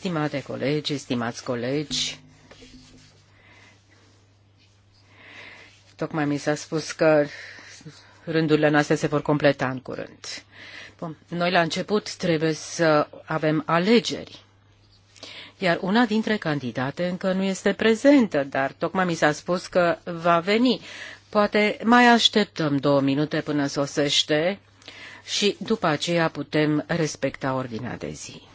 Stimate colegi, stimați colegi, tocmai mi s-a spus că rândurile noastre se vor completa în curând. Bun. Noi la început trebuie să avem alegeri iar una dintre candidate încă nu este prezentă, dar tocmai mi s-a spus că va veni. Poate mai așteptăm două minute până sosește și după aceea putem respecta ordinea de zi.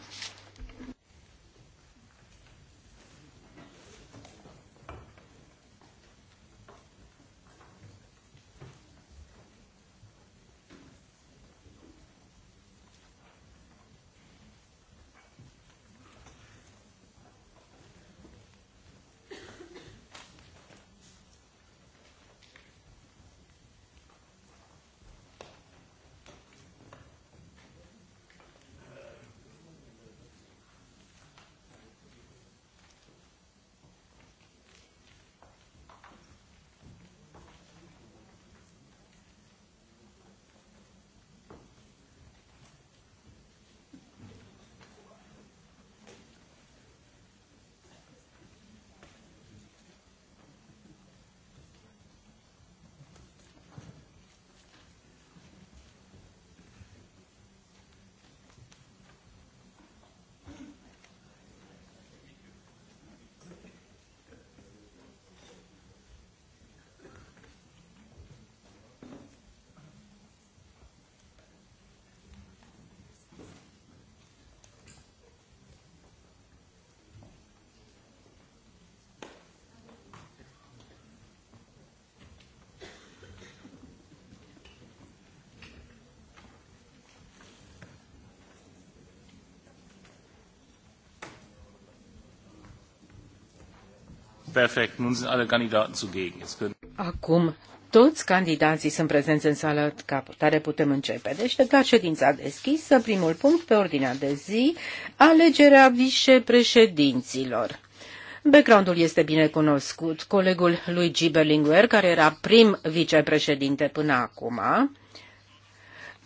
Perfect, alle Kandidaten zugegen. Acum toți candidații sunt prezenți în sală, ca tare putem începe. Deci, la ședința deschisă, primul punct pe ordinea de zi, alegerea vicepreședinților. Backgroundul este bine cunoscut. Colegul Luigi Berlinguer, care era prim vicepreședinte până acum,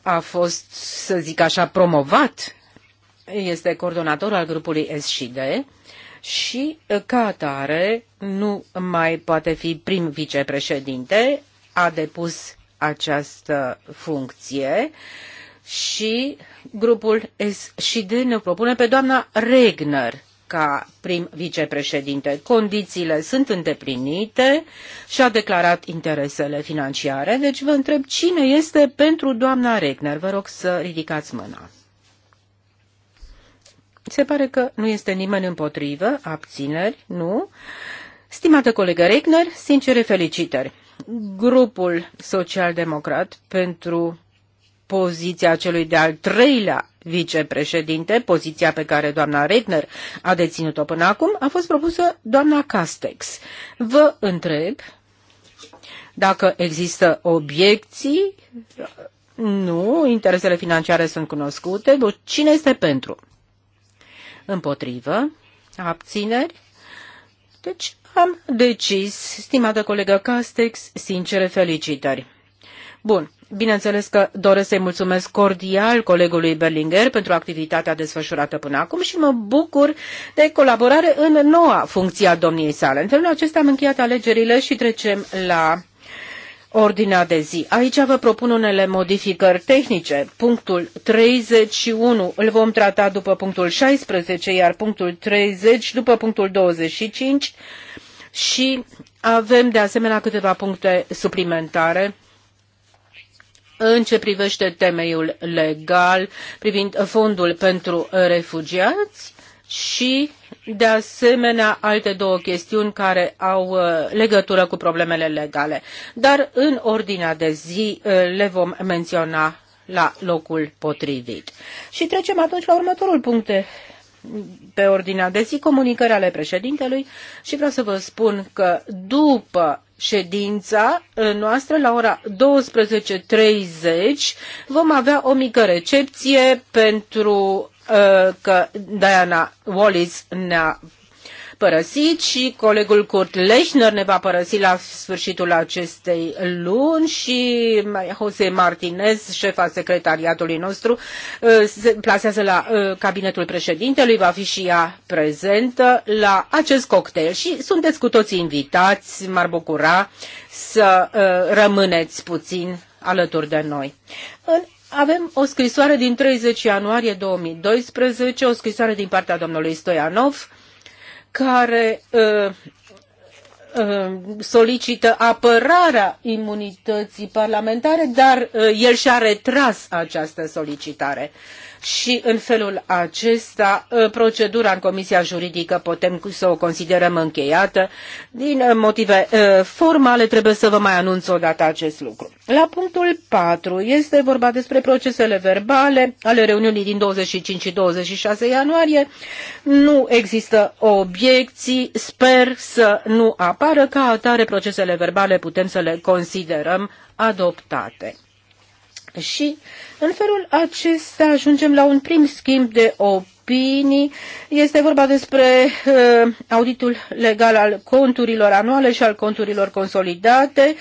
a fost, să zic așa, promovat. Este coordonator al grupului S&D și uh, ca atare nu mai poate fi prim vicepreședinte, a depus această funcție și grupul S D ne propune pe doamna Regner ca prim vicepreședinte. Condițiile sunt îndeplinite și a declarat interesele financiare, deci vă întreb cine este pentru doamna Regner. Vă rog să ridicați mâna. Se pare că nu este nimeni împotrivă, abțineri, nu. Stimată colegă Regner, sincere felicitări. Grupul Social-Democrat pentru poziția celui de-al treilea vicepreședinte, poziția pe care doamna Regner a deținut-o până acum, a fost propusă doamna Castex. Vă întreb dacă există obiecții, nu, interesele financiare sunt cunoscute, cine este pentru? Împotrivă. Abțineri. Deci am decis, stimată colegă Castex, sincere felicitări. Bun, bineînțeles că doresc să-i mulțumesc cordial colegului Berlinger pentru activitatea desfășurată până acum și mă bucur de colaborare în noua funcție a domniei sale. În felul acesta am încheiat alegerile și trecem la ordinea de zi. Aici vă propun unele modificări tehnice. Punctul 31 îl vom trata după punctul 16, iar punctul 30 după punctul 25 și avem de asemenea câteva puncte suplimentare în ce privește temeiul legal privind fondul pentru refugiați și, de asemenea, alte două chestiuni care au uh, legătură cu problemele legale. Dar în ordinea de zi uh, le vom menționa la locul potrivit. Și trecem atunci la următorul punct de pe ordinea de zi comunicări ale președintelui și vreau să vă spun că după ședința uh, noastră la ora 12.30 vom avea o mică recepție pentru Uh, că Diana Wallis ne-a părăsit și colegul Kurt Lechner ne va părăsi la sfârșitul acestei luni și Jose Martinez, șefa secretariatului nostru, uh, se plasează la uh, cabinetul președintelui, va fi și ea prezentă la acest cocktail și sunteți cu toți invitați, m-ar bucura să rămâneți puțin alături de noi. În avem o scrisoare din 30 ianuarie 2012, o scrisoare din partea domnului Stoianov, care uh, uh solicită apărarea imunității parlamentare, dar uh, el și-a retras această solicitare și în felul acesta ă, procedura în Comisia Juridică putem să o considerăm încheiată. Din ă, motive ă, formale trebuie să vă mai anunț o dată acest lucru. La punctul 4 este vorba despre procesele verbale ale reuniunii din 25 și 26 ianuarie. Nu există obiecții, sper să nu apară ca atare procesele verbale putem să le considerăm adoptate. Și în felul acesta ajungem la un prim schimb de opinii. Este vorba despre uh, auditul legal al conturilor anuale și al conturilor consolidate.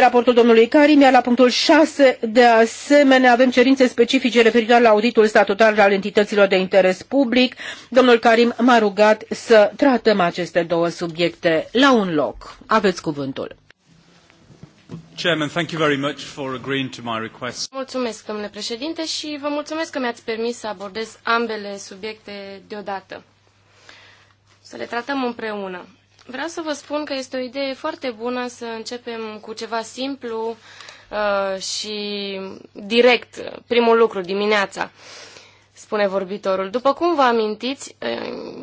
Raportul domnului Carim, iar la punctul 6, de asemenea, avem cerințe specifice referitoare la auditul statutar al entităților de interes public. Domnul Carim m-a rugat să tratăm aceste două subiecte la un loc. Aveți cuvântul. Chairman, thank you very much for agreeing to my request. Mulțumesc, domnule președinte, și vă mulțumesc că mi-ați permis să abordez ambele subiecte deodată. Să le tratăm împreună. Vreau să vă spun că este o idee foarte bună să începem cu ceva simplu uh, și direct, primul lucru, dimineața, spune vorbitorul. După cum vă amintiți,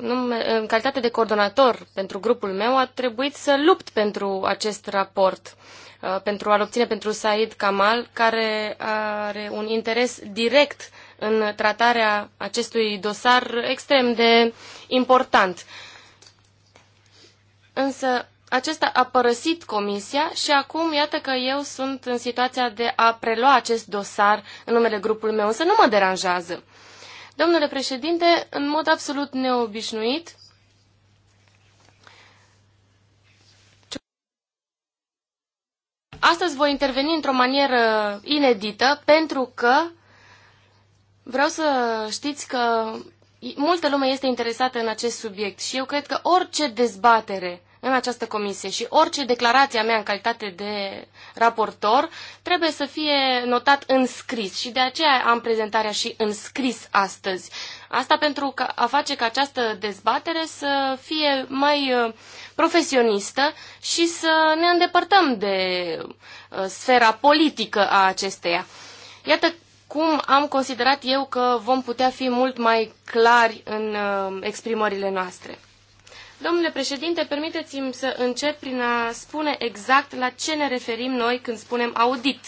în calitate de coordonator pentru grupul meu, a trebuit să lupt pentru acest raport. Uh, Uh, pentru a-l obține pentru Said Kamal, care are un interes direct în tratarea acestui dosar extrem de important. Însă acesta a părăsit comisia și acum iată că eu sunt în situația de a prelua acest dosar în numele grupului meu, însă nu mă deranjează. Domnule președinte, în mod absolut neobișnuit, Astăzi voi interveni într-o manieră inedită pentru că vreau să știți că multă lume este interesată în acest subiect și eu cred că orice dezbatere în această comisie și orice declarație a mea în calitate de raportor trebuie să fie notat în scris și de aceea am prezentarea și în scris astăzi. Asta pentru a face ca această dezbatere să fie mai uh, profesionistă și să ne îndepărtăm de uh, sfera politică a acesteia. Iată cum am considerat eu că vom putea fi mult mai clari în uh, exprimările noastre. Domnule președinte, permiteți-mi să încep prin a spune exact la ce ne referim noi când spunem audit.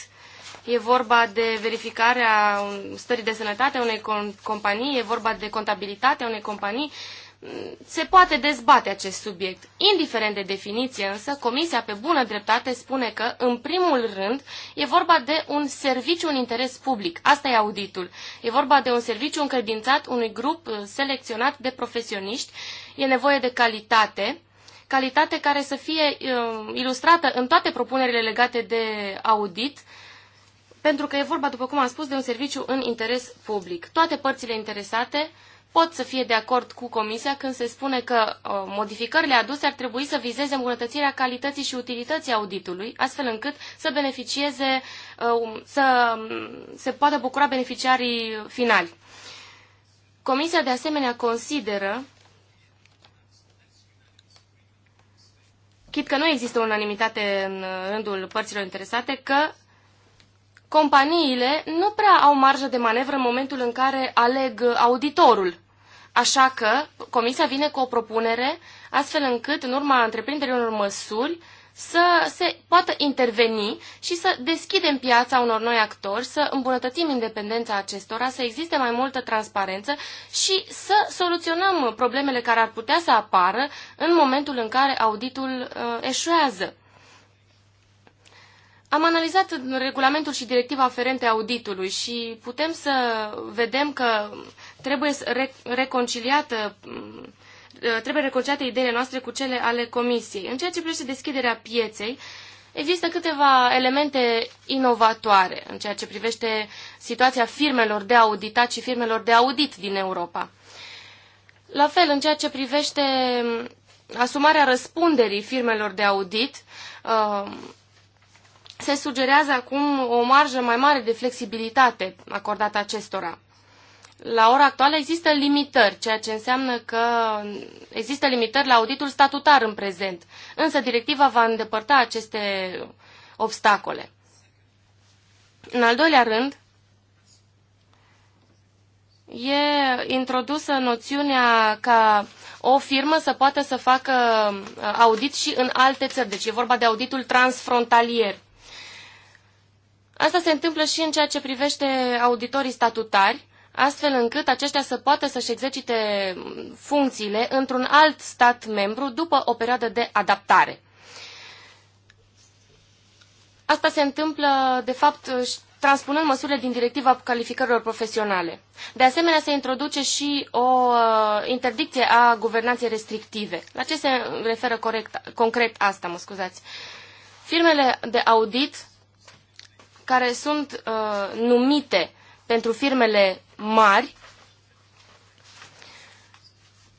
E vorba de verificarea stării de sănătate a unei companii, e vorba de contabilitatea unei companii. Se poate dezbate acest subiect. Indiferent de definiție, însă, Comisia pe bună dreptate spune că, în primul rând, e vorba de un serviciu în interes public. Asta e auditul. E vorba de un serviciu încredințat unui grup uh, selecționat de profesioniști e nevoie de calitate, calitate care să fie um, ilustrată în toate propunerile legate de audit, pentru că e vorba, după cum am spus, de un serviciu în interes public. Toate părțile interesate pot să fie de acord cu Comisia când se spune că uh, modificările aduse ar trebui să vizeze îmbunătățirea calității și utilității auditului, astfel încât să beneficieze, uh, um, să um, se poată bucura beneficiarii finali. Comisia de asemenea consideră chit că nu există unanimitate în uh, rândul părților interesate, că companiile nu prea au marjă de manevră în momentul în care aleg uh, auditorul. Așa că comisia vine cu o propunere astfel încât, în urma întreprinderilor măsuri, să se poată interveni și să deschidem piața unor noi actori, să îmbunătățim independența acestora, să existe mai multă transparență și să soluționăm problemele care ar putea să apară în momentul în care auditul uh, eșuează. Am analizat regulamentul și directiva aferente auditului și putem să vedem că trebuie reconciliată mm, Uh, trebuie reconciliate ideile noastre cu cele ale Comisiei. În ceea ce privește deschiderea pieței, există câteva elemente inovatoare în ceea ce privește situația firmelor de auditat și firmelor de audit din Europa. La fel, în ceea ce privește um, asumarea răspunderii firmelor de audit, um, se sugerează acum o marjă mai mare de flexibilitate acordată acestora la ora actuală există limitări, ceea ce înseamnă că există limitări la auditul statutar în prezent. Însă directiva va îndepărta aceste obstacole. În al doilea rând, e introdusă noțiunea ca o firmă să poată să facă uh, audit și în alte țări. Deci e vorba de auditul transfrontalier. Asta se întâmplă și în ceea ce privește auditorii statutari, astfel încât aceștia să poată să-și exercite funcțiile într-un alt stat membru după o perioadă de adaptare. Asta se întâmplă, de fapt, transpunând măsurile din directiva calificărilor profesionale. De asemenea, se introduce și o uh, interdicție a guvernanței restrictive. La ce se referă corect, concret asta, mă scuzați? Firmele de audit care sunt uh, numite pentru firmele mari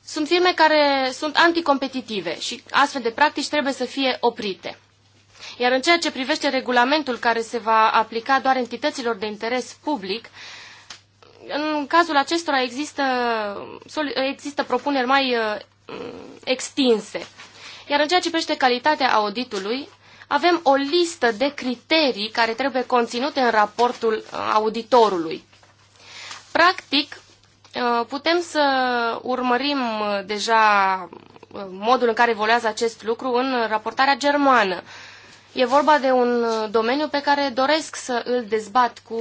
sunt firme care sunt anticompetitive și astfel de practici trebuie să fie oprite. Iar în ceea ce privește regulamentul care se va aplica doar entităților de interes public, în cazul acestora există, există propuneri mai uh, extinse. Iar în ceea ce privește calitatea auditului, avem o listă de criterii care trebuie conținute în raportul uh, auditorului. Practic, uh, putem să urmărim uh, deja modul în care evoluează acest lucru în raportarea germană. E vorba de un domeniu pe care doresc să îl dezbat cu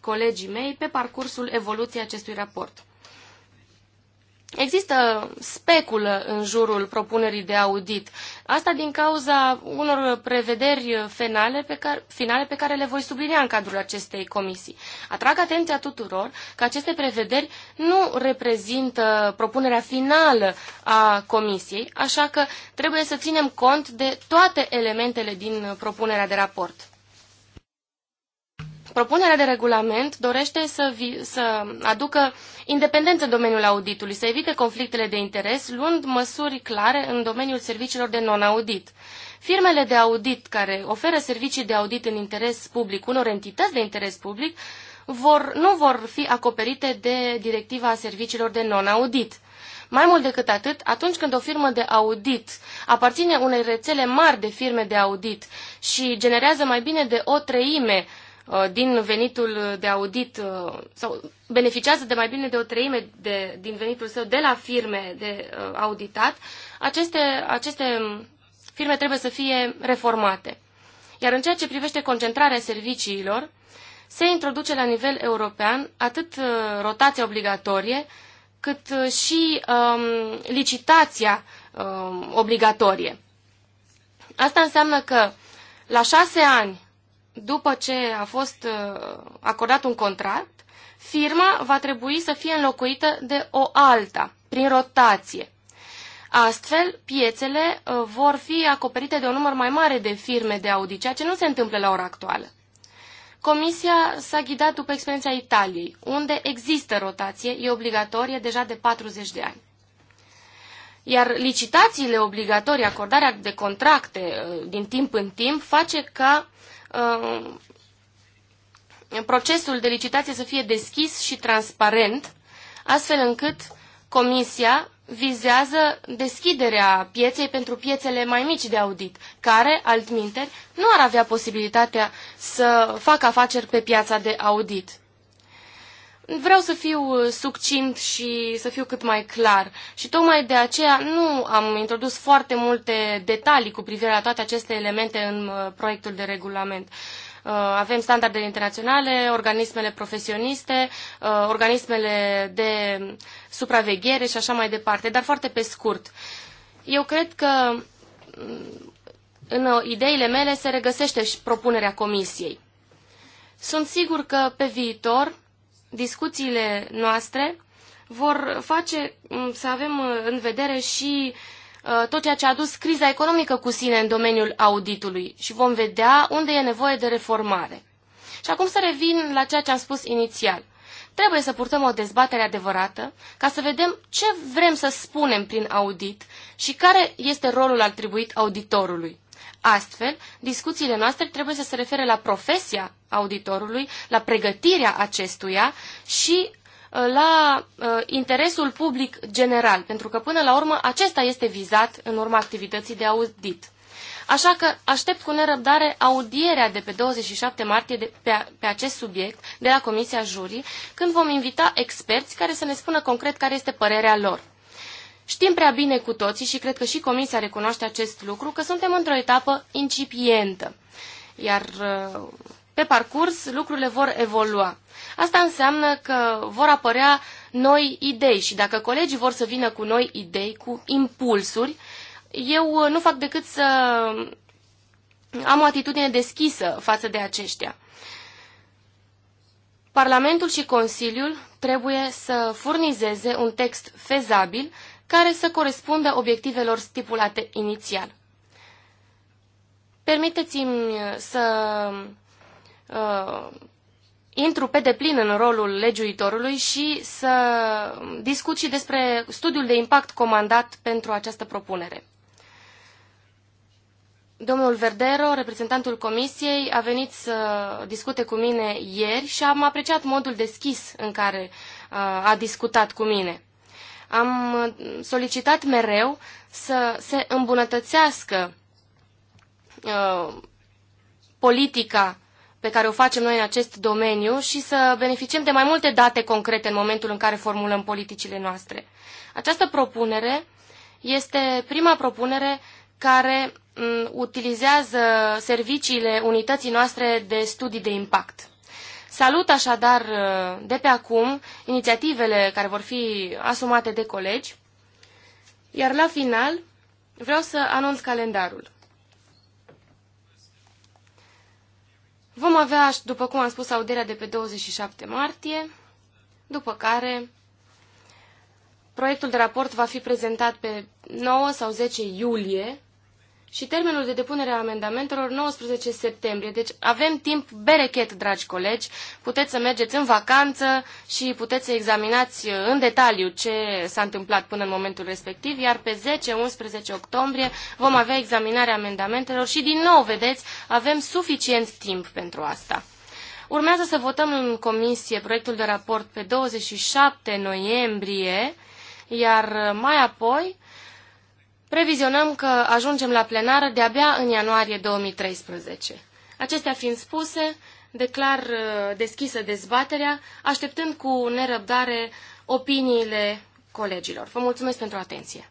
colegii mei pe parcursul evoluției acestui raport. Există speculă în jurul propunerii de audit. Asta din cauza unor prevederi finale pe care, finale pe care le voi sublinia în cadrul acestei comisii. Atrag atenția tuturor că aceste prevederi nu reprezintă propunerea finală a comisiei, așa că trebuie să ținem cont de toate elementele din propunerea de raport. Propunerea de regulament dorește să, vi, să aducă independență în domeniul auditului, să evite conflictele de interes, luând măsuri clare în domeniul serviciilor de non-audit. Firmele de audit care oferă servicii de audit în interes public unor entități de interes public vor, nu vor fi acoperite de directiva serviciilor de non-audit. Mai mult decât atât, atunci când o firmă de audit aparține unei rețele mari de firme de audit și generează mai bine de o treime Uh, din venitul de audit uh, sau beneficiază de mai bine de o treime de, din venitul său de la firme de uh, auditat, aceste, aceste firme trebuie să fie reformate. Iar în ceea ce privește concentrarea serviciilor, se introduce la nivel european atât rotația obligatorie, cât și um, licitația um, obligatorie. Asta înseamnă că la șase ani după ce a fost uh, acordat un contract, firma va trebui să fie înlocuită de o alta, prin rotație. Astfel, piețele uh, vor fi acoperite de un număr mai mare de firme de audit, ceea ce nu se întâmplă la ora actuală. Comisia s-a ghidat după experiența Italiei, unde există rotație, e obligatorie deja de 40 de ani. Iar licitațiile obligatorii, acordarea de contracte uh, din timp în timp, face ca Uh, procesul de licitație să fie deschis și transparent, astfel încât Comisia vizează deschiderea pieței pentru piețele mai mici de audit, care, altminteri, nu ar avea posibilitatea să facă afaceri pe piața de audit. Vreau să fiu uh, succint și să fiu cât mai clar și tocmai de aceea nu am introdus foarte multe detalii cu privire la toate aceste elemente în uh, proiectul de regulament. Uh, avem standarde internaționale, organismele profesioniste, organismele de supraveghere și așa mai departe, dar foarte pe scurt. Eu cred că mm, în ideile mele se regăsește și propunerea comisiei. Sunt sigur că pe viitor discuțiile noastre vor face mm, să avem mm, în vedere și uh, tot ceea ce a dus criza economică cu sine în domeniul auditului și vom vedea unde e nevoie de reformare. Și acum să revin la ceea ce am spus inițial. Trebuie să purtăm o dezbatere adevărată ca să vedem ce vrem să spunem prin audit și care este rolul atribuit auditorului. Astfel, discuțiile noastre trebuie să se refere la profesia auditorului, la pregătirea acestuia și uh, la uh, interesul public general, pentru că până la urmă acesta este vizat în urma activității de audit. Așa că aștept cu nerăbdare audierea de pe 27 martie de, pe, pe acest subiect de la Comisia Jurii, când vom invita experți care să ne spună concret care este părerea lor. Știm prea bine cu toții și cred că și Comisia recunoaște acest lucru că suntem într-o etapă incipientă, iar uh, pe parcurs lucrurile vor evolua. Asta înseamnă că vor apărea noi idei și dacă colegii vor să vină cu noi idei, cu impulsuri, eu uh, nu fac decât să am o atitudine deschisă față de aceștia. Parlamentul și Consiliul trebuie să furnizeze un text fezabil care să corespundă obiectivelor stipulate inițial. Permiteți-mi să uh, intru pe deplin în rolul legiuitorului și să discut și despre studiul de impact comandat pentru această propunere. Domnul Verdero, reprezentantul comisiei, a venit să discute cu mine ieri și am apreciat modul deschis în care uh, a discutat cu mine. Am solicitat mereu să se îmbunătățească uh, politica pe care o facem noi în acest domeniu și să beneficiem de mai multe date concrete în momentul în care formulăm politicile noastre. Această propunere este prima propunere care mm, utilizează serviciile unității noastre de studii de impact. Salut așadar uh, de pe acum inițiativele care vor fi asumate de colegi, iar la final vreau să anunț calendarul. Vom avea, după cum am spus, auderea de pe 27 martie, după care proiectul de raport va fi prezentat pe 9 sau 10 iulie și termenul de depunere a amendamentelor 19 septembrie. Deci avem timp berechet, dragi colegi, puteți să mergeți în vacanță și puteți să examinați în detaliu ce s-a întâmplat până în momentul respectiv, iar pe 10-11 octombrie vom avea examinarea amendamentelor și din nou, vedeți, avem suficient timp pentru asta. Urmează să votăm în comisie proiectul de raport pe 27 noiembrie, iar mai apoi Previzionăm că ajungem la plenară de-abia în ianuarie 2013. Acestea fiind spuse, declar uh, deschisă dezbaterea, așteptând cu nerăbdare opiniile colegilor. Vă mulțumesc pentru atenție.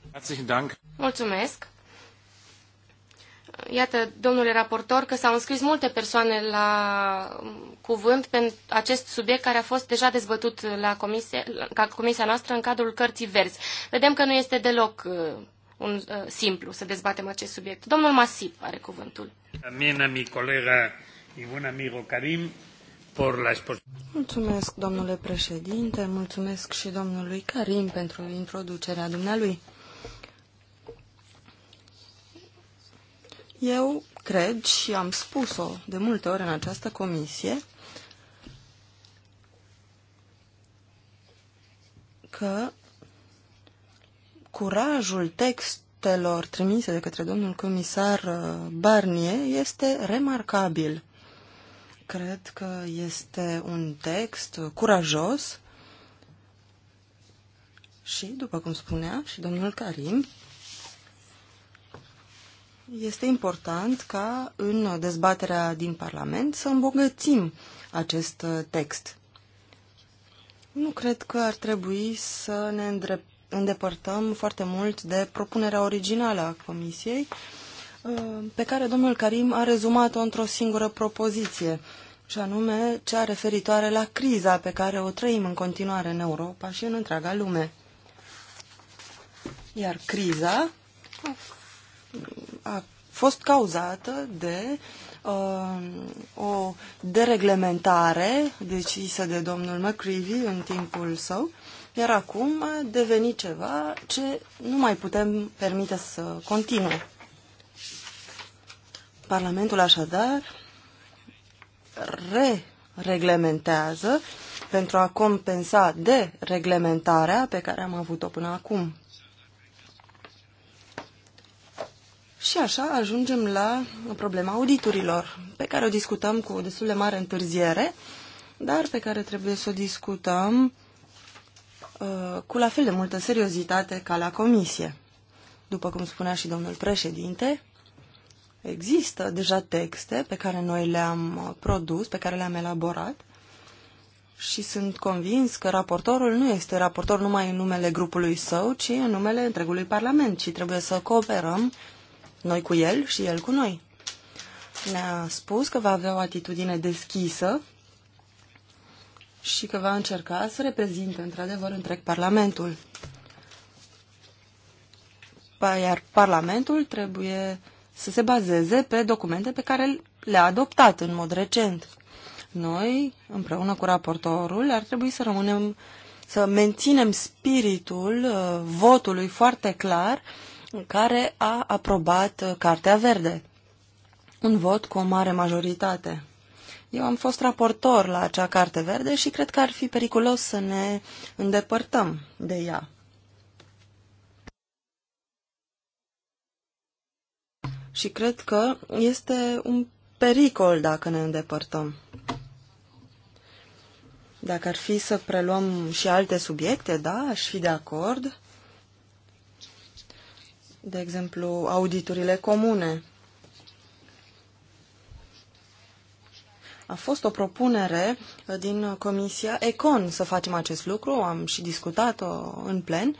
Mulțumesc. Iată, domnule raportor, că s-au înscris multe persoane la um, cuvânt pentru acest subiect care a fost deja dezbătut la comisie, la comisia noastră în cadrul cărții verzi. Vedem că nu este deloc uh, un, uh, simplu să dezbatem acest subiect. Domnul Masip are cuvântul. Amin, mi colega și bun amigo Karim por la Mulțumesc, domnule președinte, mulțumesc și domnului Karim pentru introducerea dumnealui. Eu cred și am spus-o de multe ori în această comisie că curajul textelor trimise de către domnul comisar uh, Barnier este remarcabil. Cred că este un text curajos și, după cum spunea și domnul Karim, este important ca în dezbaterea din Parlament să îmbogățim acest text. Nu cred că ar trebui să ne îndreptăm îndepărtăm foarte mult de propunerea originală a Comisiei, uh, pe care domnul Karim a rezumat-o într-o singură propoziție, și anume cea referitoare la criza pe care o trăim în continuare în Europa și în întreaga lume. Iar criza a fost cauzată de uh, o dereglementare decisă de domnul McCreevy în timpul său iar acum a devenit ceva ce nu mai putem permite să continue. Parlamentul așadar re-reglementează pentru a compensa de reglementarea pe care am avut-o până acum. Și așa ajungem la problema auditurilor, pe care o discutăm cu destul de mare întârziere, dar pe care trebuie să o discutăm Uh, cu la fel de multă seriozitate ca la comisie. După cum spunea și domnul președinte, există deja texte pe care noi le-am uh, produs, pe care le-am elaborat și sunt convins că raportorul nu este raportor numai în numele grupului său, ci în numele întregului Parlament și trebuie să cooperăm noi cu el și el cu noi. Ne-a spus că va avea o atitudine deschisă și că va încerca să reprezinte într-adevăr întreg Parlamentul. Iar Parlamentul trebuie să se bazeze pe documente pe care le-a adoptat în mod recent. Noi, împreună cu raportorul, ar trebui să rămânem, să menținem spiritul uh, votului foarte clar care a aprobat uh, Cartea Verde. Un vot cu o mare majoritate. Eu am fost raportor la acea carte verde și cred că ar fi periculos să ne îndepărtăm de ea. Și cred că este un pericol dacă ne îndepărtăm. Dacă ar fi să preluăm și alte subiecte, da, aș fi de acord. De exemplu, auditurile comune. A fost o propunere uh, din Comisia Econ să facem acest lucru, am și discutat-o în plen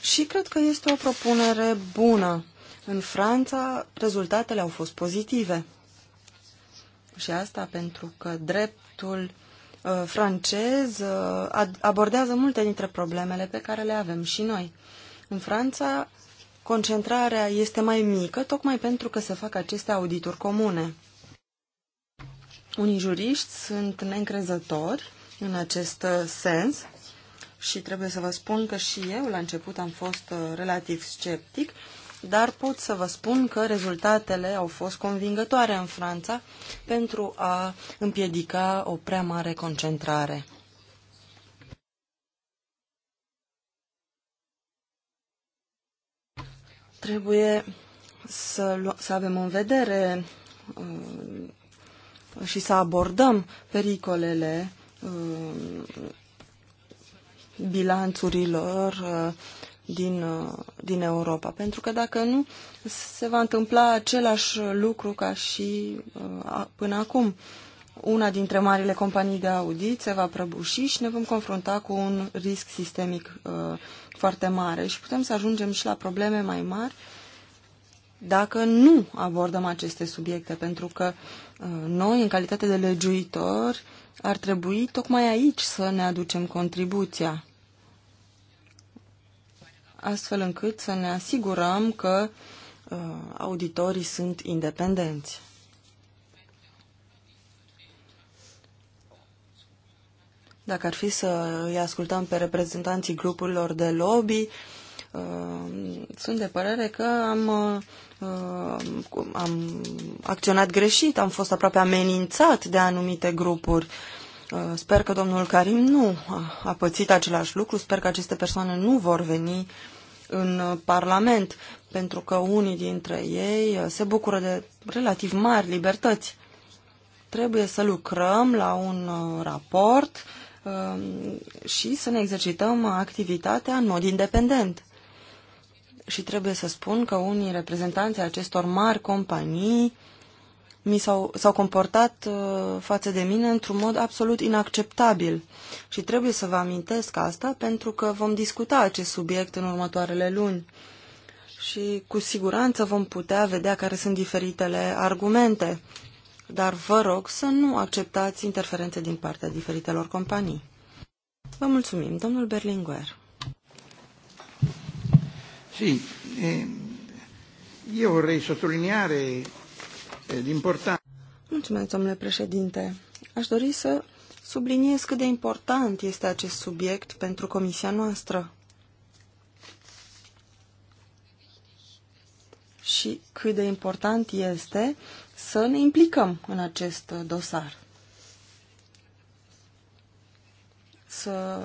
și cred că este o propunere bună. În Franța rezultatele au fost pozitive. Și asta pentru că dreptul uh, francez uh, abordează multe dintre problemele pe care le avem și noi. În Franța, concentrarea este mai mică, tocmai pentru că se fac aceste audituri comune. Unii juriști sunt neîncrezători în acest uh, sens și trebuie să vă spun că și eu la început am fost uh, relativ sceptic, dar pot să vă spun că rezultatele au fost convingătoare în Franța pentru a împiedica o prea mare concentrare. Trebuie să, să avem în vedere uh, și să abordăm pericolele uh, bilanțurilor uh, din, uh, din Europa. Pentru că dacă nu, se va întâmpla același lucru ca și până acum. Una dintre marile companii de audit se va prăbuși și ne vom confrunta cu un risc sistemic foarte mare și putem să ajungem și la probleme mai mari uh, dacă nu abordăm aceste subiecte, pentru că uh, noi, în calitate de legiuitori, ar trebui tocmai aici să ne aducem contribuția, astfel încât să ne asigurăm că uh, auditorii sunt independenți. Dacă ar fi să îi ascultăm pe reprezentanții grupurilor de lobby, uh, sunt de părere că am uh, Uh, am acționat greșit, am fost aproape amenințat de anumite grupuri. Uh, sper că domnul Karim nu a pățit același lucru, sper că aceste persoane nu vor veni în uh, Parlament, pentru că unii dintre ei se bucură de relativ mari libertăți. Trebuie să lucrăm la un raport și să ne exercităm activitatea în mod independent și trebuie să spun că unii reprezentanți ai acestor mari companii mi s-au, s-au comportat uh, față de mine într-un mod absolut inacceptabil. Și trebuie să vă amintesc asta pentru că vom discuta acest subiect în următoarele luni. Și cu siguranță vom putea vedea care sunt diferitele argumente. Dar vă rog să nu acceptați interferențe din partea diferitelor companii. Vă mulțumim, domnul Berlinguer. Sì, eh, io vorrei sottolineare eh, l'importanza. Mulțumesc, domnule președinte. Aș dori să subliniez cât de important este acest subiect pentru comisia noastră. Și cât de important este să ne implicăm în acest dosar. să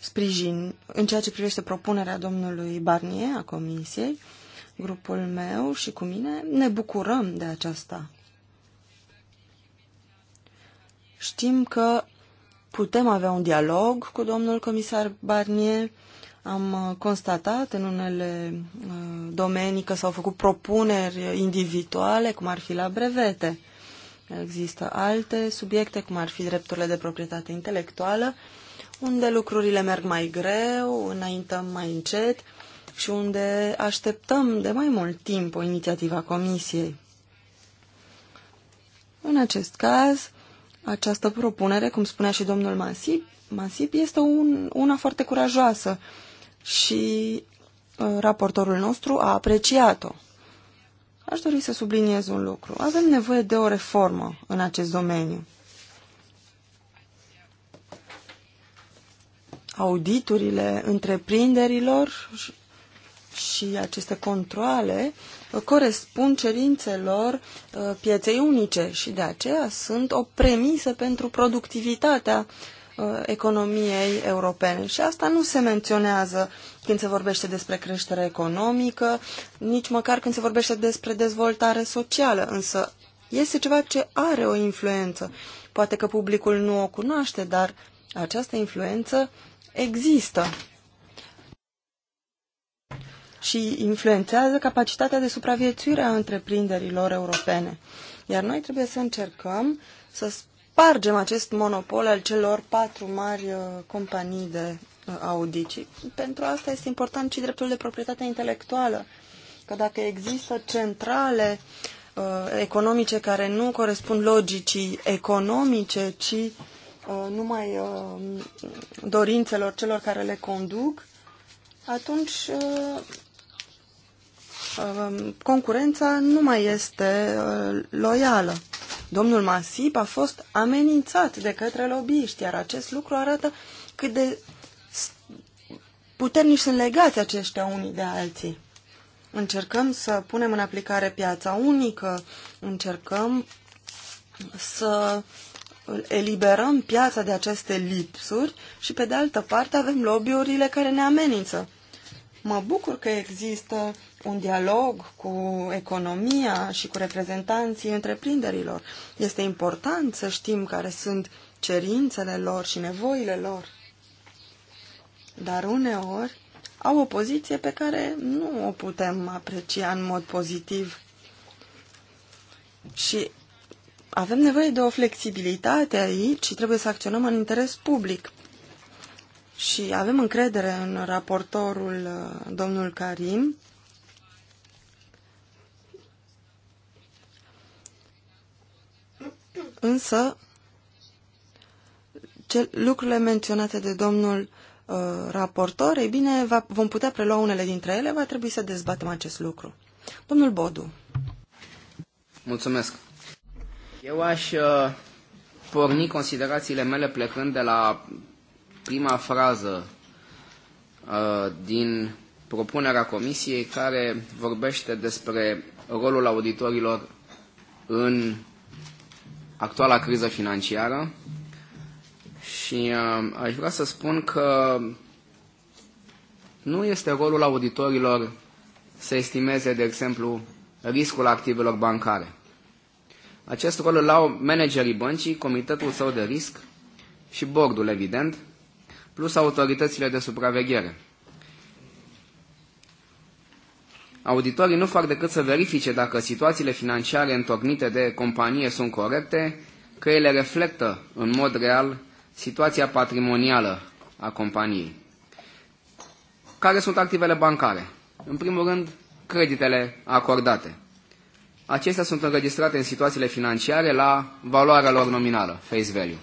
sprijin în ceea ce privește propunerea domnului Barnier a Comisiei, grupul meu și cu mine, ne bucurăm de aceasta. Știm că putem avea un dialog cu domnul comisar Barnier. Am uh, constatat în unele uh, domenii că s-au făcut propuneri individuale, cum ar fi la brevete. Există alte subiecte, cum ar fi drepturile de proprietate intelectuală, unde lucrurile merg mai greu, înaintăm mai încet și unde așteptăm de mai mult timp o inițiativă a Comisiei. În acest caz, această propunere, cum spunea și domnul Masip, Masip este un, una foarte curajoasă și uh, raportorul nostru a apreciat-o. Aș dori să subliniez un lucru. Avem nevoie de o reformă în acest domeniu. auditurile întreprinderilor și aceste controle uh, corespund cerințelor uh, pieței unice și de aceea sunt o premisă pentru productivitatea uh, economiei europene. Și asta nu se menționează când se vorbește despre creștere economică, nici măcar când se vorbește despre dezvoltare socială, însă este ceva ce are o influență. Poate că publicul nu o cunoaște, dar această influență există și influențează capacitatea de supraviețuire a întreprinderilor europene. Iar noi trebuie să încercăm să spargem acest monopol al celor patru mari uh, companii de uh, audici. Pentru asta este important și dreptul de proprietate intelectuală. Că dacă există centrale uh, economice care nu corespund logicii economice, ci Uh, numai uh, dorințelor celor care le conduc, atunci uh, concurența nu mai este loială. Domnul Masip a fost amenințat de către lobbyiști, iar acest lucru arată cât de puternici sunt legați aceștia unii de alții. Încercăm să punem în aplicare piața unică, încercăm să uh, eliberăm piața de aceste lipsuri și, pe de altă parte, avem lobby-urile care ne amenință. Mă bucur că există un dialog cu economia și cu reprezentanții întreprinderilor. Este important să știm care sunt cerințele lor și nevoile lor. Dar uneori au o poziție pe care nu o putem aprecia în mod pozitiv. Și avem nevoie de o flexibilitate aici și trebuie să acționăm în interes public. Și avem încredere în raportorul uh, domnul Karim. Însă, ce, lucrurile menționate de domnul uh, raportor, ei bine, va, vom putea prelua unele dintre ele, va trebui să dezbatem acest lucru. Domnul Bodu. Mulțumesc. Eu aș uh, porni considerațiile mele plecând de la prima frază uh, din propunerea comisiei care vorbește despre rolul auditorilor în actuala criză financiară și uh, aș vrea să spun că nu este rolul auditorilor să estimeze, de exemplu, riscul activelor bancare. Acest rol îl au managerii băncii, comitetul său de risc și bordul, evident, plus autoritățile de supraveghere. Auditorii nu fac decât să verifice dacă situațiile financiare întocmite de companie sunt corecte, că ele reflectă în mod real situația patrimonială a companiei. Care sunt activele bancare? În primul rând, creditele acordate. Acestea sunt înregistrate în situațiile financiare la valoarea lor nominală, face value.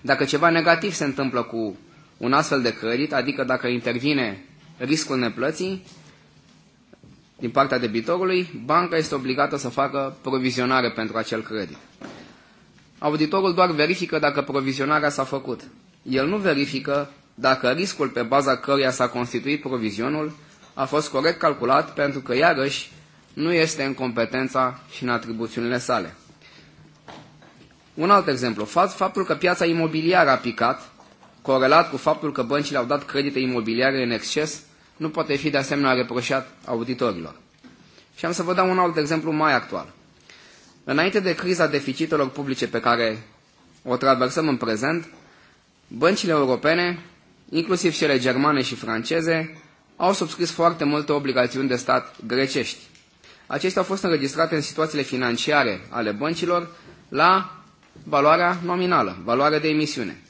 Dacă ceva negativ se întâmplă cu un astfel de credit, adică dacă intervine riscul neplății din partea debitorului, banca este obligată să facă provizionare pentru acel credit. Auditorul doar verifică dacă provizionarea s-a făcut. El nu verifică dacă riscul pe baza căruia s-a constituit provizionul a fost corect calculat pentru că, iarăși, nu este în competența și în atribuțiunile sale. Un alt exemplu, faptul că piața imobiliară a picat, corelat cu faptul că băncile au dat credite imobiliare în exces, nu poate fi de asemenea reproșat auditorilor. Și am să vă dau un alt exemplu mai actual. Înainte de criza deficitelor publice pe care o traversăm în prezent, băncile europene, inclusiv cele germane și franceze, au subscris foarte multe obligațiuni de stat grecești. Acestea au fost înregistrate în situațiile financiare ale băncilor la valoarea nominală, valoarea de emisiune.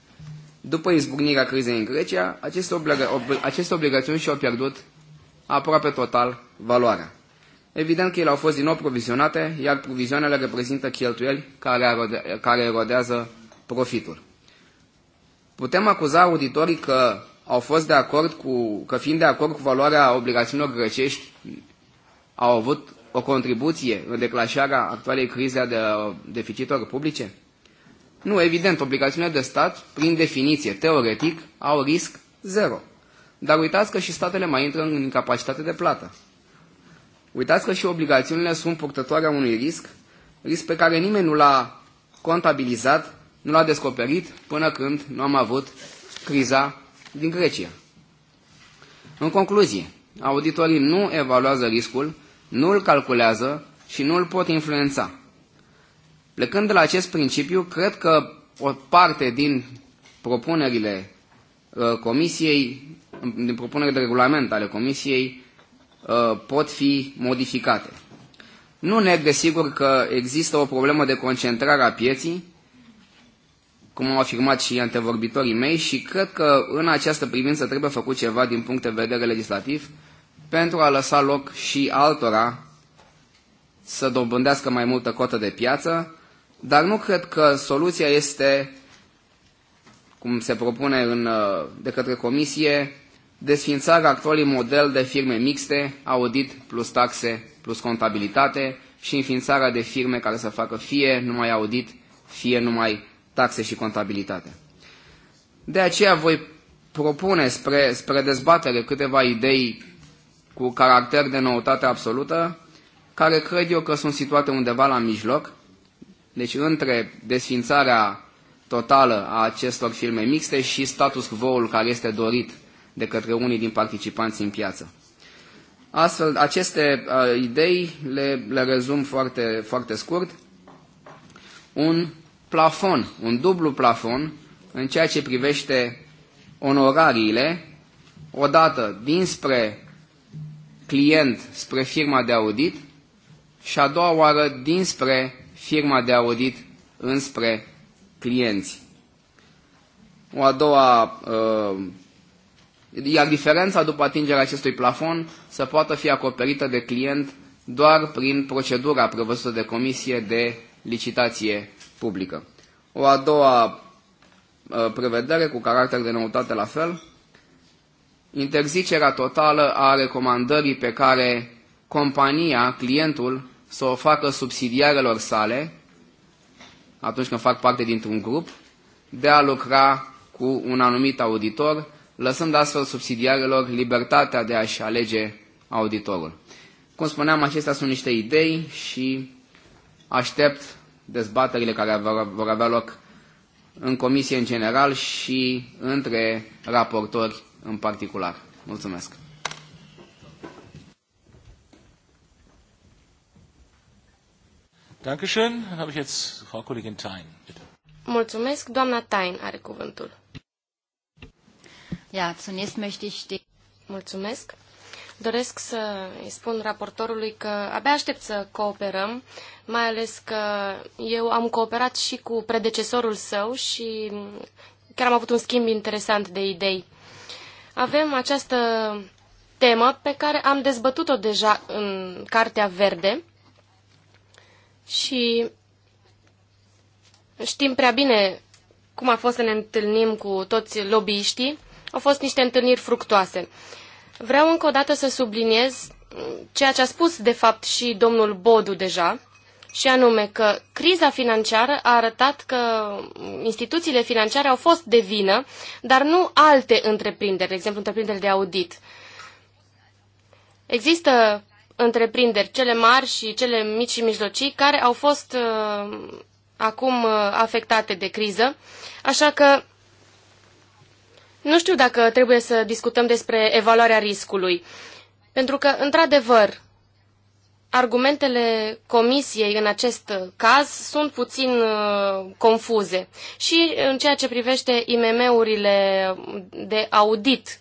După izbucnirea crizei în Grecia, aceste, obliga ob aceste obligațiuni și-au pierdut aproape total valoarea. Evident că ele au fost din nou provizionate, iar provizioanele reprezintă cheltuieli care, erode care erodează profitul. Putem acuza auditorii că au fost de acord cu, că fiind de acord cu valoarea obligațiunilor grecești, au avut o contribuție în declanșarea actualei crize de deficitelor publice? Nu, evident, obligațiunile de stat, prin definiție, teoretic, au risc zero. Dar uitați că și statele mai intră în incapacitate de plată. Uitați că și obligațiunile sunt purtătoare a unui risc, risc pe care nimeni nu l-a contabilizat, nu l-a descoperit până când nu am avut criza din Grecia. În concluzie, auditorii nu evaluează riscul nu îl calculează și nu îl pot influența. Plecând de la acest principiu, cred că o parte din propunerile uh, comisiei, din propunerile de regulament ale comisiei, uh, pot fi modificate. Nu neg desigur că există o problemă de concentrare a pieții, cum au afirmat și antevorbitorii mei, și cred că în această privință trebuie făcut ceva din punct de vedere legislativ, pentru a lăsa loc și altora să dobândească mai multă cotă de piață, dar nu cred că soluția este, cum se propune în, uh, de către Comisie, desfințarea actualului model de firme mixte, audit plus taxe plus contabilitate și înființarea de firme care să facă fie numai audit, fie numai taxe și contabilitate. De aceea voi propune spre, spre dezbatere câteva idei cu caracter de noutate absolută, care cred eu că sunt situate undeva la mijloc, deci între desfințarea totală a acestor filme mixte și status quo-ul care este dorit de către unii din participanții în piață. Astfel, aceste uh, idei le, le rezum foarte, foarte scurt. Un plafon, un dublu plafon în ceea ce privește onorariile, odată dinspre client spre firma de audit și a doua oară dinspre firma de audit înspre clienți. O a doua, uh, iar diferența după atingerea acestui plafon să poată fi acoperită de client doar prin procedura prevăzută de comisie de licitație publică. O a doua uh, prevedere cu caracter de noutate la fel interzicerea totală a recomandării pe care compania, clientul, să o facă subsidiarelor sale, atunci când fac parte dintr-un grup, de a lucra cu un anumit auditor, lăsând astfel subsidiarelor libertatea de a-și alege auditorul. Cum spuneam, acestea sunt niște idei și aștept dezbaterile care vor avea loc în comisie în general și între raportori în particular. Mulțumesc! Dankeschön. Dann habe ich jetzt Frau Kollegin bitte. Mulțumesc. Doamna Tain are cuvântul. Ja, zunächst möchte ich die... Mulțumesc. Doresc să îi spun raportorului că abia aștept să cooperăm, mai ales că eu am cooperat și cu predecesorul său și chiar am avut un schimb interesant de idei avem această temă pe care am dezbătut-o deja în Cartea Verde și știm prea bine cum a fost să ne întâlnim cu toți lobbyiștii. Au fost niște întâlniri fructoase. Vreau încă o dată să subliniez ceea ce a spus de fapt și domnul Bodu deja, și anume că criza financiară a arătat că instituțiile financiare au fost de vină, dar nu alte întreprinderi, de exemplu întreprinderi de audit. Există întreprinderi, cele mari și cele mici și mijlocii, care au fost uh, acum uh, afectate de criză, așa că nu știu dacă trebuie să discutăm despre evaluarea riscului. Pentru că, într-adevăr, argumentele comisiei în acest caz sunt puțin uh, confuze. Și în ceea ce privește IMM-urile de audit,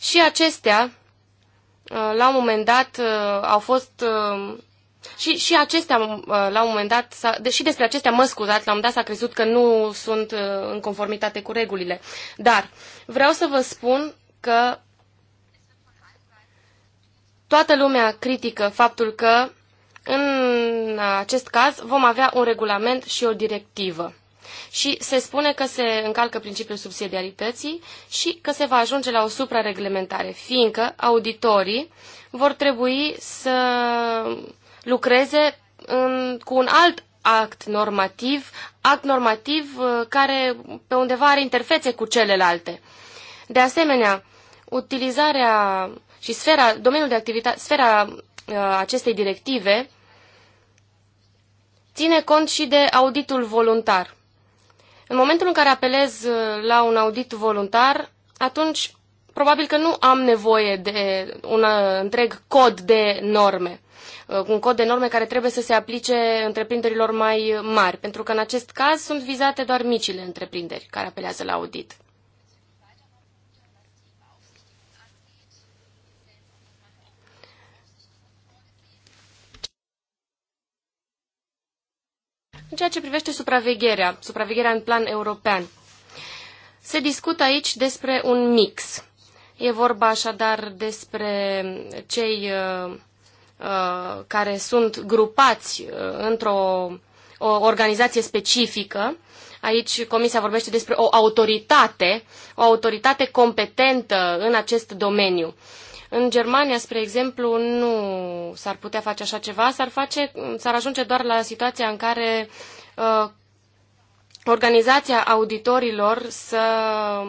și acestea, uh, la un moment dat, uh, au fost... Și, și acestea, la un moment dat, deși despre acestea mă scuzați, la un moment dat s-a crezut că nu sunt în conformitate cu regulile. Dar vreau să vă spun că Toată lumea critică faptul că în acest caz vom avea un regulament și o directivă. Și se spune că se încalcă principiul subsidiarității și că se va ajunge la o suprareglementare, fiindcă auditorii vor trebui să lucreze în, cu un alt act normativ, act normativ uh, care pe undeva are interfețe cu celelalte. De asemenea, utilizarea și sfera, domeniul de activitate, sfera uh, acestei directive ține cont și de auditul voluntar. În momentul în care apelez uh, la un audit voluntar, atunci probabil că nu am nevoie de un uh, întreg cod de norme, un cod de norme care trebuie să se aplice întreprinderilor mai mari, pentru că în acest caz sunt vizate doar micile întreprinderi care apelează la audit. În ceea ce privește supravegherea, supravegherea în plan european, se discută aici despre un mix. E vorba așadar despre cei uh, uh, care sunt grupați uh, într-o organizație specifică. Aici Comisia vorbește despre o autoritate, o autoritate competentă în acest domeniu. În Germania, spre exemplu, nu s-ar putea face așa ceva, s-ar, face, s-ar ajunge doar la situația în care uh, organizația auditorilor să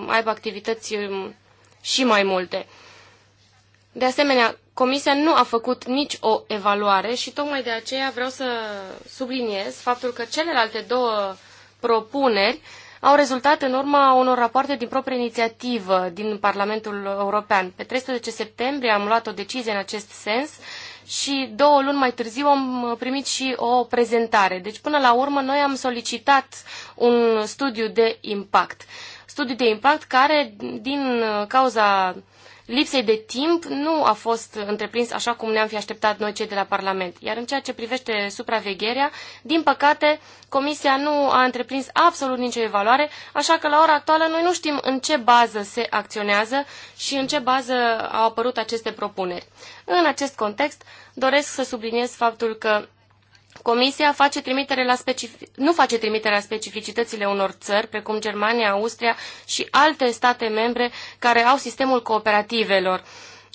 aibă activități um, și mai multe. De asemenea, Comisia nu a făcut nici o evaluare și tocmai de aceea vreau să subliniez faptul că celelalte două propuneri uh, au rezultat în urma unor rapoarte din proprie inițiativă din Parlamentul European. Pe 13 septembrie am luat o decizie în acest sens și două luni mai târziu am primit și o prezentare. Deci până la urmă noi am solicitat un studiu de impact. Studiu de impact care, din cauza lipsei de timp nu a fost întreprins așa cum ne-am fi așteptat noi cei de la Parlament. Iar în ceea ce privește supravegherea, din păcate, Comisia nu a întreprins absolut nicio evaluare, așa că la ora actuală noi nu știm în ce bază se acționează și în ce bază au apărut aceste propuneri. În acest context, doresc să subliniez faptul că Comisia face trimitere la specific... nu face trimitere la specificitățile unor țări, precum Germania, Austria și alte state membre care au sistemul cooperativelor.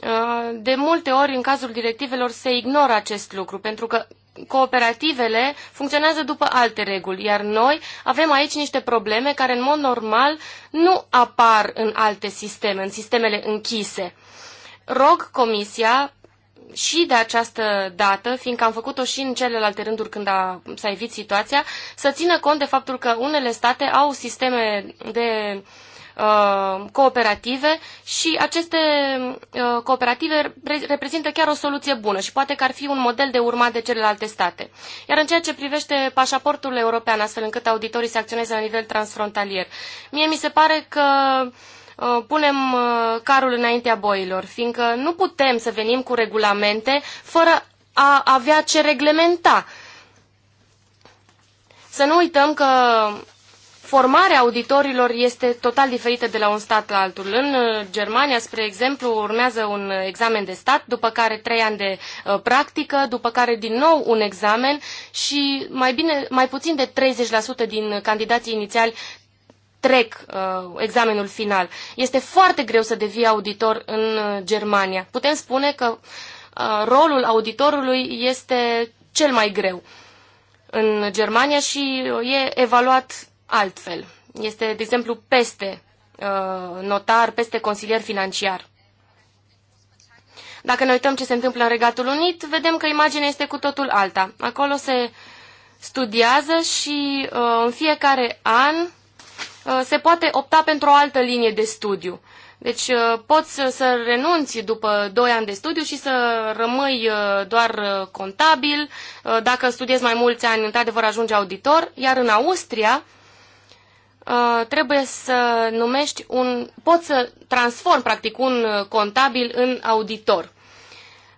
Uh, de multe ori, în cazul directivelor, se ignoră acest lucru, pentru că cooperativele funcționează după alte reguli, iar noi avem aici niște probleme care, în mod normal, nu apar în alte sisteme, în sistemele închise. Rog Comisia și de această dată, fiindcă am făcut-o și în celelalte rânduri când a, s-a evit situația, să țină cont de faptul că unele state au sisteme de uh, cooperative și aceste uh, cooperative reprezintă chiar o soluție bună și poate că ar fi un model de urmat de celelalte state. Iar în ceea ce privește pașaportul european, astfel încât auditorii să acționeze la nivel transfrontalier, mie mi se pare că Uh, punem uh, carul înaintea boilor, fiindcă nu putem să venim cu regulamente fără a avea ce reglementa. Să nu uităm că formarea auditorilor este total diferită de la un stat la altul. În uh, Germania, spre exemplu, urmează un examen de stat, după care trei ani de practică, după care din nou un examen și mai, bine, mai puțin de 30% din candidații inițiali trec uh, examenul final. Este foarte greu să devii auditor în uh, Germania. Putem spune că uh, rolul auditorului este cel mai greu în Germania și uh, e evaluat altfel. Este, de exemplu, peste uh, notar, peste consilier financiar. Dacă ne uităm ce se întâmplă în Regatul Unit, vedem că imaginea este cu totul alta. Acolo se studiază și uh, în fiecare an Uh, se poate opta pentru o altă linie de studiu. Deci uh, poți să renunți după 2 ani de studiu și să rămâi uh, doar contabil. Dacă studiezi mai mulți ani, într-adevăr ajungi auditor. Iar în Austria trebuie să numești un... poți să transform practic un contabil în auditor.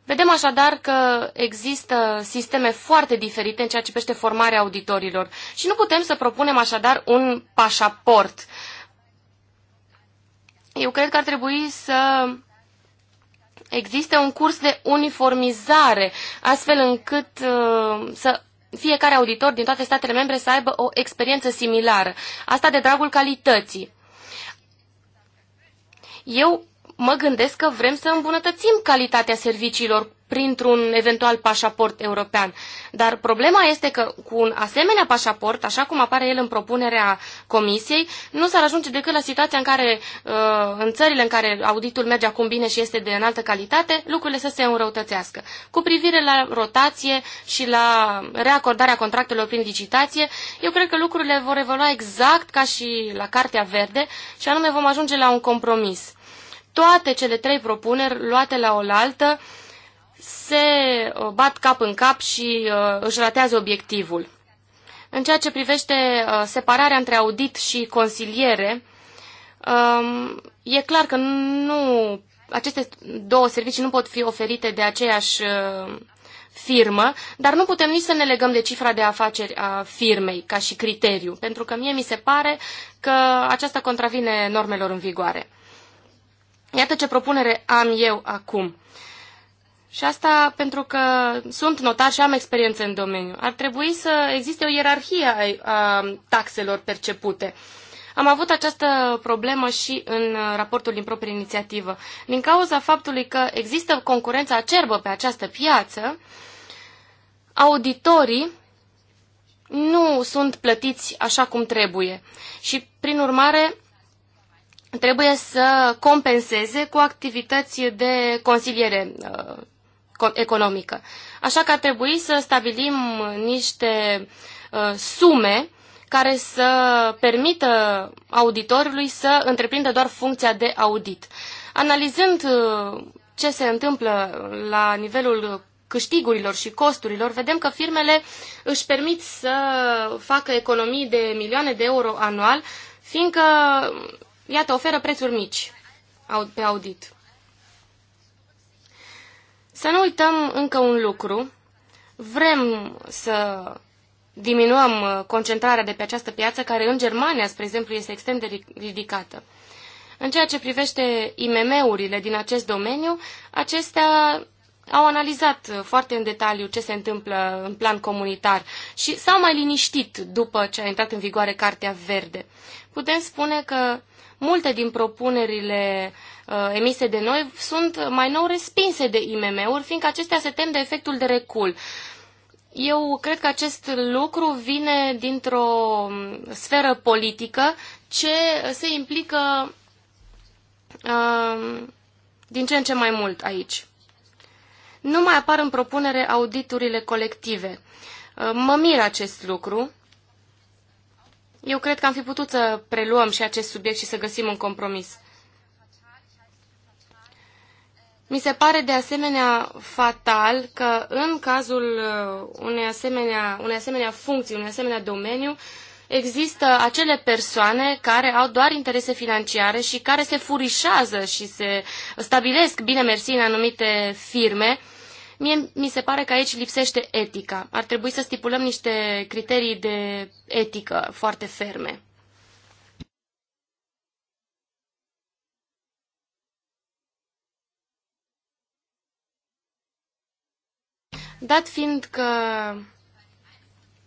Vedem așadar că există sisteme foarte diferite în ceea ce privește formarea auditorilor și nu putem să propunem așadar un pașaport. Eu cred că ar trebui să existe un curs de uniformizare, astfel încât uh, să fiecare auditor din toate statele membre să aibă o experiență similară. Asta de dragul calității. Eu mă gândesc că vrem să îmbunătățim calitatea serviciilor printr-un eventual pașaport european. Dar problema este că cu un asemenea pașaport, așa cum apare el în propunerea comisiei, nu s-ar ajunge decât la situația în care, uh, în țările în care auditul merge acum bine și este de înaltă calitate, lucrurile să se înrăutățească. Cu privire la rotație și la reacordarea contractelor prin licitație, eu cred că lucrurile vor evolua exact ca și la Cartea Verde și anume vom ajunge la un compromis toate cele trei propuneri luate la oaltă se uh, bat cap în cap și uh, își ratează obiectivul. În ceea ce privește uh, separarea între audit și consiliere, um, e clar că nu, aceste două servicii nu pot fi oferite de aceeași firmă, dar nu putem nici să ne legăm de cifra de afaceri a firmei ca și criteriu, pentru că mie mi se pare că aceasta contravine normelor în vigoare. Iată ce propunere am eu acum. Și asta pentru că sunt notar și am experiență în domeniu. Ar trebui să existe o ierarhie a taxelor percepute. Am avut această problemă și în raportul din proprie inițiativă. Din cauza faptului că există concurența acerbă pe această piață, auditorii nu sunt plătiți așa cum trebuie. Și, prin urmare, trebuie să compenseze cu activități de consiliere uh, economică. Așa că ar trebui să stabilim niște uh, sume care să permită auditorului să întreprindă doar funcția de audit. Analizând uh, ce se întâmplă la nivelul câștigurilor și costurilor, vedem că firmele își permit să facă economii de milioane de euro anual, fiindcă iată, oferă prețuri mici pe audit. Să nu uităm încă un lucru. Vrem să diminuăm uh, concentrarea de pe această piață, care în Germania, spre exemplu, este extrem de ridicată. În ceea ce privește IMM-urile din acest domeniu, acestea au analizat uh, foarte în detaliu ce se întâmplă în plan comunitar și s-au mai liniștit după ce a intrat în vigoare Cartea Verde. Putem spune că Multe din propunerile uh, emise de noi sunt mai nou respinse de IMM-uri, fiindcă acestea se tem de efectul de recul. Eu cred că acest lucru vine dintr-o um, sferă politică ce se implică uh, din ce în ce mai mult aici. Nu mai apar în propunere auditurile colective. Uh, mă mir acest lucru, eu cred că am fi putut să preluăm și acest subiect și să găsim un compromis. Mi se pare de asemenea fatal că în cazul uh, unei asemenea, unei asemenea funcții, unei asemenea domeniu, există acele persoane care au doar interese financiare și care se furișează și se stabilesc bine mersi în anumite firme Mie mi se pare că aici lipsește etica. Ar trebui să stipulăm niște criterii de etică foarte ferme. Dat fiind că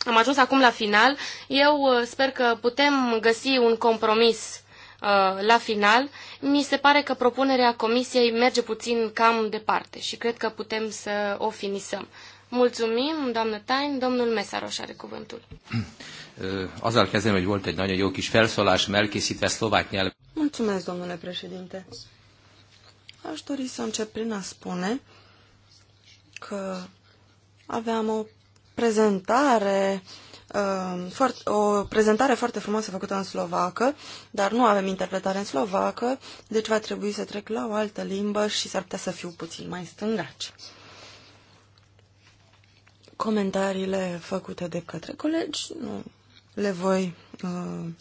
am ajuns acum la final, eu uh, sper că putem găsi un compromis Uh, la final, mi se pare că propunerea comisiei merge puțin cam departe și cred că putem să o finisăm. Mulțumim, doamnă Tain, domnul Mesaros are cuvântul. Azzal kezdem, hogy volt egy nagyon jó kis felszólás, elkészítve szlovák nyelv. Mulțumesc, domnule președinte. Aș dori să încep prin a spune că aveam o prezentare uh, Ehm, o prezentare foarte frumoasă făcută în slovacă, dar nu avem interpretare în slovacă, deci va trebui să trec la o altă limbă și s-ar putea să fiu puțin mai stângaci. Comentariile făcute de către colegi nu le voi, ehm,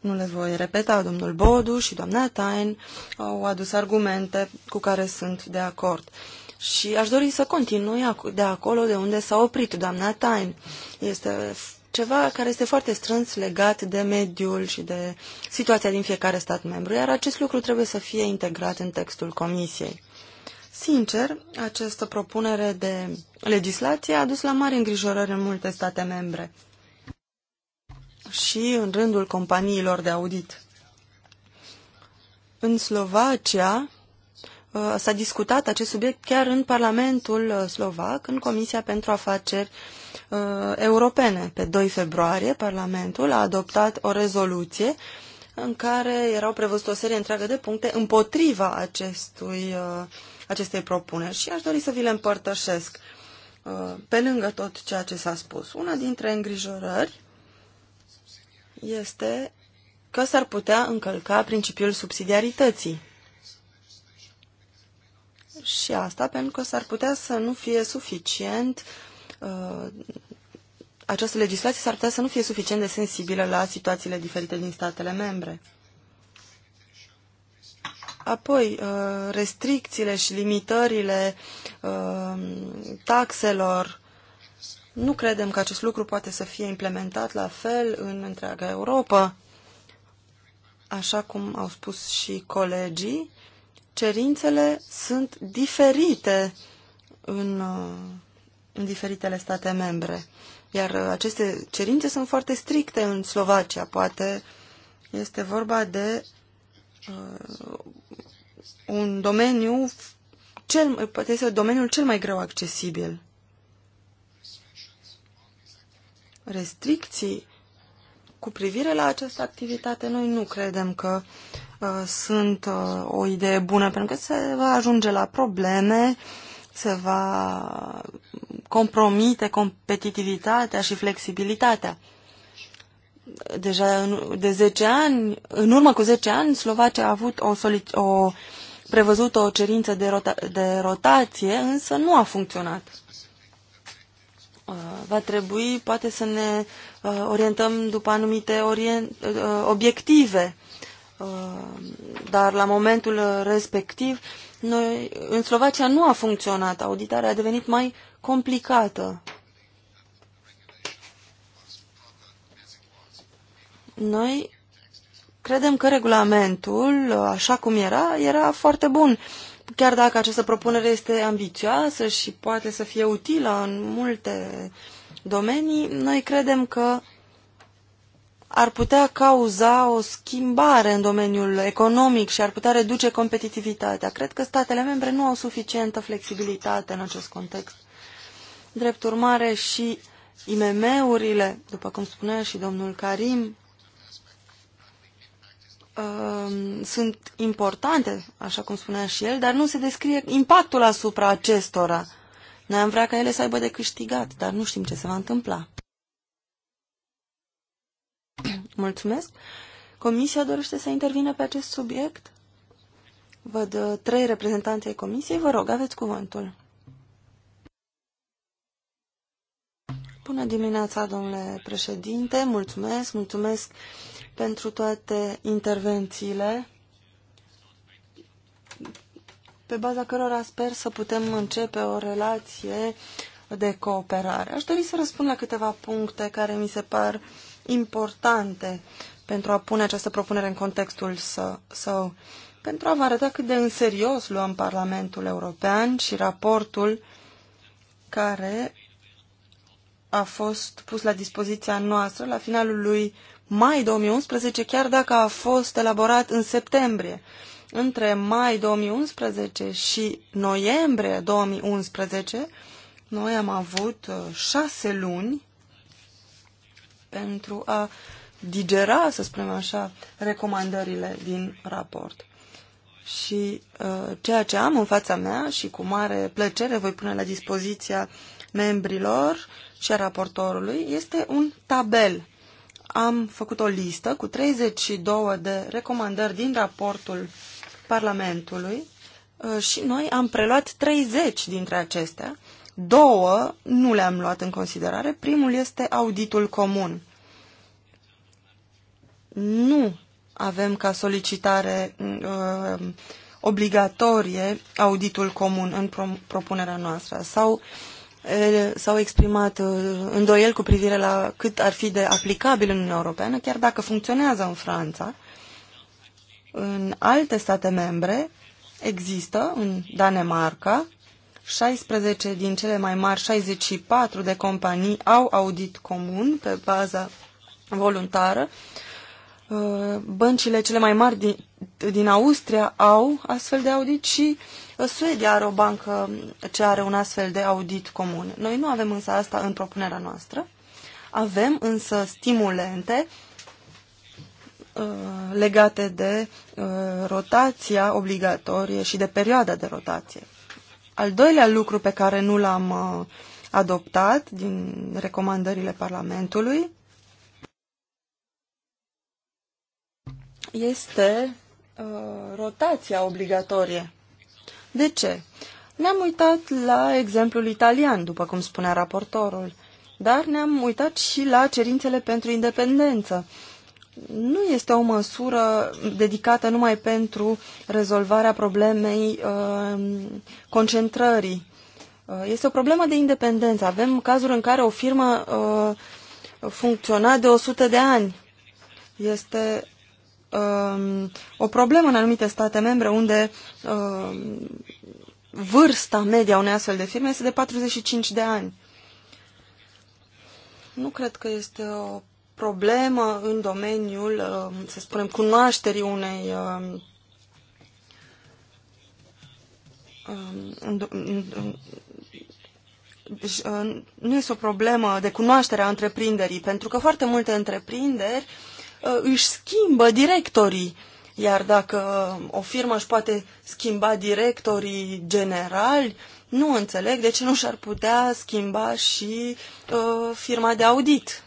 nu le voi repeta. Domnul Bodu și doamna Tain au adus argumente cu care sunt de acord. Și aș dori să continui de acolo de unde s-a oprit doamna Tain. Este ceva care este foarte strâns legat de mediul și de situația din fiecare stat membru, iar acest lucru trebuie să fie integrat în textul Comisiei. Sincer, această propunere de legislație a dus la mari îngrijorări în multe state membre și în rândul companiilor de audit. În Slovacia uh, s-a discutat acest subiect chiar în Parlamentul uh, Slovac, în Comisia pentru Afaceri uh, europene. Pe 2 februarie, Parlamentul a adoptat o rezoluție în care erau prevăzute o serie întreagă de puncte împotriva acestui, uh, acestei propuneri și aș dori să vi le împărtășesc uh, pe lângă tot ceea ce s-a spus. Una dintre îngrijorări este că s-ar putea încălca principiul subsidiarității. Și asta pentru că s-ar putea să nu fie suficient Uh, această legislație s-ar putea să nu fie suficient de sensibilă la situațiile diferite din statele membre. Apoi, uh, restricțiile și limitările uh, taxelor. Nu credem că acest lucru poate să fie implementat la fel în întreaga Europa. Așa cum au spus și colegii, cerințele sunt diferite în în diferitele state membre. Iar aceste cerințe sunt foarte stricte în Slovacia. Poate este vorba de uh, un domeniu cel, poate este domeniul cel mai greu accesibil. Restricții cu privire la această activitate, noi nu credem că uh, sunt uh, o idee bună, pentru că se va ajunge la probleme uh, se va compromite competitivitatea și flexibilitatea. Deja de 10 ani, în urmă cu 10 ani, Slovacia a avut o, o prevăzut o cerință de, rota- de rotație, însă nu a funcționat. Uh, va trebui poate să ne uh, orientăm după anumite orient, uh, obiective, dar la momentul respectiv noi, în Slovacia nu a funcționat, auditarea a devenit mai complicată. Noi credem că regulamentul, așa cum era, era foarte bun. Chiar dacă această propunere este ambițioasă și poate să fie utilă în multe domenii, noi credem că ar putea cauza o schimbare în domeniul economic și ar putea reduce competitivitatea. Cred că statele membre nu au suficientă flexibilitate în acest context. Drept urmare și IMM-urile, după cum spunea și domnul Karim, um, sunt importante, așa cum spunea și el, dar nu se descrie impactul asupra acestora. Noi am vrea ca ele să aibă de câștigat, dar nu știm ce se va întâmpla. Mulțumesc. Comisia dorește să intervină pe acest subiect? Văd uh, trei reprezentanți ai comisiei. Vă rog, aveți cuvântul. Bună dimineața, domnule președinte. Mulțumesc, mulțumesc pentru toate intervențiile pe baza cărora sper să putem începe o relație de cooperare. Aș dori să răspund la câteva puncte care mi se par uh, importante pentru a pune această propunere în contextul său, pentru a vă arăta cât de în serios luăm Parlamentul European și raportul care a fost pus la dispoziția noastră la finalul lui mai 2011, chiar dacă a fost elaborat în septembrie. Între mai 2011 și noiembrie 2011, noi am avut uh, șase luni pentru a digera, să spunem așa, recomandările din raport. Și uh, ceea ce am în fața mea și cu mare plăcere voi pune la dispoziția membrilor și a raportorului este un tabel. Am făcut o listă cu 32 de recomandări din raportul Parlamentului uh, și noi am preluat 30 dintre acestea Două nu le-am luat în considerare. Primul este auditul comun. Nu avem ca solicitare uh, obligatorie auditul comun în pro propunerea noastră. Sau uh, s-au exprimat uh, îndoiel cu privire la cât ar fi de aplicabil în Uniunea Europeană, chiar dacă funcționează în Franța. În alte state membre există, în Danemarca, 16 din cele mai mari 64 de companii au audit comun pe baza voluntară. Uh, băncile cele mai mari din, din Austria au astfel de audit și uh, Suedia are o bancă ce are un astfel de audit comun. Noi nu avem însă asta în propunerea noastră. Avem însă stimulente uh, legate de rotația obligatorie și de perioada de rotație. Al doilea lucru pe care nu l-am uh, adoptat din recomandările Parlamentului este uh, rotația obligatorie. De ce? Ne-am uitat la exemplul italian, după cum spunea raportorul, dar ne-am uitat și la cerințele pentru independență nu este o măsură dedicată numai pentru rezolvarea problemei uh, concentrării. Uh, este o problemă de independență. Avem cazuri în care o firmă uh, funcționa de 100 de ani. Este uh, o problemă în anumite state membre unde uh, vârsta media unei astfel de firme este de 45 de ani. Nu cred că este o problemă în domeniul, uh, să spunem, cunoașterii unei uh, um, deci, uh, nu este o problemă de cunoaștere a întreprinderii, pentru că foarte multe întreprinderi își schimbă directorii. Iar dacă o firmă își poate schimba directorii generali, nu înțeleg de ce nu și-ar putea schimba și uh, firma de audit.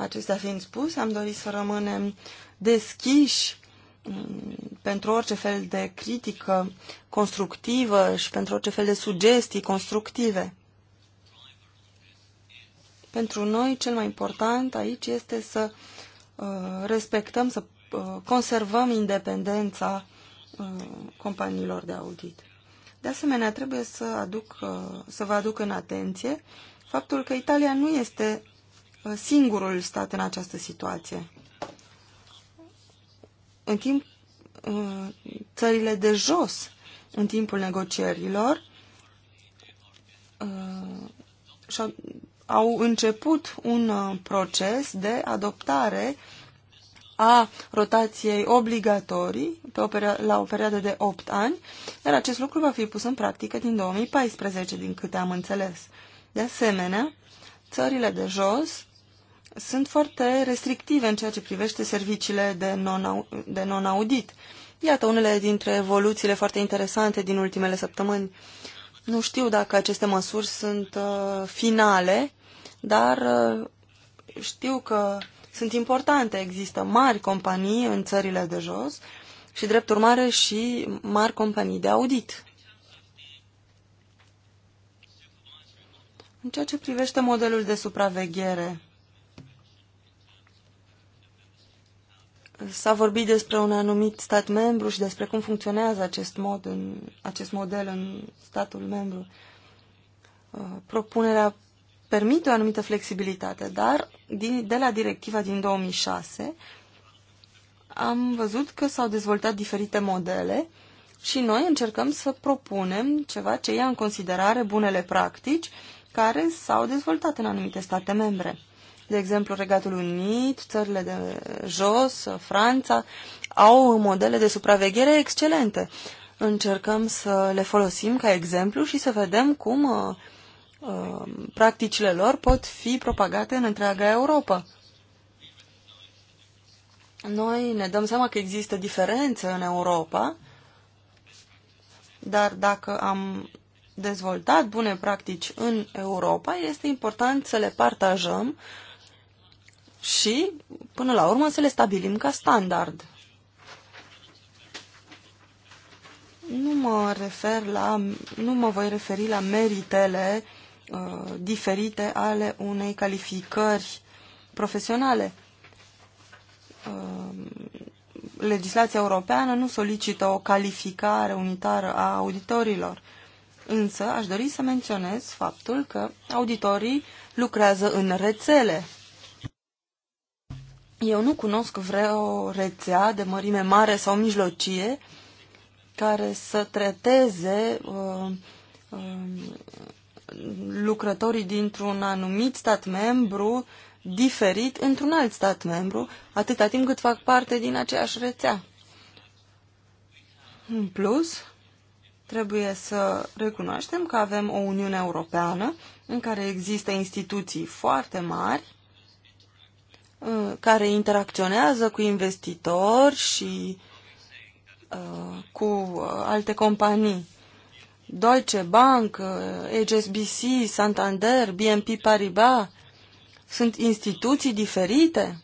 Acestea fiind spus, am dorit să rămânem deschiși mm, pentru orice fel de critică constructivă și pentru orice fel de sugestii constructive. Pentru noi, cel mai important aici este să uh, respectăm, să uh, conservăm independența uh, companiilor de audit. De asemenea, trebuie să, aduc, să vă aduc în atenție faptul că Italia nu este Uh, singurul stat în această situație. În timp, uh, țările de jos, în timpul negocierilor, uh, au început un proces de adoptare a rotației obligatorii pe o la o perioadă de 8 ani, iar acest lucru va fi pus în practică din 2014, din câte am înțeles. De asemenea, țările de jos sunt foarte restrictive în ceea ce privește serviciile de, non, non-audit. Iată unele dintre evoluțiile foarte interesante din ultimele săptămâni. Nu știu dacă aceste măsuri sunt uh, finale, dar uh, știu că sunt importante. Există mari companii în țările de jos și, drept urmare, și mari companii de audit. În ceea ce privește modelul de supraveghere, S-a vorbit despre un anumit stat membru și despre cum funcționează acest, mod în, acest model în statul membru. Uh, propunerea permite o anumită flexibilitate, dar din, de la directiva din 2006 am văzut că s-au dezvoltat diferite modele și noi încercăm să propunem ceva ce ia în considerare bunele practici care s-au dezvoltat în anumite state membre. De exemplu, Regatul Unit, țările de jos, Franța, au modele de supraveghere excelente. Încercăm să le folosim ca exemplu și să vedem cum uh, uh, practicile lor pot fi propagate în întreaga Europa. Noi ne dăm seama că există diferențe în Europa, dar dacă am dezvoltat bune practici în Europa, este important să le partajăm și, până la urmă, să le stabilim ca standard. Nu mă, refer la, nu mă voi referi la meritele uh, diferite ale unei calificări profesionale. Uh, legislația europeană nu solicită o calificare unitară a auditorilor. Însă aș dori să menționez faptul că auditorii lucrează în rețele eu nu cunosc vreo rețea de mărime mare sau mijlocie care să treteze uh, uh, lucrătorii dintr-un anumit stat membru diferit într-un alt stat membru, atâta timp cât fac parte din aceeași rețea. În plus, trebuie să recunoaștem că avem o Uniune Europeană în care există instituții foarte mari Uh, care interacționează cu investitori și uh, cu uh, alte companii. Deutsche Bank, HSBC, uh, Santander, BNP Paribas sunt instituții diferite?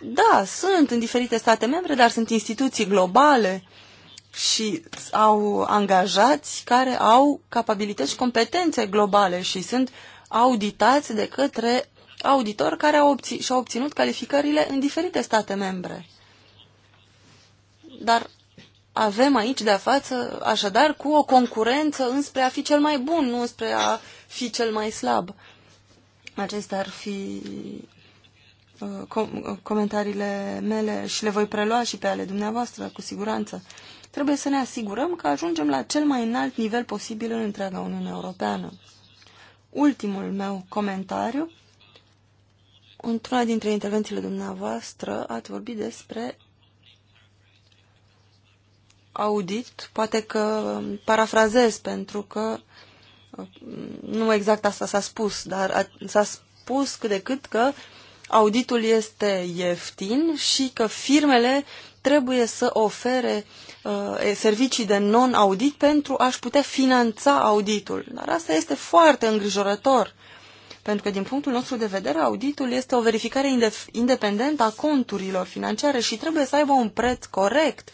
Da, sunt în diferite state membre, dar sunt instituții globale și au angajați care au capabilități și competențe globale și sunt auditați de către auditori care au obț și-au obținut calificările în diferite state membre. Dar avem aici de-a față, așadar, cu o concurență înspre a fi cel mai bun, nu înspre a fi cel mai slab. Acestea ar fi uh, com uh, comentariile mele și le voi prelua și pe ale dumneavoastră, cu siguranță. Trebuie să ne asigurăm că ajungem la cel mai înalt nivel posibil în întreaga Uniune Europeană. Ultimul meu comentariu Într-una dintre intervențiile dumneavoastră ați vorbit despre audit, poate că parafrazez pentru că uh, nu exact asta s-a spus, dar s-a spus cât de cât că auditul este ieftin și că firmele trebuie să ofere uh, servicii de non-audit pentru a-și putea finanța auditul. Dar asta este foarte îngrijorător. Uh, pentru că, din punctul nostru de vedere, auditul este o verificare independentă a conturilor financiare și trebuie să aibă un preț corect.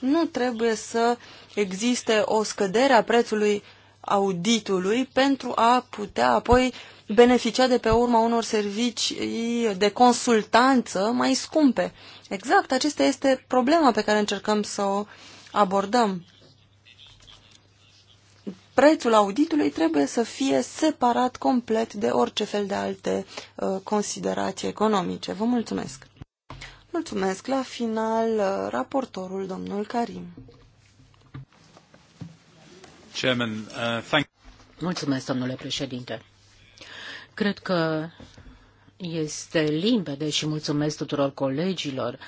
Nu trebuie să existe o scădere a prețului auditului pentru a putea apoi beneficia de pe urma unor servicii de consultanță mai scumpe. Exact, acesta este problema pe care încercăm să o abordăm prețul auditului trebuie să fie separat complet de orice fel de alte uh, considerații economice. Vă mulțumesc! Mulțumesc la final uh, raportorul domnul Karim. Chairman, uh, thank Mulțumesc, domnule președinte. Cred că este limpede și mulțumesc tuturor colegilor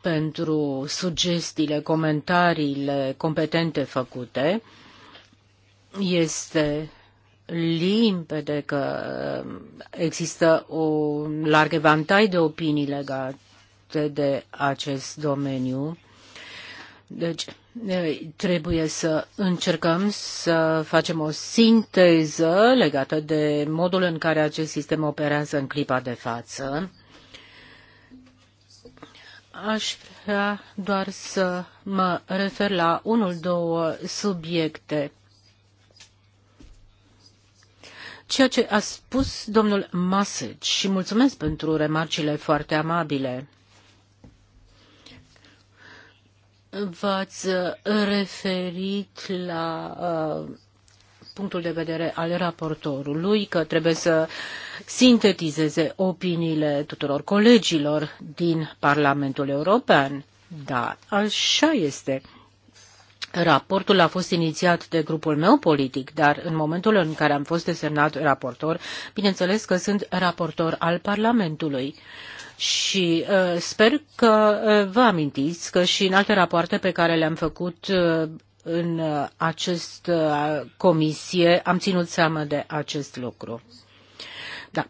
pentru sugestiile, comentariile competente făcute. Uh, este limpede că um, există o larg evantai de opinii legate de acest domeniu. Deci, trebuie să încercăm să facem o sinteză legată de modul în care acest sistem operează în clipa de față. Aș vrea doar să mă refer la unul, două subiecte ceea ce a spus domnul Masage și mulțumesc pentru remarcile foarte amabile. V-ați uh, referit la uh, punctul de vedere al raportorului că trebuie să sintetizeze opiniile tuturor colegilor din Parlamentul European. Da, așa este. Raportul a fost inițiat de grupul meu politic, dar în momentul în care am fost desemnat raportor, bineînțeles că sunt raportor al Parlamentului. Și uh, sper că uh, vă amintiți că și în alte rapoarte pe care le-am făcut uh, în uh, această uh, comisie am ținut seama de acest lucru. Da,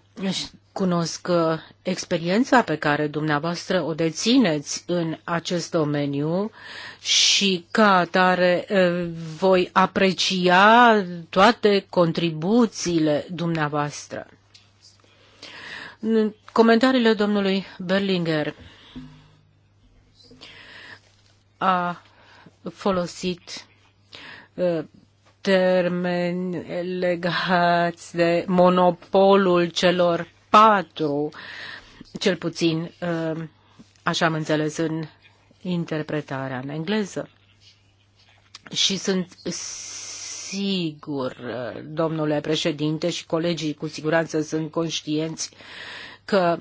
cunosc uh, experiența pe care dumneavoastră o dețineți în acest domeniu și ca atare uh, voi aprecia toate contribuțiile dumneavoastră. Comentariile domnului Berlinger a folosit uh, termeni legați de monopolul celor patru, cel puțin uh, așa am înțeles în interpretarea în engleză. Și sunt sigur, uh, domnule președinte și colegii cu siguranță sunt conștienți că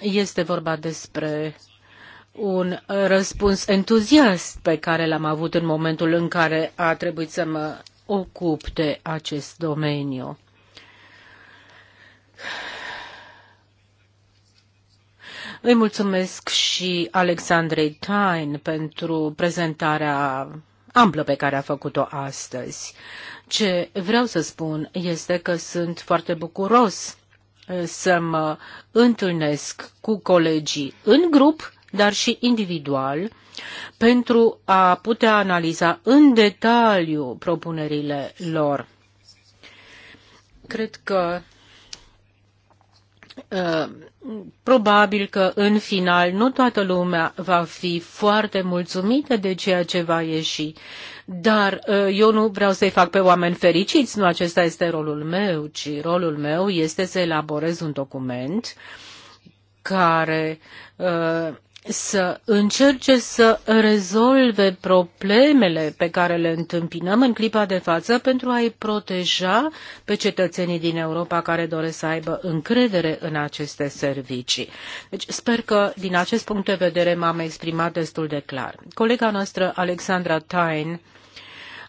este vorba despre un răspuns entuziast pe care l-am avut în momentul în care a trebuit să mă ocup de acest domeniu. Îi mulțumesc și Alexandrei Tain pentru prezentarea amplă pe care a făcut-o astăzi. Ce vreau să spun este că sunt foarte bucuros uh, să mă uh, întâlnesc cu colegii în grup, dar și individual, pentru a putea analiza în detaliu propunerile lor. Cred că Uh, probabil că în final nu toată lumea va fi foarte mulțumită de ceea ce va ieși, dar uh, eu nu vreau să-i fac pe oameni fericiți, nu acesta este rolul meu, ci rolul meu este să elaborez un document care uh, să încerce să rezolve problemele pe care le întâmpinăm în clipa de față pentru a-i proteja pe cetățenii din Europa care doresc să aibă încredere în aceste servicii. Deci sper că din acest punct de vedere m-am exprimat destul de clar. Colega noastră Alexandra Tain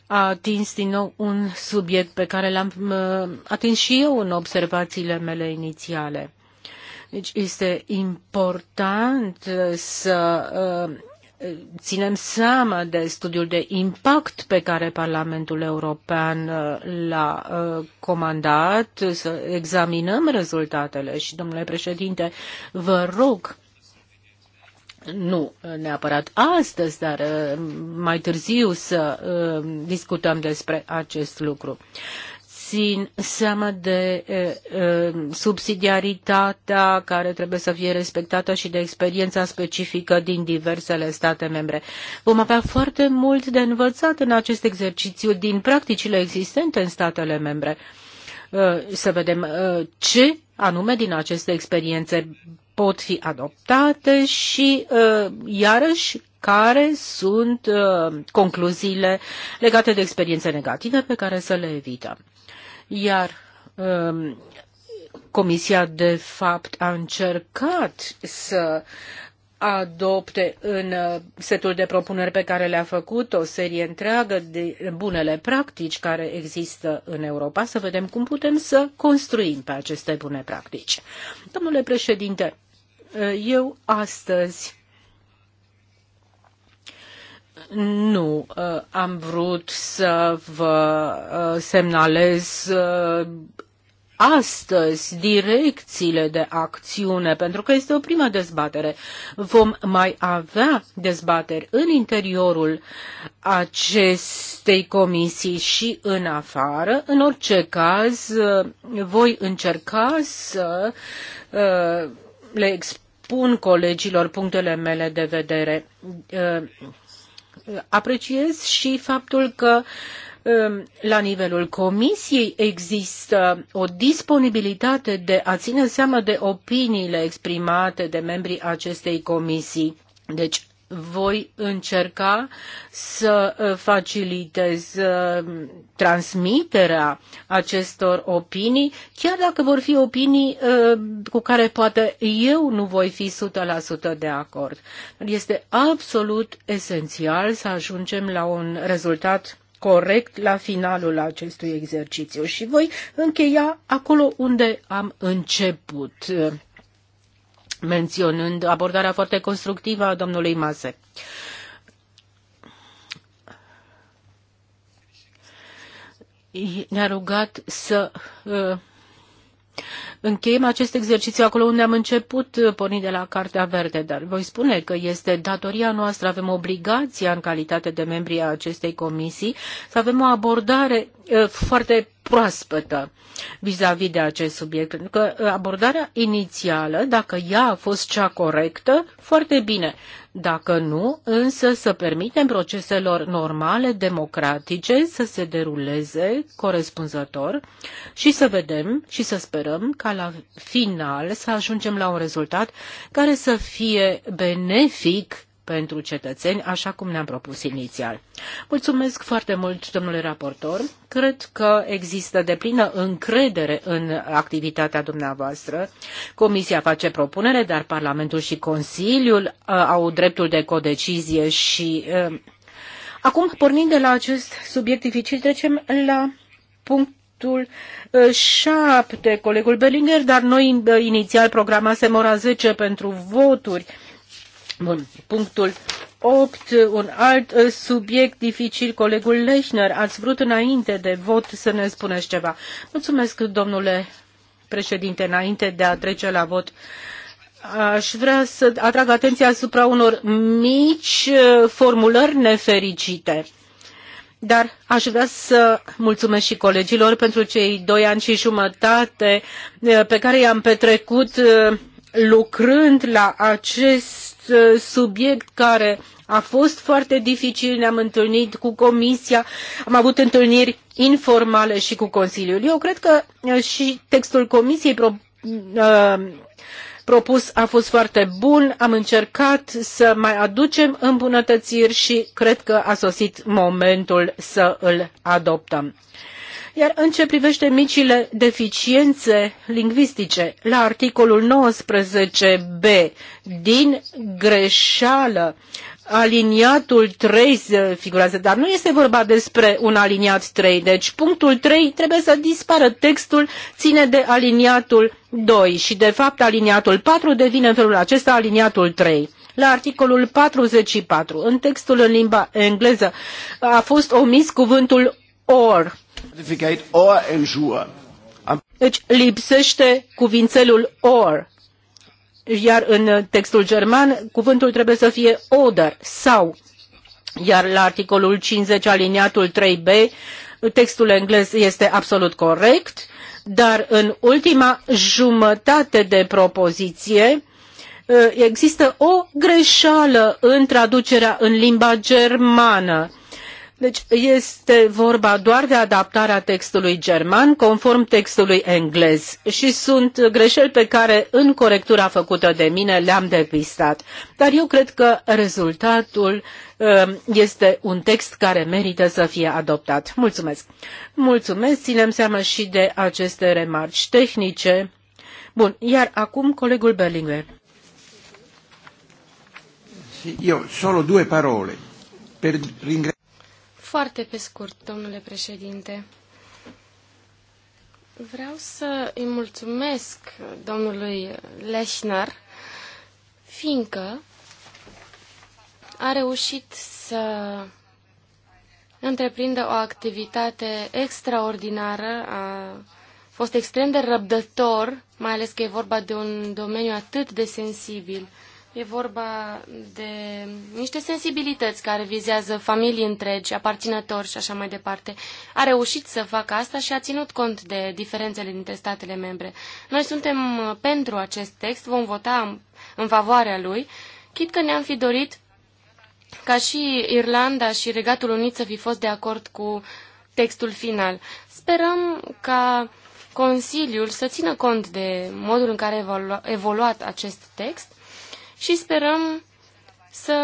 a atins din nou un subiect pe care l-am uh, atins și eu în observațiile mele inițiale deci este important uh, să uh, ținem seama de studiul de impact pe care Parlamentul European uh, l-a comandat, să examinăm rezultatele și, domnule președinte, vă rog nu neapărat astăzi, dar mai târziu să discutăm despre acest lucru țin seama de uh, subsidiaritatea care trebuie să fie respectată și de experiența specifică din diversele state membre. Vom avea foarte mult de învățat în acest exercițiu din practicile existente în statele membre. să vedem ce anume din aceste experiențe pot fi adoptate și, iarăși, care sunt concluziile legate de experiențe negative pe care să le evităm. Iar um, Comisia, de fapt, a încercat să adopte în uh, setul de propuneri pe care le-a făcut o serie întreagă de bunele practici care există în Europa, să vedem cum putem să construim pe aceste bune practici. Domnule președinte, uh, eu astăzi nu, uh, am vrut să vă uh, semnalez uh, astăzi direcțiile de acțiune, pentru că este o primă dezbatere. Vom mai avea dezbateri în interiorul acestei comisii și în afară. În orice caz, voi încerca să le expun colegilor punctele mele de vedere apreciez și faptul că um, la nivelul comisiei există o disponibilitate de a ține seama de opiniile exprimate de membrii acestei comisii. Deci voi încerca să uh, facilitez uh, transmiterea acestor opinii, chiar dacă vor fi opinii uh, cu care poate eu nu voi fi 100% de acord. Este absolut esențial să ajungem la un rezultat corect la finalul acestui exercițiu și voi încheia acolo unde am început menționând abordarea foarte constructivă a domnului Mase. Ne-a rugat să uh, Încheiem acest exercițiu acolo unde am început, uh, pornind de la Cartea Verde, dar voi spune că este datoria noastră, avem obligația în calitate de membri a acestei comisii să avem o abordare uh, foarte proaspătă vis-a-vis -vis de acest subiect. Pentru că abordarea inițială, dacă ea a fost cea corectă, foarte bine. Dacă nu, însă să permitem proceselor normale, democratice, să se deruleze corespunzător și să vedem și să sperăm ca la final să ajungem la un rezultat care să fie benefic pentru cetățeni, așa cum ne-am propus inițial. Mulțumesc foarte mult, domnule raportor. Cred că există deplină încredere în activitatea dumneavoastră. Comisia face propunere, dar Parlamentul și Consiliul uh, au dreptul de codecizie și uh, Acum, pornind de la acest subiect dificil, trecem la punctul 7, uh, colegul Bellinger, dar noi inițial programasem ora 10 pentru voturi. Bun. Punctul 8, un alt uh, subiect dificil, colegul Lechner. Ați vrut înainte de vot să ne spuneți ceva. Mulțumesc, domnule președinte, înainte de a trece la vot. Aș vrea să atrag atenția asupra unor mici uh, formulări nefericite. Dar aș vrea să mulțumesc și colegilor pentru cei doi ani și jumătate uh, pe care i-am petrecut lucrând la acest uh, subiect care a fost foarte dificil, ne-am întâlnit cu Comisia, am avut întâlniri informale și cu Consiliul. Eu cred că uh, și textul Comisiei pro, uh, propus a fost foarte bun, am încercat să mai aducem îmbunătățiri și cred că a sosit momentul să îl adoptăm. Iar în ce privește micile deficiențe lingvistice, la articolul 19b, din greșeală, aliniatul 3 figurează, dar nu este vorba despre un aliniat 3, deci punctul 3 trebuie să dispară. Textul ține de aliniatul 2 și de fapt aliniatul 4 devine în felul acesta aliniatul 3 la articolul 44. În textul în limba engleză a fost omis cuvântul or. Deci lipsește cuvințelul or, iar în textul german cuvântul trebuie să fie oder sau, iar la articolul 50 aliniatul 3b textul englez este absolut corect, dar în ultima jumătate de propoziție eh, există o greșeală în traducerea în limba germană deci este vorba doar de adaptarea textului german conform textului englez și sunt greșeli pe care în corectura făcută de mine le-am depistat. Dar eu cred că rezultatul um, este un text care merită să fie adoptat. Mulțumesc! Mulțumesc, ținem seama și de aceste remarci tehnice. Bun, iar acum colegul Berlinguer. Eu, solo due parole. Per ringra... Foarte pe scurt, domnule președinte. Vreau să îi mulțumesc domnului Leșnar, fiindcă a reușit să întreprindă o activitate extraordinară, a fost extrem de răbdător, mai ales că e vorba de un domeniu atât de sensibil. E vorba de niște sensibilități care vizează familii întregi, aparținători și așa mai departe. A reușit să facă asta și a ținut cont de diferențele dintre statele membre. Noi suntem pentru acest text, vom vota în favoarea lui, chit că ne-am fi dorit ca și Irlanda și Regatul Unit să fi fost de acord cu textul final. Sperăm ca Consiliul să țină cont de modul în care a evoluat acest text și sperăm să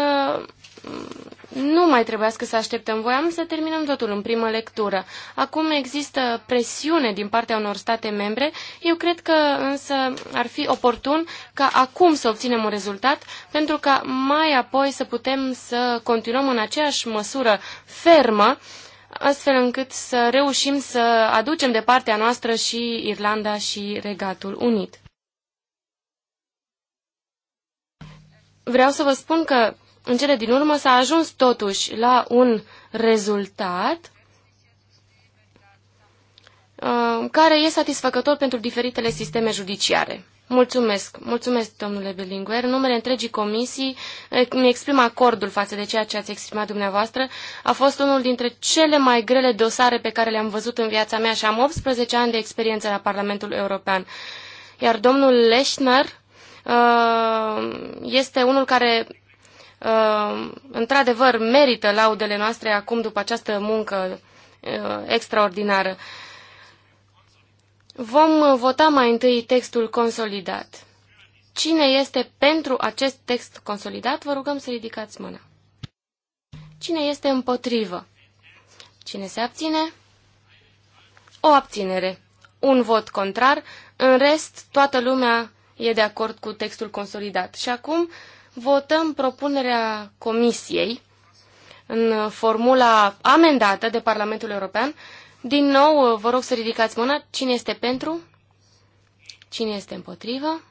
nu mai trebuiască să așteptăm. Voiam să terminăm totul în primă lectură. Acum există presiune din partea unor state membre. Eu cred că însă ar fi oportun ca acum să obținem un rezultat, pentru ca mai apoi să putem să continuăm în aceeași măsură fermă, astfel încât să reușim să aducem de partea noastră și Irlanda și Regatul Unit. vreau să vă spun că în cele din urmă s-a ajuns totuși la un rezultat uh, care e satisfăcător pentru diferitele sisteme judiciare. Mulțumesc, mulțumesc, domnule Belinguer. În numele întregii comisii eh, mi exprim acordul față de ceea ce ați exprimat dumneavoastră. A fost unul dintre cele mai grele dosare pe care le-am văzut în viața mea și am 18 ani de experiență la Parlamentul European. Iar domnul Leșner Uh, este unul care uh, într-adevăr merită laudele noastre acum după această muncă uh, extraordinară. Vom vota mai întâi textul consolidat. Cine este pentru acest text consolidat, vă rugăm să ridicați mâna. Cine este împotrivă? Cine se abține? O abținere. Un vot contrar. În rest, toată lumea e de acord cu textul consolidat. Și acum votăm propunerea Comisiei în formula amendată de Parlamentul European. Din nou, vă rog să ridicați mâna. Cine este pentru? Cine este împotrivă?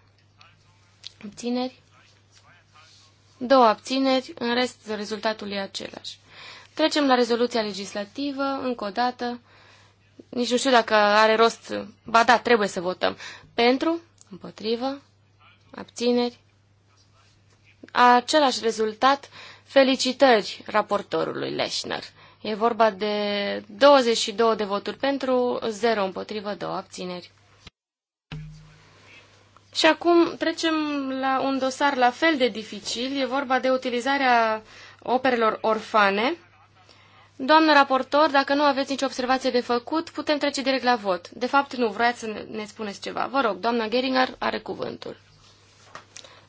Abțineri? Două abțineri, în rest rezultatul e același. Trecem la rezoluția legislativă, încă o dată. Nici nu știu dacă are rost. Ba da, trebuie să votăm. Pentru? Împotrivă? Abțineri? Același rezultat. Felicitări raportorului Leșner. E vorba de 22 de voturi pentru, 0 împotrivă, 2 abțineri. Și acum trecem la un dosar la fel de dificil. E vorba de utilizarea operelor orfane Doamnă raportor, dacă nu aveți nicio observație de făcut, putem trece direct la vot. De fapt, nu, vreau să ne spuneți ceva. Vă rog, doamna Geringer are cuvântul.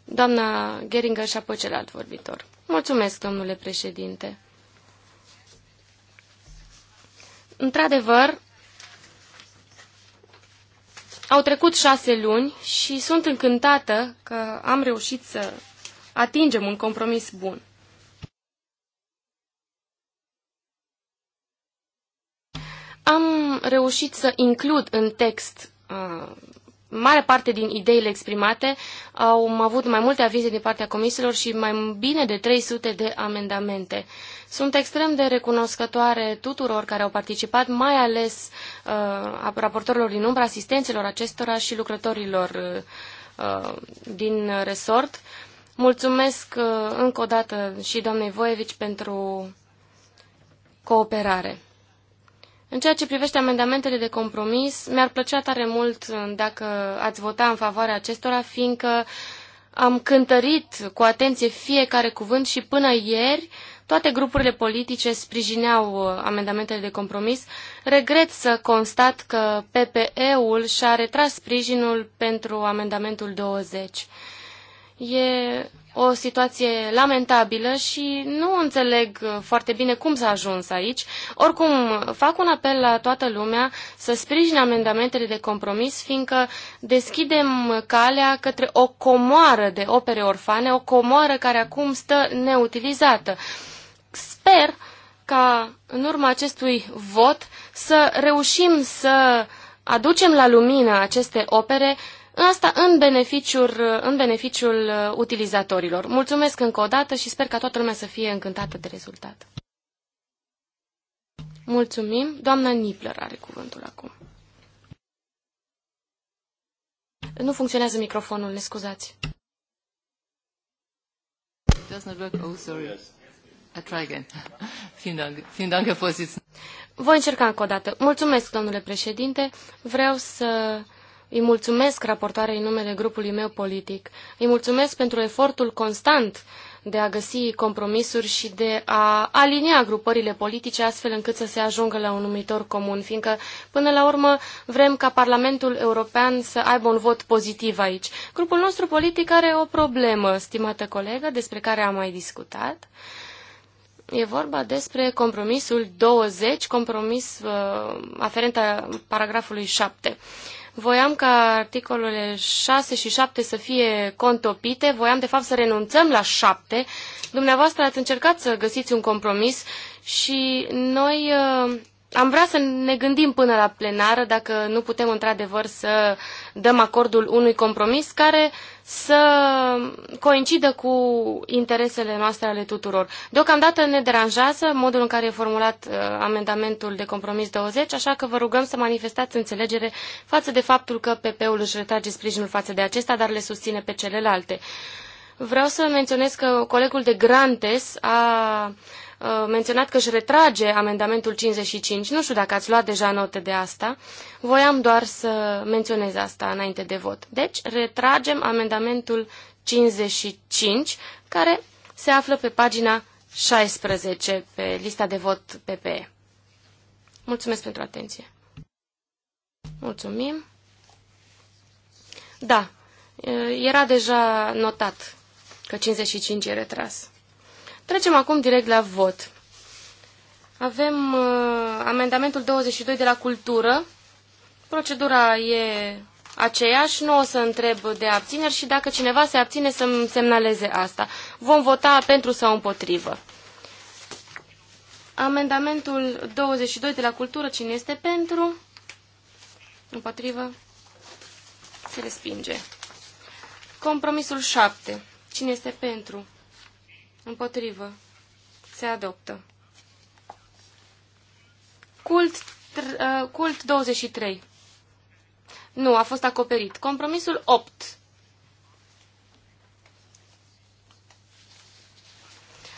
Doamna Geringer și apoi celălalt vorbitor. Mulțumesc, domnule președinte. Într-adevăr, au trecut șase luni și sunt încântată că am reușit să atingem un compromis bun. Am reușit să includ în text uh, mare parte din ideile exprimate. Au am avut mai multe avize din partea comisiilor și mai bine de 300 de amendamente. Sunt extrem de recunoscătoare tuturor care au participat, mai ales uh, raportorilor din umbră, asistenților acestora și lucrătorilor uh, uh, din resort. Mulțumesc uh, încă o dată și doamnei Voievici pentru cooperare. În ceea ce privește amendamentele de compromis, mi-ar plăcea tare mult uh, dacă ați vota în favoarea acestora, fiindcă am cântărit cu atenție fiecare cuvânt și până ieri toate grupurile politice sprijineau uh, amendamentele de compromis. Regret să constat că PPE-ul și-a retras sprijinul pentru amendamentul 20. E o situație lamentabilă și nu înțeleg foarte bine cum s-a ajuns aici. Oricum, fac un apel la toată lumea să sprijine amendamentele de compromis, fiindcă deschidem calea către o comoară de opere orfane, o comoară care acum stă neutilizată. Sper ca în urma acestui vot să reușim să aducem la lumină aceste opere Asta în beneficiul, în beneficiul uh, utilizatorilor. Mulțumesc încă o dată și sper ca toată lumea să fie încântată de rezultat. Mulțumim. Doamna Nipler are cuvântul acum. Nu funcționează microfonul, ne scuzați. Voi încerca încă o dată. Mulțumesc, domnule președinte. Vreau să îi mulțumesc raportoarei în numele grupului meu politic. Îi mulțumesc pentru efortul constant de a găsi compromisuri și de a alinia grupările politice astfel încât să se ajungă la un numitor comun, fiindcă până la urmă vrem ca Parlamentul European să aibă un vot pozitiv aici. Grupul nostru politic are o problemă, stimată colegă, despre care am mai discutat. E vorba despre compromisul 20, compromis uh, aferent a paragrafului 7. Uh, Voiam ca articolele 6 și 7 să fie contopite, voiam de fapt să renunțăm la 7. Dumneavoastră ați încercat să găsiți un compromis și noi uh, am vrea să ne gândim până la plenară dacă nu putem într-adevăr să dăm acordul unui compromis care uh, să coincidă cu interesele noastre ale tuturor. Deocamdată ne deranjează modul în care e formulat uh, amendamentul de compromis 20, așa că vă rugăm să manifestați înțelegere față de faptul că PP-ul își retrage sprijinul față de acesta, dar le susține pe celelalte. Vreau să menționez că colegul de Grantes a menționat că își retrage amendamentul 55. Nu știu dacă ați luat deja notă de asta. Voiam doar să menționez asta înainte de vot. Deci, retragem amendamentul 55, care se află pe pagina 16 pe lista de vot PPE. Mulțumesc pentru atenție. Mulțumim. Da, era deja notat că 55 e retras. Trecem acum direct la vot. Avem uh, amendamentul 22 de la cultură. Procedura e aceeași, nu o să întreb de abțineri și dacă cineva se abține să-mi semnaleze asta. Vom vota pentru sau împotrivă. Amendamentul 22 de la cultură, cine este pentru? Împotrivă? Se respinge. Compromisul 7. Cine este pentru? Împotrivă. Se adoptă. Cult, uh, cult 23. Nu, a fost acoperit. Compromisul 8.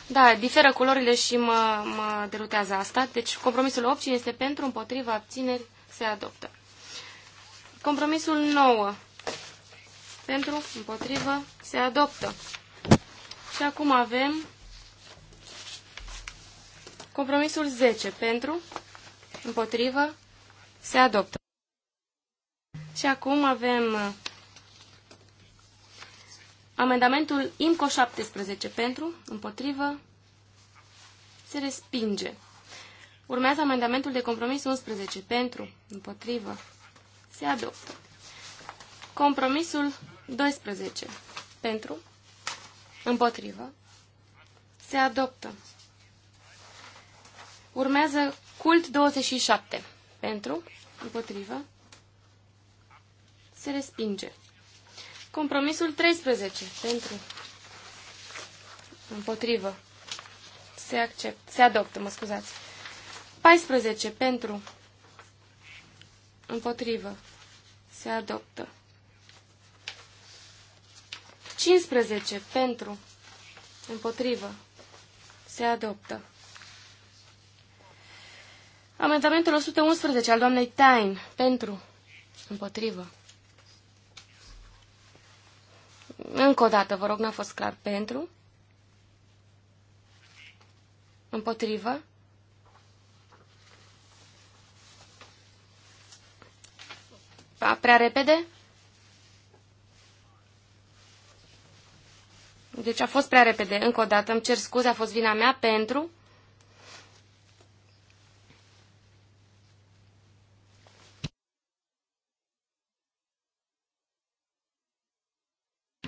Da, diferă culorile și mă, mă derutează asta. Deci compromisul 8 este pentru, împotriva, abțineri, se adoptă. Compromisul 9. Pentru, împotrivă, se adoptă. Și acum avem compromisul 10 pentru, împotrivă, se adoptă. Și acum avem uh, amendamentul IMCO 17 pentru, împotrivă, se respinge. Urmează amendamentul de compromis 11 pentru, împotrivă, se adoptă. Compromisul 12 pentru, Împotrivă. Se adoptă. Urmează cult 27. Pentru. Împotrivă. Se respinge. Compromisul 13. Pentru. Împotrivă. Se accept. Se adoptă, mă scuzați. 14. Pentru. Împotrivă. Se adoptă. 15 pentru, împotrivă, se adoptă. Amendamentul 111 al doamnei Tain, pentru, împotrivă. Încă o dată, vă rog, n-a fost clar. Pentru? Împotrivă? Prea repede? Deci a fost prea repede. Încă o dată îmi cer scuze, a fost vina mea pentru...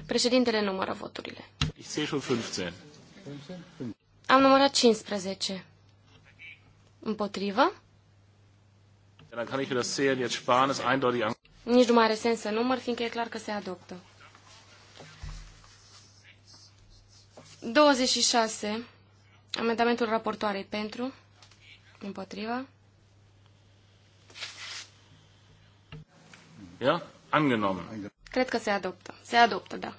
Președintele numără voturile. Am numărat 15. Împotrivă? Nici nu mai are sens să număr, fiindcă e clar că se adoptă. 26. Amendamentul raportoarei pentru. Împotriva. Ja? Angenommen. Cred că se adoptă. Se adoptă, da.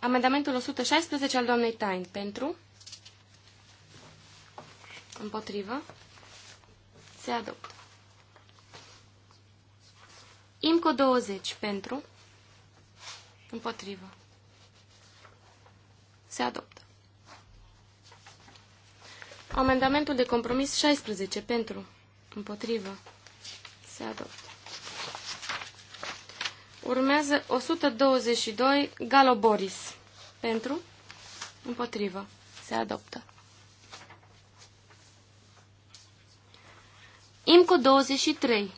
Amendamentul 116 al doamnei Tain. Pentru. Împotrivă. Se adoptă. IMCO 20 pentru, împotrivă, se adoptă. Amendamentul de compromis 16 pentru, împotrivă, se adoptă. Urmează 122 Galoboris pentru, împotrivă, se adoptă. IMCO 23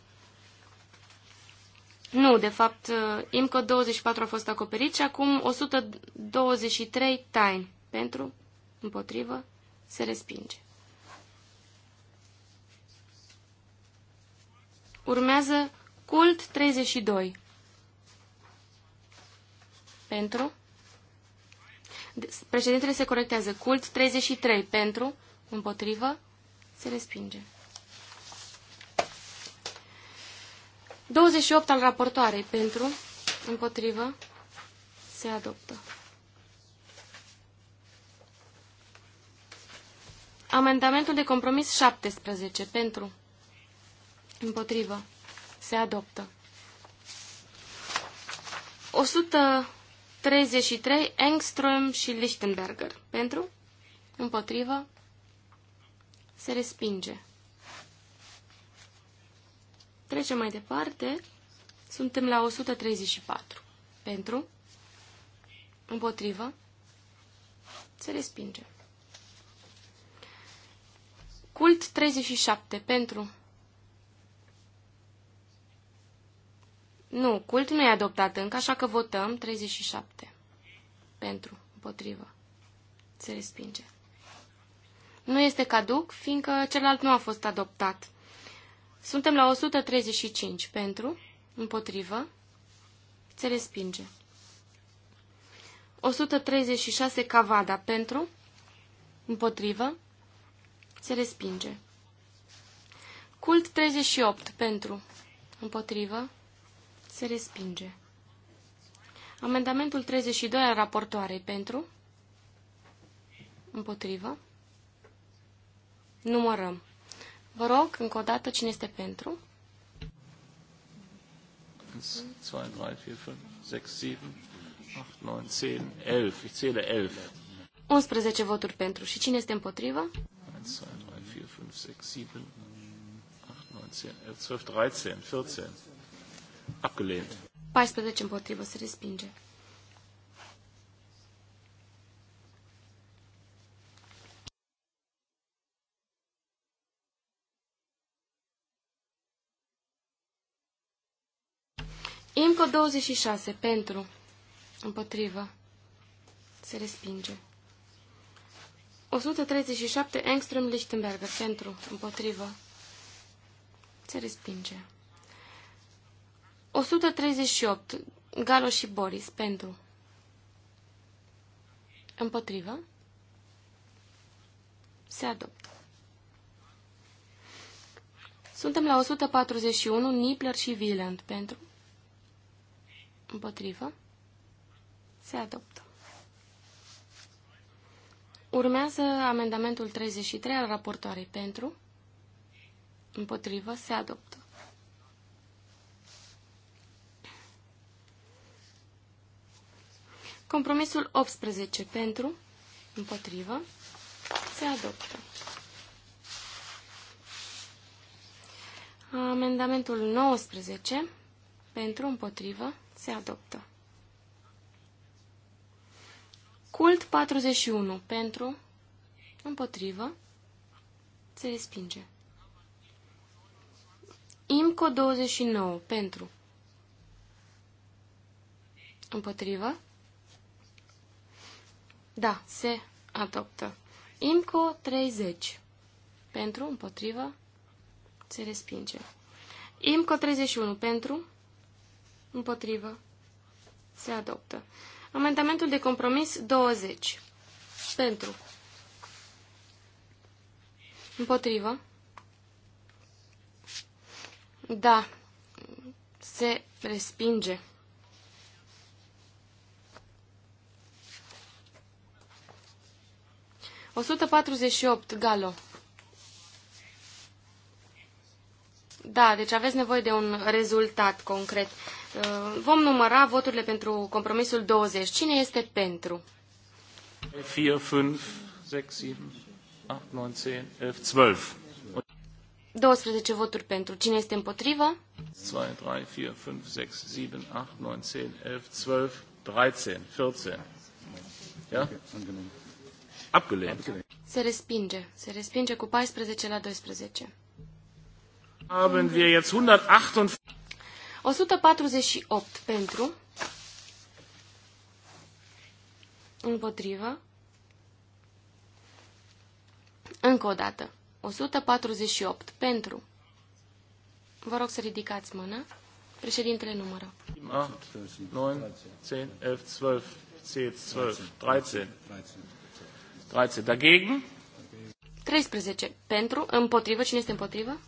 nu, de fapt, uh, IMCO 24 a fost acoperit și acum 123 time pentru, împotrivă, se respinge. Urmează cult 32. Pentru. Președintele se corectează. Cult 33. Pentru, împotrivă, se respinge. 28 al raportoarei pentru, împotrivă, se adoptă. Amendamentul de compromis 17 pentru, împotrivă, se adoptă. 133 Engström și Lichtenberger pentru, împotrivă, se respinge. Trecem mai departe. Suntem la 134. Pentru, împotrivă, se respinge. Cult 37. Pentru. Nu, cult nu e adoptat încă, așa că votăm 37. Pentru, împotrivă. Se respinge. Nu este caduc, fiindcă celălalt nu a fost adoptat. Suntem la 135 pentru, împotrivă, se respinge. 136 cavada pentru, împotrivă, se respinge. Cult 38 pentru, împotrivă, se respinge. Amendamentul 32 al raportoarei pentru, împotrivă, numărăm. Vă rog, încă o dată, cine este pentru? 1, 2, 3, 4, 5, 6, 7, 8, 9, 10, 11. Ich zähle 11. 11 voturi pentru. Și cine este împotrivă? 1, 2, 3, 4, 5, 6, 7, 8, 9, 10, 11, 12, 13, 14. Abgelehnt. 14 împotrivă se respinge. Imco 26. Pentru. Împotrivă. Se respinge. 137. Engström Lichtenberger. Pentru. Împotrivă. Se respinge. 138. Galo și Boris. Pentru. Împotrivă. Se adoptă. Suntem la 141. Nipler și Wieland. Pentru. Împotrivă. Se adoptă. Urmează amendamentul 33 al raportoarei pentru. Împotrivă. Se adoptă. Compromisul 18 pentru. Împotrivă. Se adoptă. Amendamentul 19 pentru împotrivă se adoptă. Cult 41. Pentru. Împotrivă. Se respinge. Imco 29. Pentru. Împotrivă. Da, se adoptă. Imco 30. Pentru, împotrivă, se respinge. Imco 31. Pentru, Împotrivă. Se adoptă. Amendamentul de compromis 20. Pentru. Împotrivă. Da. Se respinge. O sută patruzeci și opt galo. Da, deci aveți nevoie de un rezultat concret. Uh, vom număra voturile pentru compromisul 20. Cine este pentru? 4, 5, 6, 7, 8, 9, 10, 11, 12. 12 voturi pentru. Cine este împotrivă? 2, 3, 4, 5, 6, 7, 8, 9, 10, 11, 12, 13, 14. Ja? Abgelehnt. Se respinge. Se respinge cu 14 la 12. Haben wir jetzt 148 148 pentru, împotrivă, încă o dată, 148 pentru, vă rog să ridicați mâna, președintele numără. 8, 9, 10, 11, 12, 12, 13, 13, dagegen, 13 pentru, împotrivă, cine este împotrivă?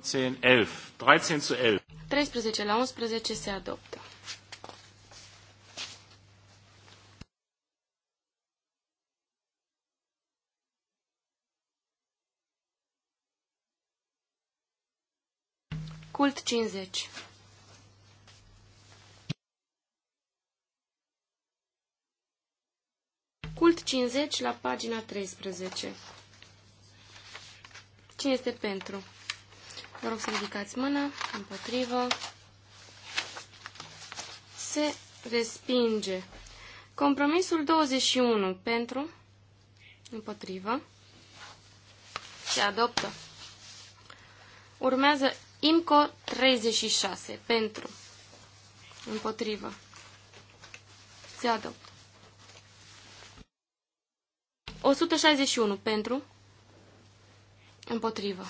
10, 11, 13 la 11. 13 la se adoptă. Cult 50 Cult 50 la pagina 13 Cine este pentru? Vă rog să ridicați mâna. Împotrivă. Se respinge. Compromisul 21 pentru, împotrivă, se adoptă. Urmează IMCO 36 pentru, împotrivă, se adoptă. 161 pentru, împotrivă,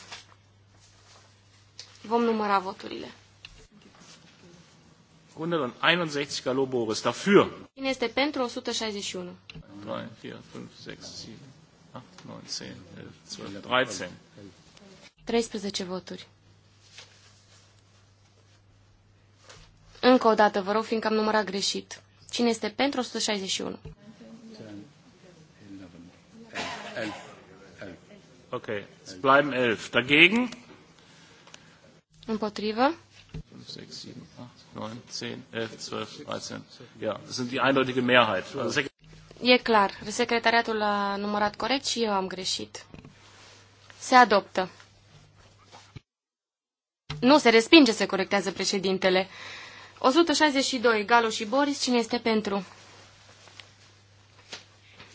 Vom număra voturile. 161 Galo Boris Cine este pentru 161? 3, 4, 5, 6, 7, 8, 9, 10, 11, 12, 13. 13 voturi. Încă o dată, vă rog, fiindcă am numărat greșit. Cine este pentru 161? Ok, es bleiben 11. Dagegen? Împotrivă. 5, 6, 7, 8, 9, 10, 11, 12, 13. Ja, das eindeutige Mehrheit. E clar, secretariatul a numărat corect și eu am greșit. Se adoptă. Nu, se respinge, se corectează președintele. 162, Galo și Boris, cine este pentru?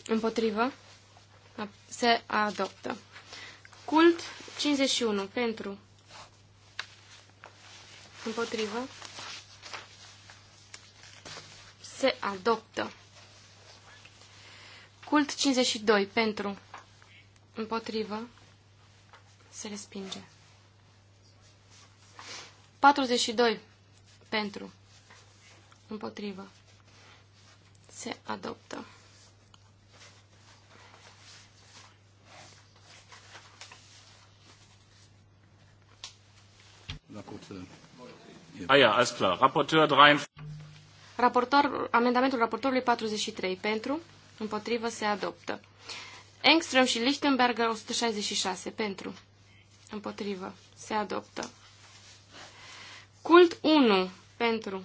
Împotrivă. Se adoptă. Cult 51, pentru. Împotrivă. Se adoptă. Cult 52. Pentru. Împotrivă. Se respinge. 42. Pentru. Împotrivă. Se adoptă. La curte. Uh, alles ah, klar. Raportor 3... Raportor, amendamentul raportorului 43 pentru, împotrivă se adoptă. Engström și Lichtenberger 166 pentru, împotrivă se adoptă. Cult 1 pentru,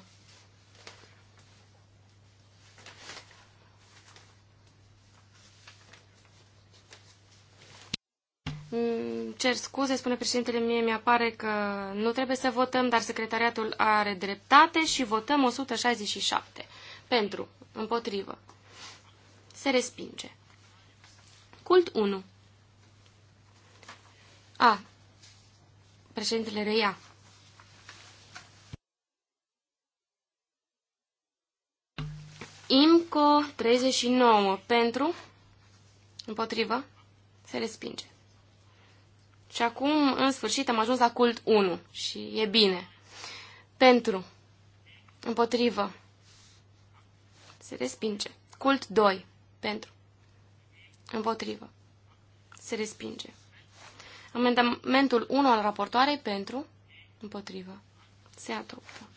cer scuze, spune președintele, mie mi-apare că nu trebuie să votăm, dar secretariatul are dreptate și votăm 167. Pentru, împotrivă. Se respinge. Cult 1. A. Președintele reia. IMCO 39. Pentru, împotrivă, se respinge. Și acum, în sfârșit, am ajuns la cult 1 și e bine. Pentru, împotrivă, se respinge. Cult 2, pentru, împotrivă, se respinge. Amendamentul 1 al raportoarei, pentru, împotrivă, se adoptă.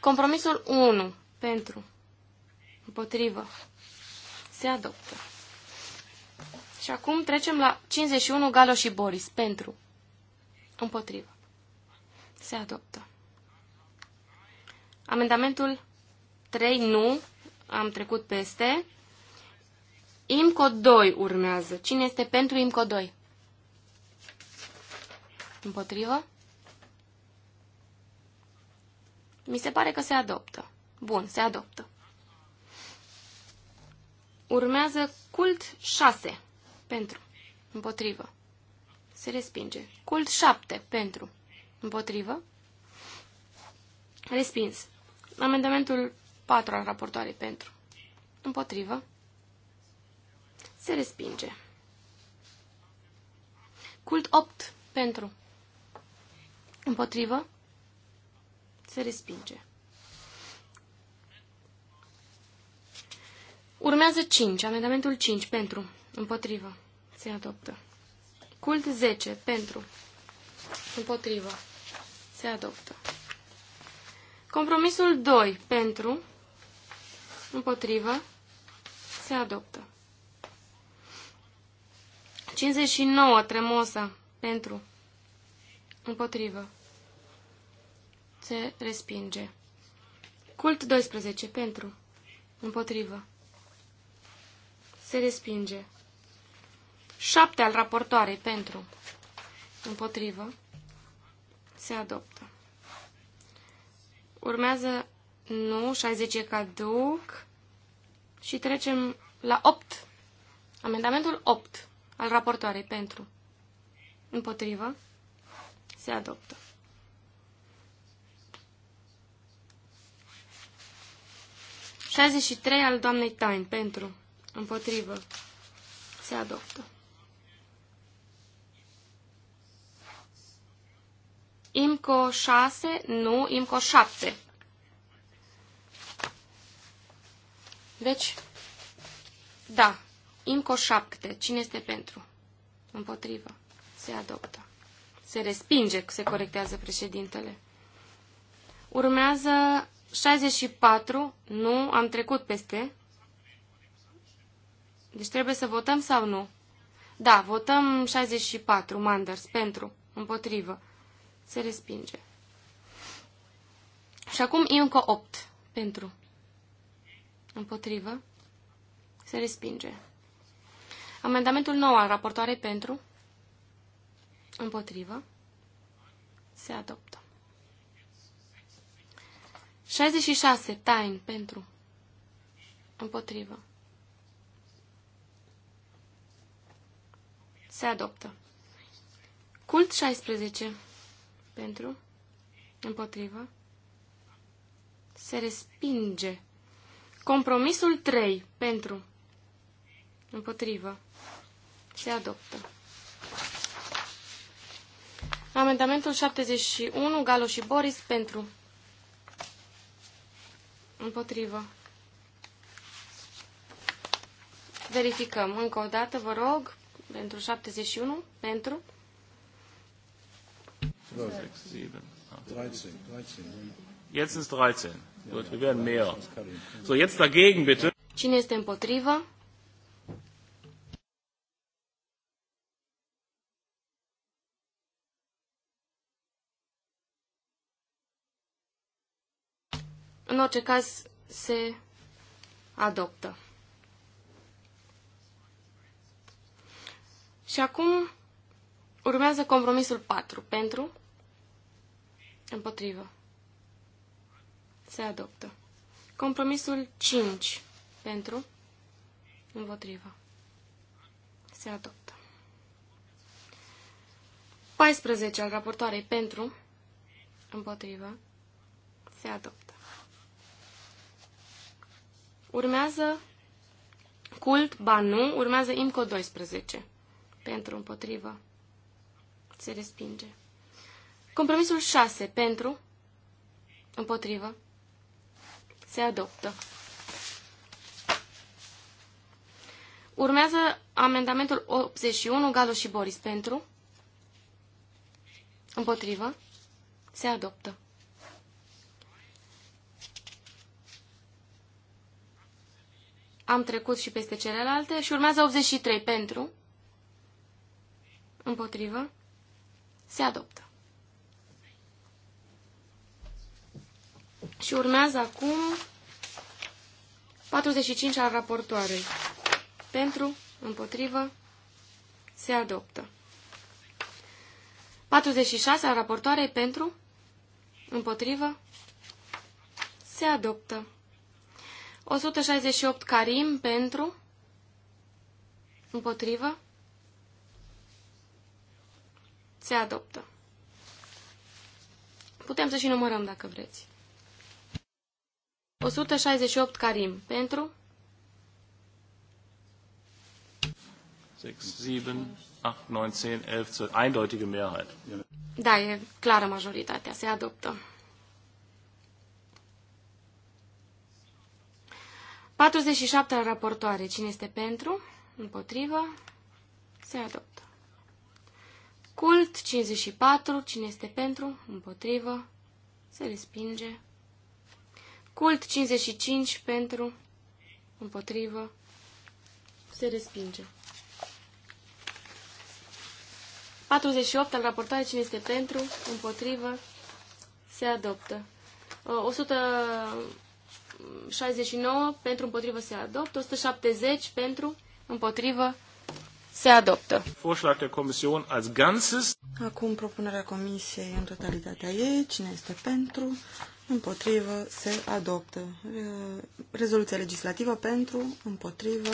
Compromisul 1, pentru, împotrivă, se adoptă. Și acum trecem la 51 Galo și Boris. Pentru. Împotrivă. Se adoptă. Amendamentul 3 nu. Am trecut peste. IMCO 2 urmează. Cine este pentru IMCO 2? Împotrivă? Mi se pare că se adoptă. Bun, se adoptă. Urmează cult 6 pentru, împotrivă, se respinge. Cult 7, pentru, împotrivă, respins. Amendamentul 4 al raportoarei pentru, împotrivă, se respinge. Cult 8, pentru, împotrivă, se respinge. Urmează 5, amendamentul 5 pentru Împotrivă. Se adoptă. Cult 10. Pentru. Împotrivă. Se adoptă. Compromisul 2. Pentru. Împotrivă. Se adoptă. 59. Tremosa. Pentru. Împotrivă. Se respinge. Cult 12. Pentru. Împotrivă. Se respinge. 7 al raportoarei pentru. Împotrivă. Se adoptă. Urmează nu, 60 e caduc. Și trecem la 8. Amendamentul 8 al raportoarei pentru. Împotrivă. Se adoptă. Șaizeci și trei al doamnei Tain pentru. Împotrivă. Se adoptă. IMCO 6, nu, IMCO 7. Deci, da, IMCO 7. Cine este pentru? Împotrivă. Se adoptă. Se respinge, se corectează președintele. Urmează 64. Nu, am trecut peste. Deci trebuie să votăm sau nu? Da, votăm 64, Manders, pentru, împotrivă. Se respinge. Și acum încă 8 pentru. Împotrivă. Se respinge. Amendamentul 9 al raportoarei pentru. Împotrivă. Se adoptă. 66. Tain pentru. Împotrivă. Se adoptă. Cult 16 pentru, împotrivă, se respinge. Compromisul 3 pentru, împotrivă, se adoptă. Amendamentul 71, Galo și Boris, pentru. Împotrivă. Verificăm încă o dată, vă rog, pentru 71, pentru. Jetzt 13. Gut, wir werden mehr. So, jetzt dagegen bitte. Cine este împotrivă? În orice caz, se adoptă. Și acum urmează compromisul 4 pentru Împotrivă. Se adoptă. Compromisul 5. Pentru. Împotrivă. Se adoptă. 14 al raportoarei pentru. Împotrivă. Se adoptă. Urmează cult, ba nu, urmează IMCO 12. Pentru împotrivă. Se respinge. Compromisul 6 pentru, împotrivă, se adoptă. Urmează amendamentul 81, Galo și Boris, pentru, împotrivă, se adoptă. Am trecut și peste celelalte și urmează 83, pentru, împotrivă, se adoptă. Și urmează acum 45 al raportoarei. Pentru, împotrivă, se adoptă. 46 al raportoarei pentru, împotrivă, se adoptă. 168 Karim pentru, împotrivă, se adoptă. Putem să și numărăm dacă vreți. 168 Karim. Pentru? 6, 7, 8, 9, 10, 11, 12. Eindeutige Mehrheit. Da, e clară majoritatea. Se adoptă. 47 a raportoare. Cine este pentru? Împotrivă? Se adoptă. Cult 54. Cine este pentru? Împotrivă? Se respinge. Cult 55 pentru, împotrivă, se respinge. 48 al raportării cine este pentru, împotrivă, se adoptă. 169 pentru, împotrivă, se adoptă. 170 pentru, împotrivă, se adoptă. Acum propunerea Comisiei în totalitatea ei, cine este pentru, împotrivă, se adoptă. Uh, Rezoluția legislativă pentru, împotrivă,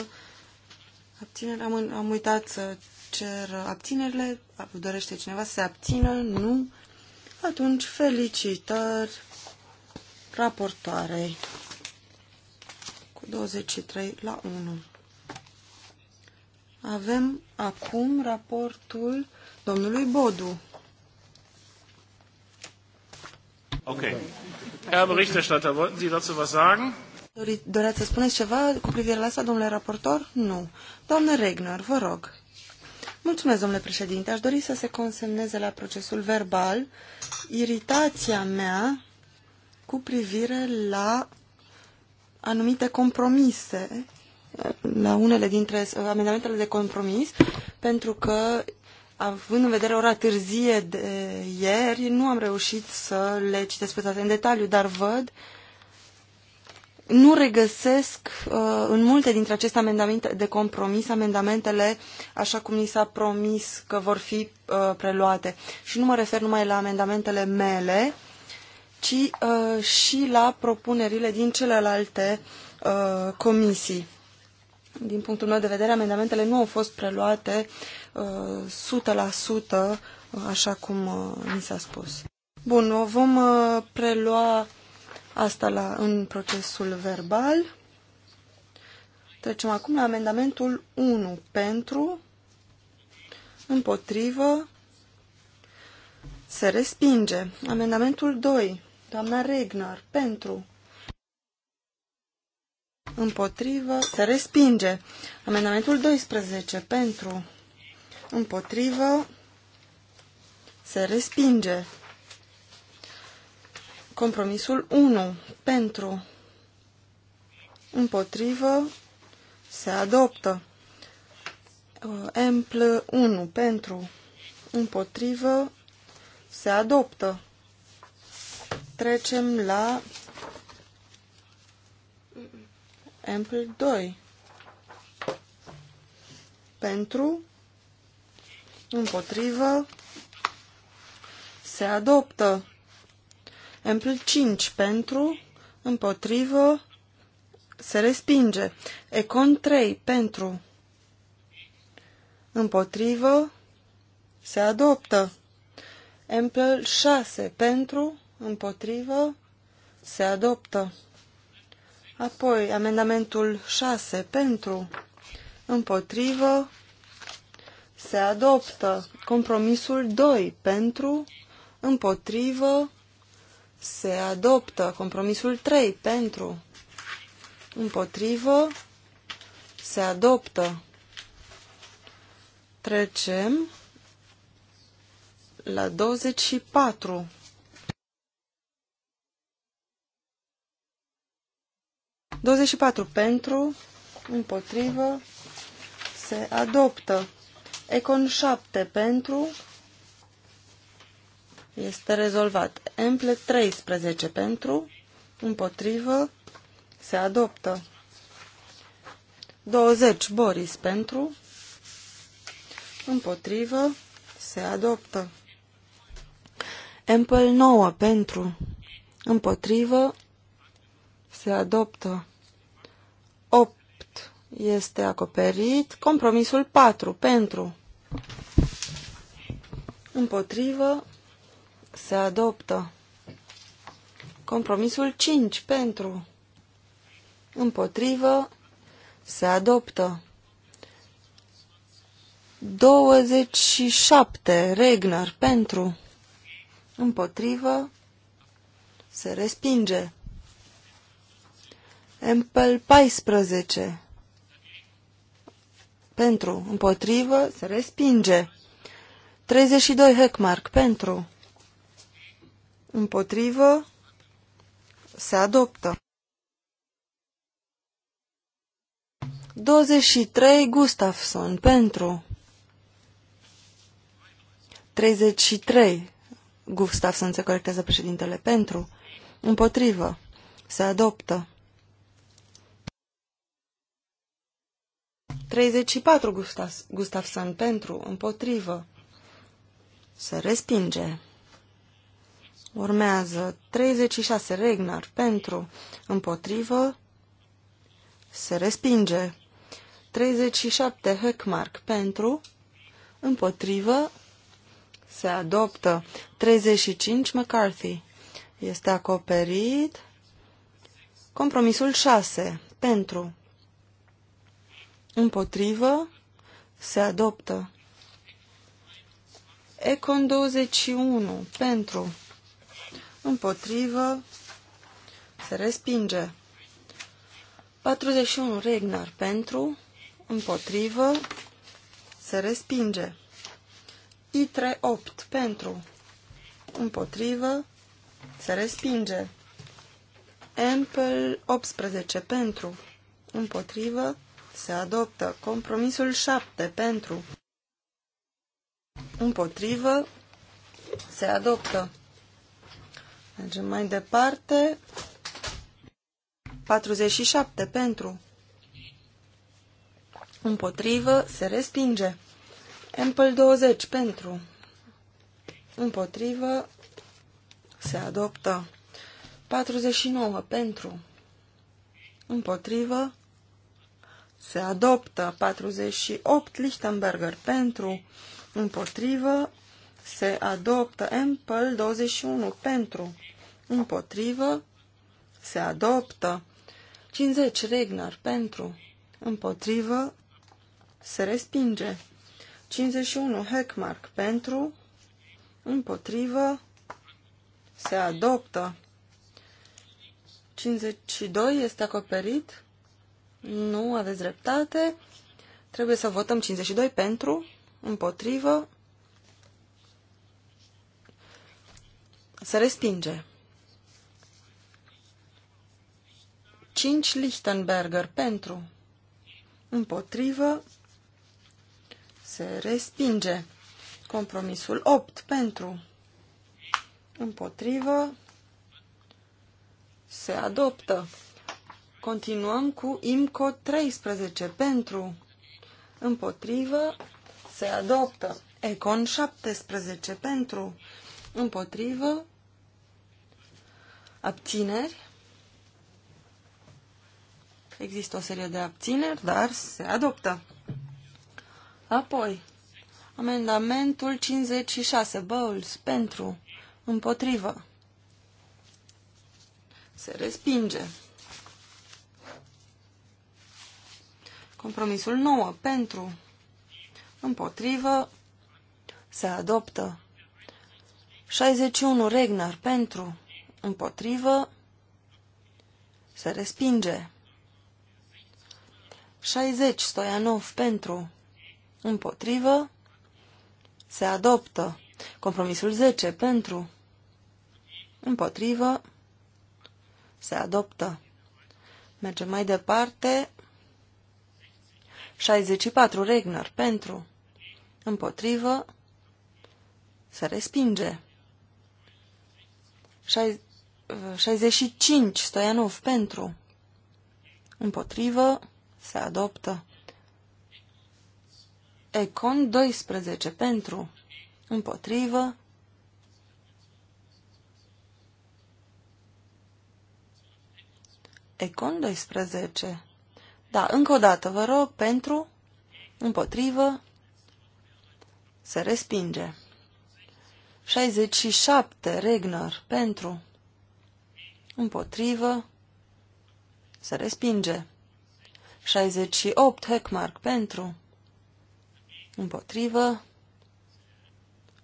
abțineri. Am, am uitat să cer abținerile. Dorește cineva să se abțină? Nu. Atunci, felicitări raportoarei cu 23 la 1. Avem acum raportul domnului Bodu. Ok. Herr Berichterstatter, wollten Sie dazu was sagen? Doreați să spuneți ceva cu privire la asta, domnule raportor? Nu. Doamnă Regner, vă rog. Mulțumesc, domnule președinte. Aș dori să se consemneze la procesul verbal iritația mea cu privire la anumite compromise, la unele dintre amendamentele de compromis, pentru că având în vedere ora târzie de ieri, nu am reușit să le citesc pe toate în detaliu, dar văd, nu regăsesc uh, în multe dintre aceste amendamente de compromis amendamentele așa cum ni s-a promis că vor fi uh, preluate. Și nu mă refer numai la amendamentele mele, ci uh, și la propunerile din celelalte comisii. Din punctul meu de vedere, amendamentele nu au fost preluate uh, Uh, 100% așa cum mi uh, s-a spus. Bun, o vom uh, prelua asta la, în procesul verbal. Trecem acum la amendamentul 1 pentru, împotrivă, se respinge. Amendamentul 2, doamna Regnar, pentru, împotrivă, se respinge. Amendamentul 12, pentru, împotrivă, se respinge. Compromisul 1 pentru, împotrivă, se adoptă. Empl 1 pentru, împotrivă, se adoptă. Trecem la Empl 2 pentru, împotrivă, se adoptă. M plus 5 pentru, împotrivă, se respinge. Econ 3 pentru, împotrivă, se adoptă. M plus 6 pentru, împotrivă, se adoptă. Apoi, amendamentul 6 pentru, împotrivă, se adoptă. Compromisul 2 pentru, împotrivă, se adoptă. Compromisul 3 pentru, împotrivă, se adoptă. Trecem la 24. Douăzeci și patru pentru, împotrivă, se adoptă. Econ 7 pentru este rezolvat. Emple 13 pentru, împotrivă, se adoptă. 20 Boris pentru, împotrivă, se adoptă. Emple 9 pentru, împotrivă, se adoptă. 8 este acoperit. Compromisul 4 pentru, Împotrivă. Se adoptă. Compromisul 5 pentru. Împotrivă. Se adoptă. 27. Regner pentru. Împotrivă. Se respinge. Empel 14 pentru, împotrivă, se respinge. 32 Heckmark, pentru, împotrivă, se adoptă. 23 Gustafson, pentru. 33 Gustafson se corectează președintele, pentru, împotrivă, se adoptă. 34 Gustav, Gustafsson pentru, împotrivă. Se respinge. Urmează 36 Regnar pentru, împotrivă. Se respinge. 37 Heckmark pentru, împotrivă. Se adoptă. 35 McCarthy. Este acoperit. Compromisul 6 pentru, împotrivă, se adoptă. Econ 21, pentru, împotrivă, se respinge. 41, Regnar, pentru, împotrivă, se respinge. I38, pentru, împotrivă, se respinge. Ample 18, pentru, împotrivă, se se adoptă. Compromisul 7 pentru, împotrivă, se adoptă. Mergem mai departe. 47 pentru, împotrivă, se respinge. Ample 20 pentru, împotrivă, se adoptă. 49 pentru, împotrivă, se adoptă 48 Lichtenberger pentru împotrivă se adoptă Empel 21 pentru împotrivă se adoptă 50 Regnar pentru împotrivă se respinge 51 Heckmark pentru împotrivă se adoptă 52 este acoperit nu, aveți dreptate. Trebuie să votăm 52 pentru, împotrivă. Se respinge. 5 Lichtenberger pentru, împotrivă. Se respinge. Compromisul 8 pentru, împotrivă. Se adoptă. Continuăm cu IMCO 13 pentru împotrivă se adoptă. Econ 17 pentru împotrivă abțineri. Există o serie de abțineri, dar se adoptă. Apoi, amendamentul 56, Bowles, pentru, împotrivă. Se respinge. Compromisul 9 pentru, împotrivă, se adoptă. 61 Regnar pentru, împotrivă, se respinge. 60 Stoianov pentru, împotrivă, se adoptă. Compromisul 10 pentru, împotrivă, se adoptă. Mergem mai departe 64. Regner. Pentru. Împotrivă. Se respinge. 65. Stoianov. Pentru. Împotrivă. Se adoptă. Econ 12. Pentru. Împotrivă. Econ 12. Da, încă o dată, vă rog, pentru, împotrivă, se respinge. 67, Regner, pentru, împotrivă, se respinge. 68, Heckmark, pentru, împotrivă,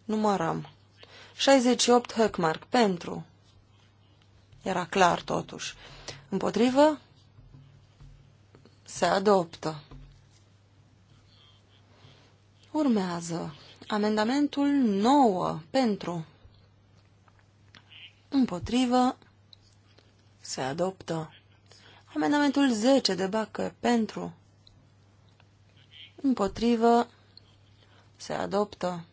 număram. 68, Heckmark, pentru, era clar totuși. Împotrivă, se adoptă. Urmează amendamentul 9 pentru. Împotrivă. Se adoptă. Amendamentul 10 de Bacă pentru. Împotrivă. Se adoptă.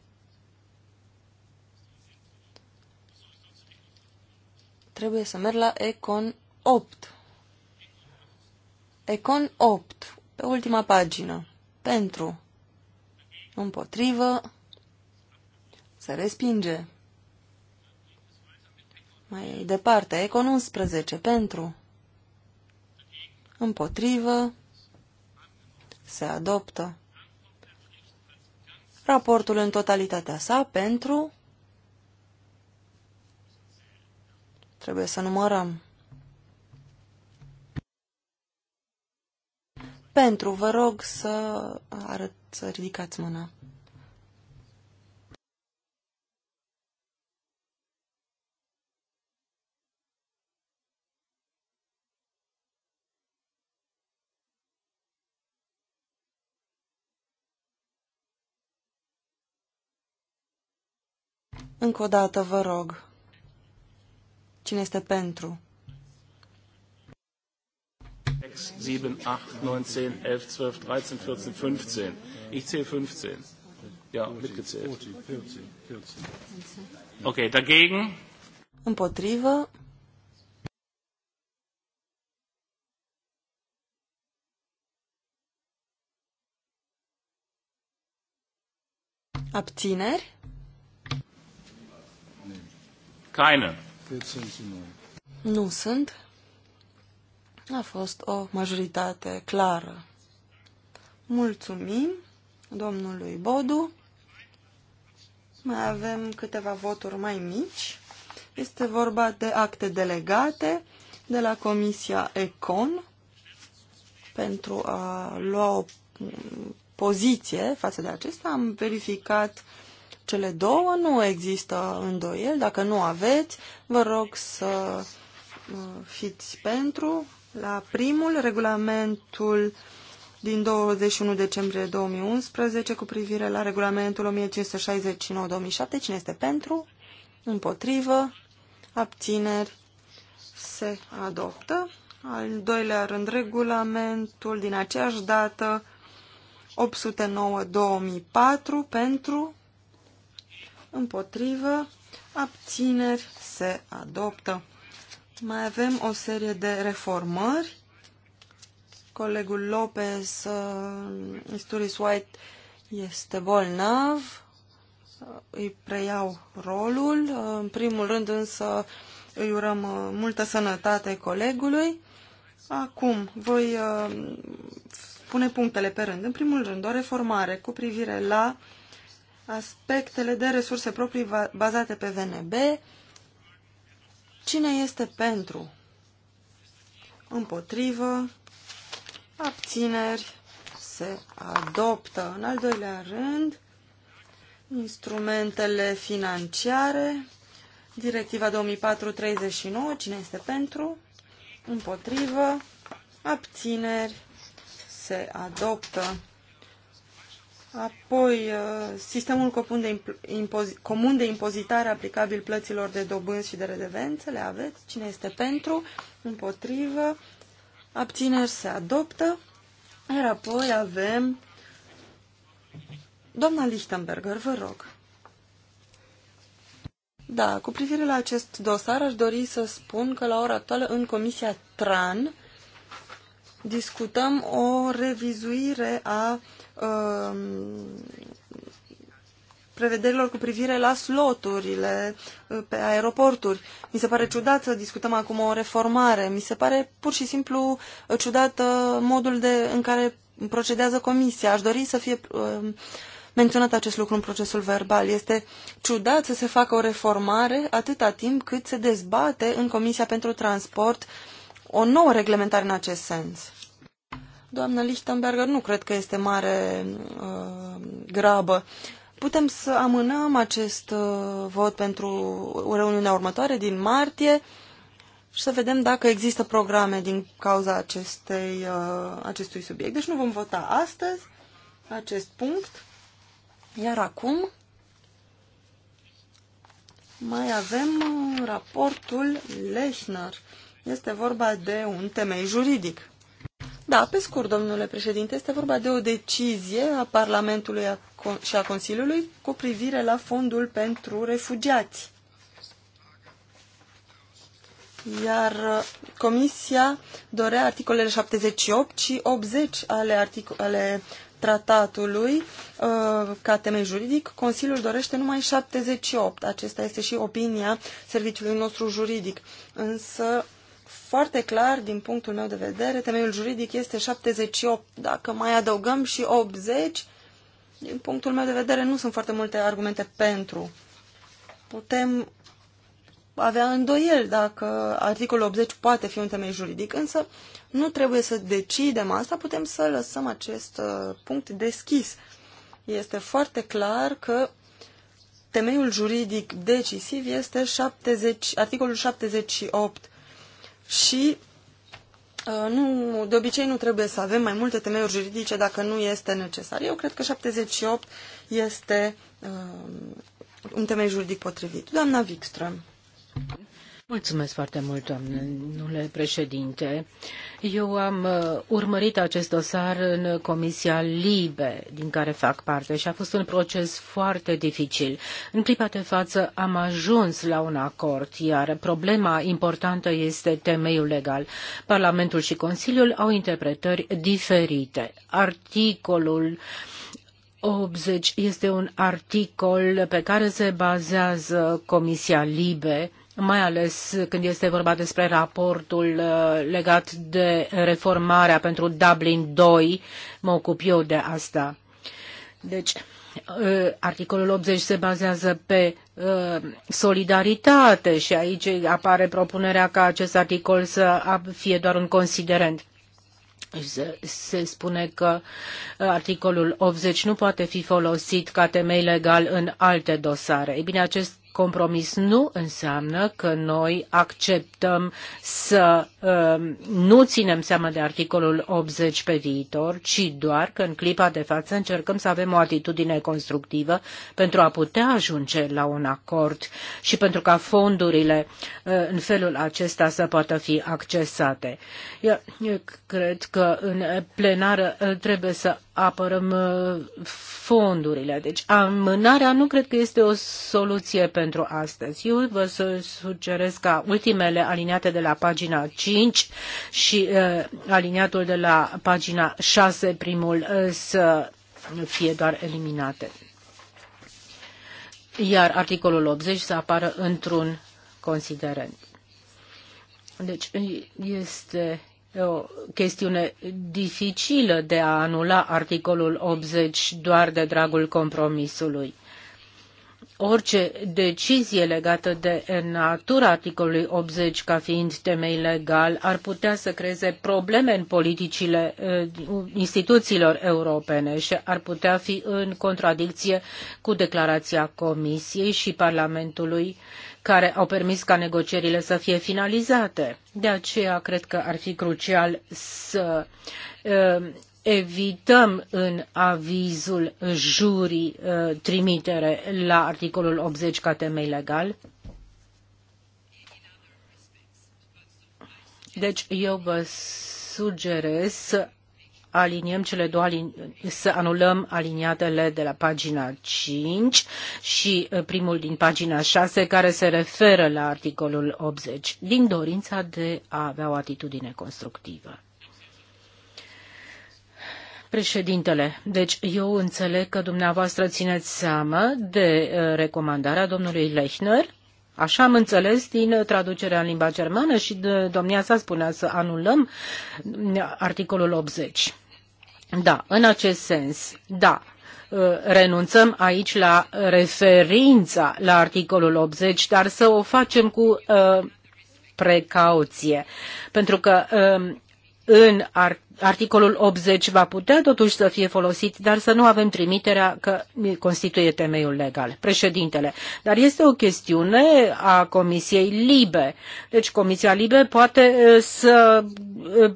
Trebuie să merg la Econ 8. Econ 8, pe ultima pagină. Pentru. Împotrivă. Se respinge. Mai departe, Econ 11, pentru. Împotrivă. Se adoptă. Raportul în totalitatea sa pentru... Trebuie să numărăm. Pentru, vă rog să arăt, să ridicați mâna. Încă o dată, vă rog. Cine este pentru? 6, 7, 8, 9, 10, 11, 12, 13, 14, 15. Ich zähle 15. Ja, mitgezählt. Okay, dagegen? Împotrivă. Abziner? Keine. Nu sunt. A fost o majoritate clară. Mulțumim domnului Bodu. Mai avem câteva voturi mai mici. Este vorba de acte delegate de la Comisia ECON pentru a lua o poziție față de acesta. Am verificat cele două, nu există îndoiel. Dacă nu aveți, vă rog să uh, fiți pentru, la primul, regulamentul din 21 decembrie 2011 cu privire la regulamentul 1569-2007. Cine este pentru? Împotrivă? Abțineri? Se adoptă. Al doilea rând, regulamentul din aceeași dată 809-2004 pentru? Împotrivă? Abțineri? Se adoptă. Mai avem o serie de reformări. Colegul Lopez, uh, Isturis White, este bolnav. Uh, îi preiau rolul. Uh, în primul rând însă îi urăm uh, multă sănătate colegului. Acum voi uh, pune punctele pe rând. În primul rând, o reformare cu privire la aspectele de resurse proprii bazate pe VNB, Cine este pentru? Împotrivă. Abțineri. Se adoptă. În al doilea rând, instrumentele financiare. Directiva 2439. Cine este pentru? Împotrivă. Abțineri. Se adoptă. Apoi, uh, sistemul comun de, comun de impozitare aplicabil plăților de dobânzi și de redevențe, le aveți? Cine este pentru? Împotrivă? Abțineri se adoptă? Iar apoi avem... Doamna Lichtenberger, vă rog. Da, cu privire la acest dosar aș dori să spun că la ora actuală în Comisia TRAN discutăm o revizuire a uh, Um, prevederilor cu privire la sloturile uh, pe aeroporturi. Mi se pare ciudat să discutăm acum o reformare. Mi se pare pur și simplu uh, ciudat uh, modul de, în care procedează comisia. Aș dori să fie menționat acest lucru în procesul verbal. Este ciudat să se facă o reformare atâta timp cât se dezbate în Comisia pentru Transport o nouă reglementare în acest sens. Doamnă Lichtenberger, nu cred că este mare uh, grabă. Putem să amânăm acest uh, vot pentru reuniunea următoare din martie și să vedem dacă există programe din cauza acestei, uh, acestui subiect. Deci nu vom vota astăzi acest punct. Iar acum mai avem uh, raportul Lechner. Este vorba de un temei juridic. Da, pe scurt, domnule președinte, este vorba de o decizie a Parlamentului și a Consiliului cu privire la fondul pentru refugiați. Iar uh, Comisia dorea articolele 78 și 80 ale, ale tratatului uh, ca temei juridic. Consiliul dorește numai 78. Acesta este și opinia serviciului nostru juridic. Însă foarte clar, din punctul meu de vedere, temeiul juridic este 78. Dacă mai adăugăm și 80, din punctul meu de vedere, nu sunt foarte multe argumente pentru. Putem avea îndoieli dacă articolul 80 poate fi un temei juridic, însă nu trebuie să decidem asta, putem să lăsăm acest uh, punct deschis. Este foarte clar că temeiul juridic decisiv este 70, articolul 78 și uh, nu, de obicei nu trebuie să avem mai multe temeiuri juridice dacă nu este necesar. Eu cred că 78 este um, un temei juridic potrivit. Doamna Wikström. Mulțumesc foarte mult, domnule președinte. Eu am uh, urmărit acest dosar în Comisia Libe, din care fac parte, și a fost un proces foarte dificil. În clipa de față am ajuns la un acord, iar problema importantă este temeiul legal. Parlamentul și Consiliul au interpretări diferite. Articolul 80 este un articol pe care se bazează Comisia Libe mai ales când este vorba despre raportul uh, legat de reformarea pentru Dublin 2, mă ocup eu de asta. Deci, uh, articolul 80 se bazează pe uh, solidaritate și aici apare propunerea ca acest articol să fie doar un considerent. Se spune că articolul 80 nu poate fi folosit ca temei legal în alte dosare. Ei bine, acest compromis nu înseamnă că noi acceptăm să uh, nu ținem seama de articolul 80 pe viitor, ci doar că în clipa de față încercăm să avem o atitudine constructivă pentru a putea ajunge la un acord și pentru ca fondurile uh, în felul acesta să poată fi accesate. Eu, eu cred că în plenară uh, trebuie să apărăm uh, fondurile. Deci amânarea nu cred că este o soluție pentru astăzi. Eu vă sugerez ca ultimele aliniate de la pagina 5 și uh, aliniatul de la pagina 6, primul, uh, să fie doar eliminate. Iar articolul 80 să apară într-un considerent. Deci este o chestiune dificilă de a anula articolul 80 doar de dragul compromisului. Orice decizie legată de natura articolului 80 ca fiind temei legal ar putea să creeze probleme în politicile instituțiilor europene și ar putea fi în contradicție cu declarația Comisiei și Parlamentului care au permis ca negocierile să fie finalizate. De aceea cred că ar fi crucial să uh, evităm în avizul jurii uh, trimitere la articolul 80 ca temei legal. Deci eu vă sugerez să aliniem cele două, să anulăm aliniatele de la pagina 5 și uh, primul din pagina 6 care se referă la articolul 80 din dorința de a avea o atitudine constructivă. Președintele, deci eu înțeleg că dumneavoastră țineți seama de uh, recomandarea domnului Lechner Așa am înțeles din traducerea în limba germană și de, domnia sa spunea să anulăm articolul 80. Da, în acest sens, da, ă, renunțăm aici la referința la articolul 80, dar să o facem cu uh, precauție, pentru că uh, în articolul articolul 80 va putea totuși să fie folosit, dar să nu avem trimiterea că constituie temeiul legal. Președintele, dar este o chestiune a Comisiei Libe. Deci Comisia Libe poate să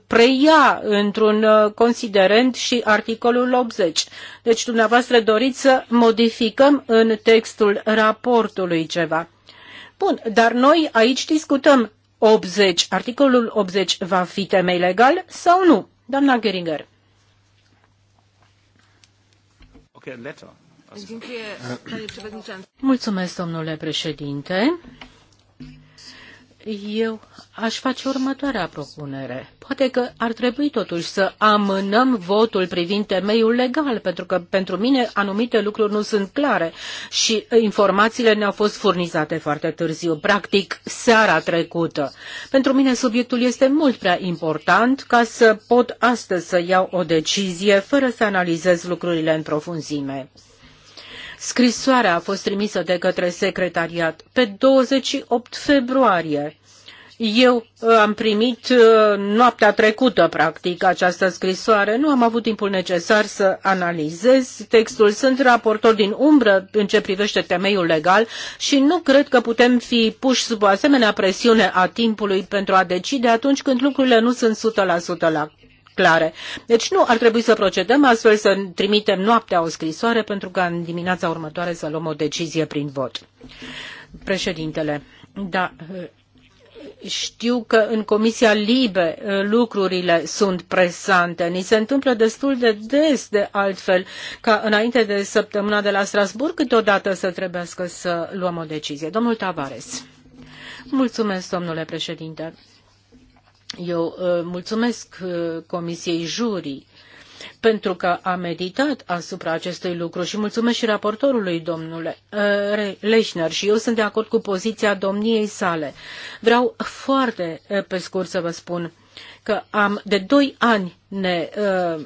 preia într-un considerent și articolul 80. Deci dumneavoastră doriți să modificăm în textul raportului ceva. Bun, dar noi aici discutăm 80, articolul 80 va fi temei legal sau nu? Doamna Göringer. Mulțumesc, domnule președinte eu aș face următoarea propunere. Poate că ar trebui totuși să amânăm votul privind temeiul legal, pentru că pentru mine anumite lucruri nu sunt clare și informațiile ne-au fost furnizate foarte târziu, practic seara trecută. Pentru mine subiectul este mult prea important ca să pot astăzi să iau o decizie fără să analizez lucrurile în profunzime. Scrisoarea a fost trimisă de către secretariat pe 28 februarie. Eu uh, am primit uh, noaptea trecută, practic, această scrisoare. Nu am avut timpul necesar să analizez textul. Sunt raportor din umbră în ce privește temeiul legal și nu cred că putem fi puși sub o asemenea presiune a timpului pentru a decide atunci când lucrurile nu sunt 100% la clare. Deci nu ar trebui să procedăm astfel să trimitem noaptea o scrisoare pentru ca în dimineața următoare să luăm o decizie prin vot. Președintele, da, știu că în Comisia Libe eh, lucrurile sunt presante. Ni se întâmplă destul de des de altfel ca înainte de săptămâna de la Strasburg câteodată să trebuiască să luăm o decizie. Domnul Tavares. Mulțumesc, domnule președinte. Eu uh, mulțumesc uh, Comisiei Jurii pentru că a meditat asupra acestui lucru și mulțumesc și raportorului domnule uh, Lechner și eu sunt de acord cu poziția domniei sale. Vreau foarte pe scurt să vă spun că am de doi ani ne uh,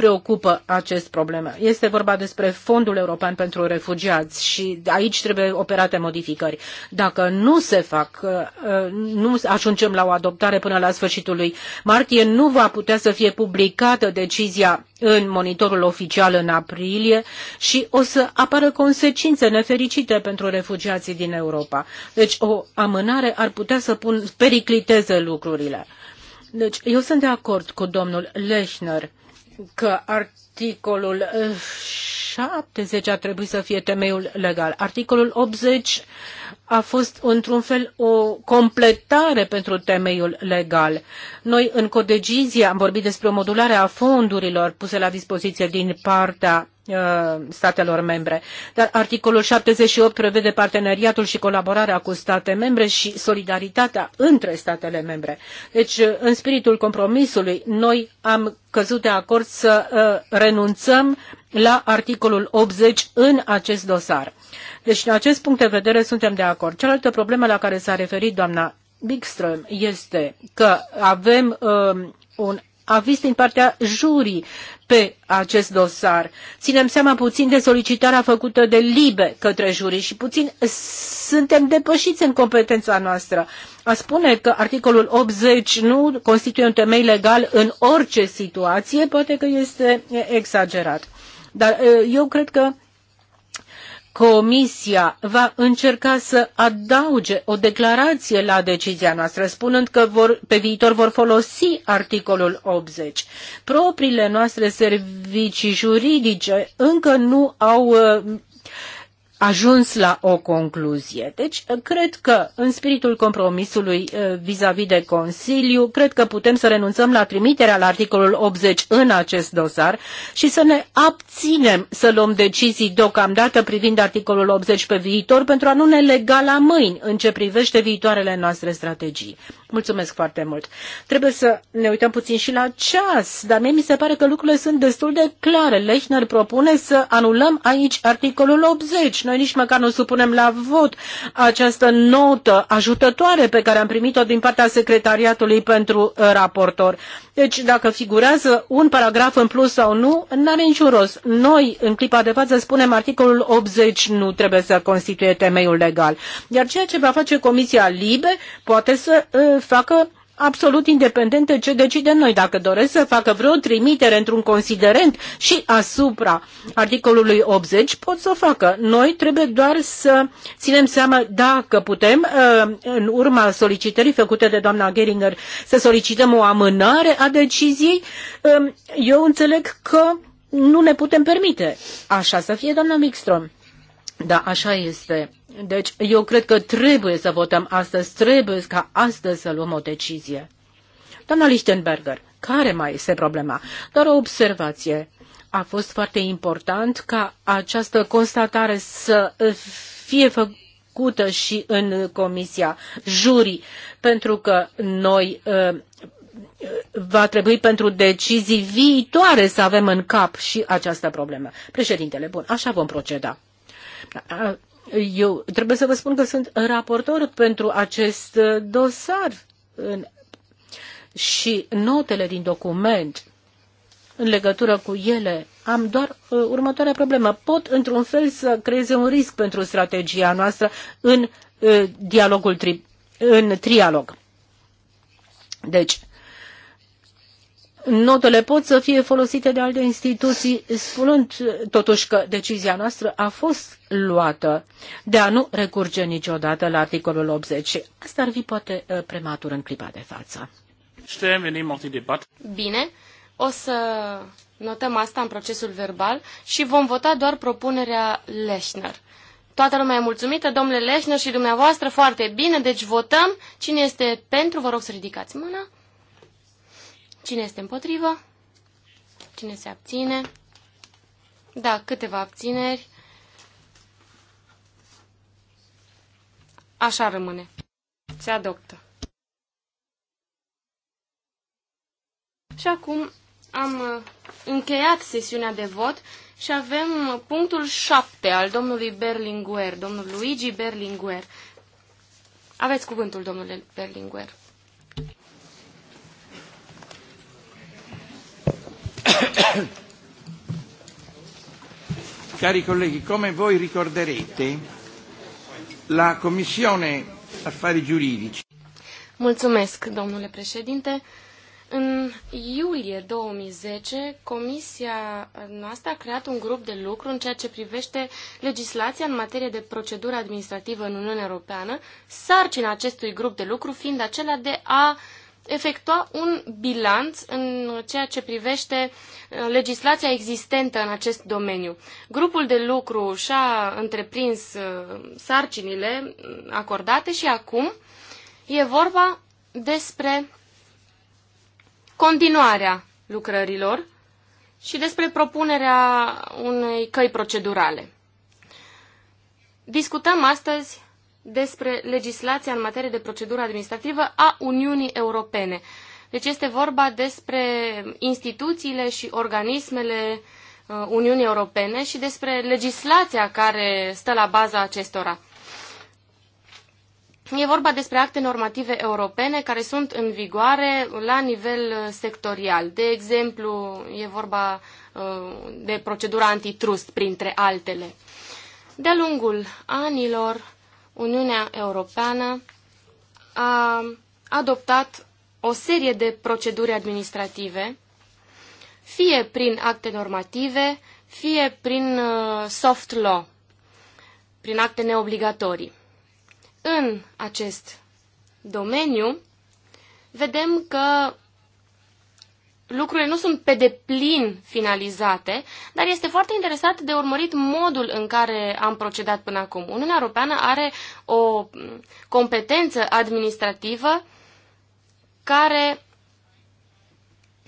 preocupă acest problemă. Este vorba despre Fondul European pentru Refugiați și aici trebuie operate modificări. Dacă nu se fac, uh, nu ajungem la o adoptare până la sfârșitul lui martie, nu va putea să fie publicată decizia în monitorul oficial în aprilie și o să apară consecințe nefericite pentru refugiații din Europa. Deci o amânare ar putea să pun pericliteze lucrurile. Deci eu sunt de acord cu domnul Lechner că articolul 70 a trebuit să fie temeiul legal. Articolul 80 a fost într-un fel o completare pentru temeiul legal. Noi în codecizie am vorbit despre o modulare a fondurilor puse la dispoziție din partea Uh, statelor membre. Dar articolul 78 prevede parteneriatul și colaborarea cu state membre și solidaritatea între statele membre. Deci, uh, în spiritul compromisului, noi am căzut de acord să uh, renunțăm la articolul 80 în acest dosar. Deci, din acest punct de vedere, suntem de acord. Cealaltă problemă la care s-a referit doamna Bigström este că avem uh, un aviz din partea jurii pe acest dosar. Ținem seama puțin de solicitarea făcută de LIBE către juri și puțin suntem depășiți în competența noastră. A spune că articolul 80 nu constituie un temei legal în orice situație, poate că este exagerat. Dar eu cred că Comisia va încerca să adauge o declarație la decizia noastră, spunând că vor, pe viitor vor folosi articolul 80. Propriile noastre servicii juridice încă nu au uh, ajuns la o concluzie. Deci, cred că, în spiritul compromisului eh, vis-a-vis -vis de Consiliu, cred că putem să renunțăm la trimiterea la articolul 80 în acest dosar și să ne abținem să luăm decizii deocamdată privind articolul 80 pe viitor pentru a nu ne lega la mâini în ce privește viitoarele noastre strategii. Mulțumesc foarte mult. Trebuie să ne uităm puțin și la ceas, dar mie mi se pare că lucrurile sunt destul de clare. Lechner propune să anulăm aici articolul 80 noi nici măcar nu supunem la vot această notă ajutătoare pe care am primit-o din partea secretariatului pentru uh, raportor. Deci dacă figurează un paragraf în plus sau nu, n-are niciun rost. Noi, în clipa de față, spunem articolul 80 nu trebuie să constituie temeiul legal. Iar ceea ce va face Comisia Libe poate să uh, facă absolut independente ce decidem noi. Dacă doresc să facă vreo trimitere într-un considerent și asupra articolului 80, pot să o facă. Noi trebuie doar să ținem seama dacă putem, uh, în urma solicitării făcute de doamna Geringer, să solicităm o amânare a deciziei. Um, eu înțeleg că nu ne putem permite. Așa să fie, doamna Mixtrom. Da, așa este. Deci eu cred că trebuie să votăm astăzi, trebuie ca astăzi să luăm o decizie. Doamna Lichtenberger, care mai este problema? Doar o observație. A fost foarte important ca această constatare să fie făcută și în comisia juri, pentru că noi ă, va trebui pentru decizii viitoare să avem în cap și această problemă. Președintele, bun, așa vom proceda. Eu trebuie să vă spun că sunt raportor pentru acest uh, dosar și notele din document în legătură cu ele, am doar uh, următoarea problemă. Pot, într-un fel, să creeze un risc pentru strategia noastră în uh, dialogul tri- în trialog. Deci, notele pot să fie folosite de alte instituții, spunând uh, totuși că decizia noastră a fost luată de a nu recurge niciodată la articolul 80. Asta ar fi poate uh, prematur în clipa de față. Bine, o să notăm asta în procesul verbal și vom vota doar propunerea Leșner. Toată lumea e mulțumită, domnule Leșner și dumneavoastră, foarte bine, deci votăm. Cine este pentru, vă rog să ridicați mâna. Cine este împotrivă? Cine se abține? Da, câteva abțineri. Așa rămâne. Se adoptă. Și acum am uh, încheiat sesiunea de vot și avem uh, punctul 7 al domnului Berlinguer, domnul Luigi Berlinguer. Aveți cuvântul, domnule Berlinguer. Cari colleghi, come voi ricorderete, la Commissione Affari Giuridici. Mulțumesc, domnule președinte. În iulie 2010, Comisia noastră a creat un grup de lucru în ceea ce privește legislația în materie de procedură administrativă în Uniunea Europeană, sarcina acestui grup de lucru fiind acela de a uh, efectua un bilanț în ceea ce privește uh, legislația existentă în acest domeniu. Grupul de lucru și-a întreprins uh, sarcinile acordate și acum e vorba despre continuarea lucrărilor și despre propunerea unei căi procedurale. Discutăm astăzi despre legislația în materie de procedură administrativă a Uniunii Europene. Deci este vorba despre instituțiile și organismele uh, Uniunii Europene și despre legislația care stă la baza acestora. E vorba despre acte normative europene care sunt în vigoare la nivel uh, sectorial. De exemplu, e vorba uh, de procedura antitrust, printre altele. De-a lungul anilor, Uniunea Europeană a adoptat o serie de proceduri administrative, fie prin acte normative, fie prin uh, soft law, prin acte neobligatorii. În acest domeniu, vedem că lucrurile nu sunt pe deplin finalizate, dar este foarte interesat de urmărit modul în care am procedat până acum. Uniunea Europeană are o competență administrativă care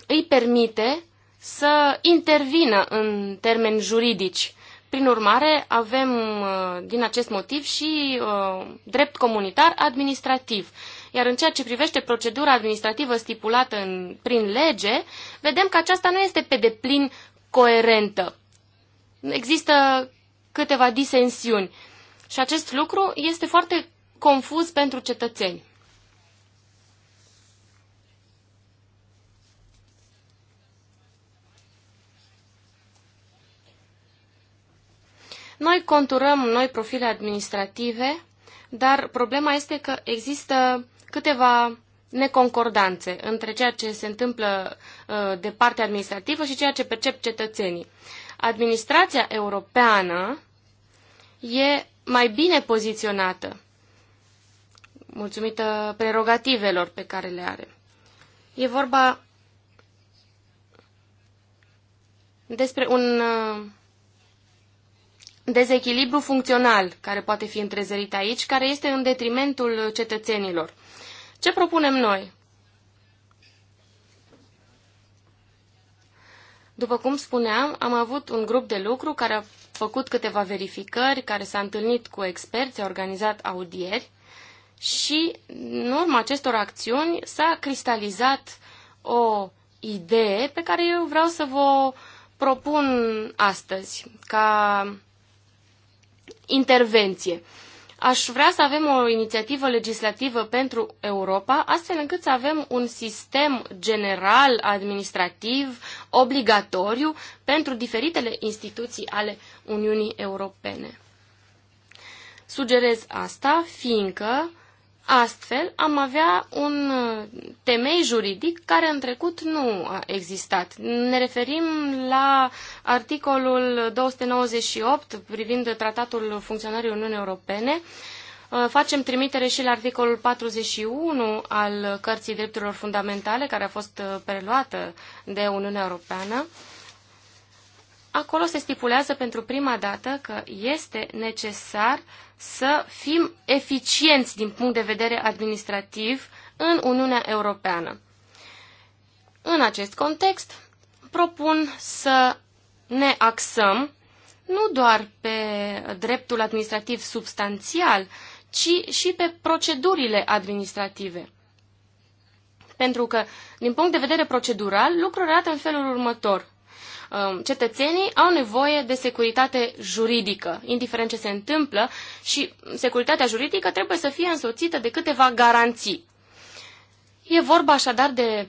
îi permite să intervină în termeni juridici. Prin urmare, avem uh, din acest motiv și uh, drept comunitar administrativ. Iar în ceea ce privește procedura administrativă stipulată în, prin lege, vedem că aceasta nu este pe deplin coerentă. Există câteva disensiuni și acest lucru este foarte confuz pentru cetățeni. Noi conturăm noi profile administrative, dar problema este că există câteva neconcordanțe între ceea ce se întâmplă uh, de partea administrativă și ceea ce percep cetățenii. Administrația europeană e mai bine poziționată, mulțumită prerogativelor pe care le are. E vorba despre un uh, dezechilibru funcțional care poate fi întrezărit aici, care este în detrimentul cetățenilor. Ce propunem noi? După cum spuneam, am avut un grup de lucru care a făcut câteva verificări, care s-a întâlnit cu experți, a organizat audieri și în urma acestor acțiuni s-a cristalizat o idee pe care eu vreau să vă propun astăzi ca intervenție. Aș vrea să avem o inițiativă legislativă pentru Europa, astfel încât să avem un sistem general administrativ obligatoriu pentru diferitele instituții ale Uniunii Europene. Sugerez asta fiindcă Astfel, am avea un temei juridic care în trecut nu a existat. Ne referim la articolul 298 privind tratatul funcționării Uniunii Europene. Uh, facem trimitere și la articolul 41 al Cărții Drepturilor Fundamentale, care a fost uh, preluată de Uniunea Europeană acolo se stipulează pentru prima dată că este necesar să fim eficienți din punct de vedere administrativ în Uniunea Europeană. În acest context, propun să ne axăm nu doar pe dreptul administrativ substanțial, ci și pe procedurile administrative. Pentru că, din punct de vedere procedural, lucrurile arată în felul următor. Um, cetățenii au nevoie de securitate juridică, indiferent ce se întâmplă, și securitatea juridică trebuie să fie însoțită de câteva garanții. E vorba așadar de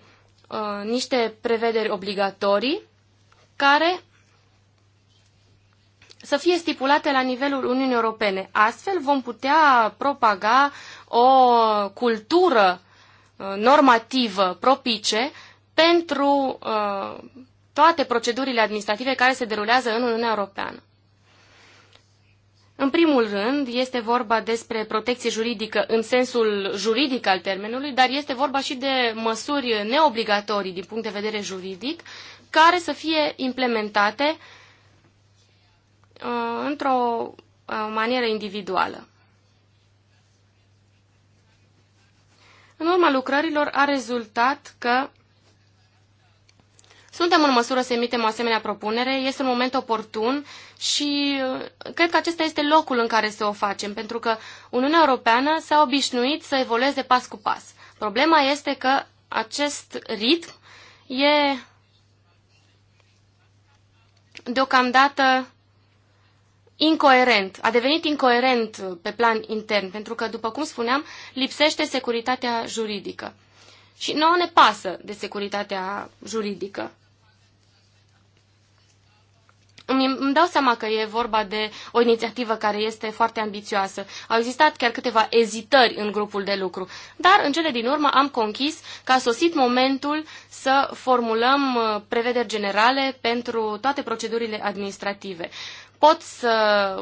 uh, niște prevederi obligatorii care să fie stipulate la nivelul Uniunii Europene. Astfel vom putea propaga o cultură uh, normativă propice pentru uh, toate procedurile administrative care se derulează în Uniunea Europeană. În primul rând, este vorba despre protecție juridică în sensul juridic al termenului, dar este vorba și de măsuri neobligatorii din punct de vedere juridic, care să fie implementate uh, într-o uh, manieră individuală. În urma lucrărilor a rezultat că suntem în măsură să emitem o asemenea propunere, este un moment oportun și uh, cred că acesta este locul în care să o facem, pentru că Uniunea Europeană s-a obișnuit să evolueze pas cu pas. Problema este că acest ritm e deocamdată incoerent, a devenit incoerent pe plan intern, pentru că, după cum spuneam, lipsește securitatea juridică. Și nouă ne pasă de securitatea juridică îmi dau seama că e vorba de o inițiativă care este foarte ambițioasă. Au existat chiar câteva ezitări în grupul de lucru, dar în cele din urmă am conchis că a sosit momentul să formulăm uh, prevederi generale pentru toate procedurile administrative. Pot să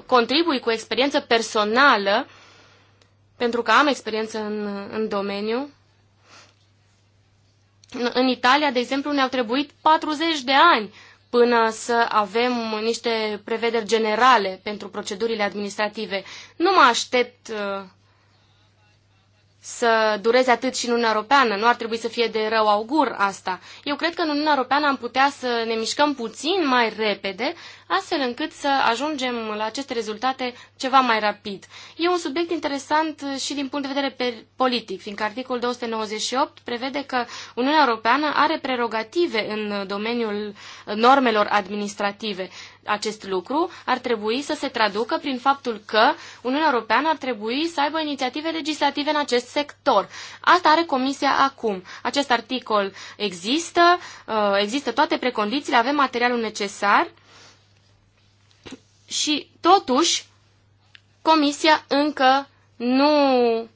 contribui cu experiență personală, pentru că am experiență în, în domeniu, în Italia, de exemplu, ne-au trebuit 40 de ani până să avem niște prevederi generale pentru procedurile administrative. Nu mă aștept uh, să dureze atât și în Uniunea Europeană. Nu ar trebui să fie de rău augur asta. Eu cred că în Uniunea Europeană am putea să ne mișcăm puțin mai repede, astfel încât să ajungem la aceste rezultate ceva mai rapid. E un subiect interesant și din punct de vedere politic, fiindcă articolul 298 prevede că Uniunea Europeană are prerogative în domeniul normelor administrative acest lucru ar trebui să se traducă prin faptul că Uniunea Europeană ar trebui să aibă inițiative legislative în acest sector. Asta are Comisia acum. Acest articol există, uh, există toate precondițiile, avem materialul necesar și totuși Comisia încă nu uh,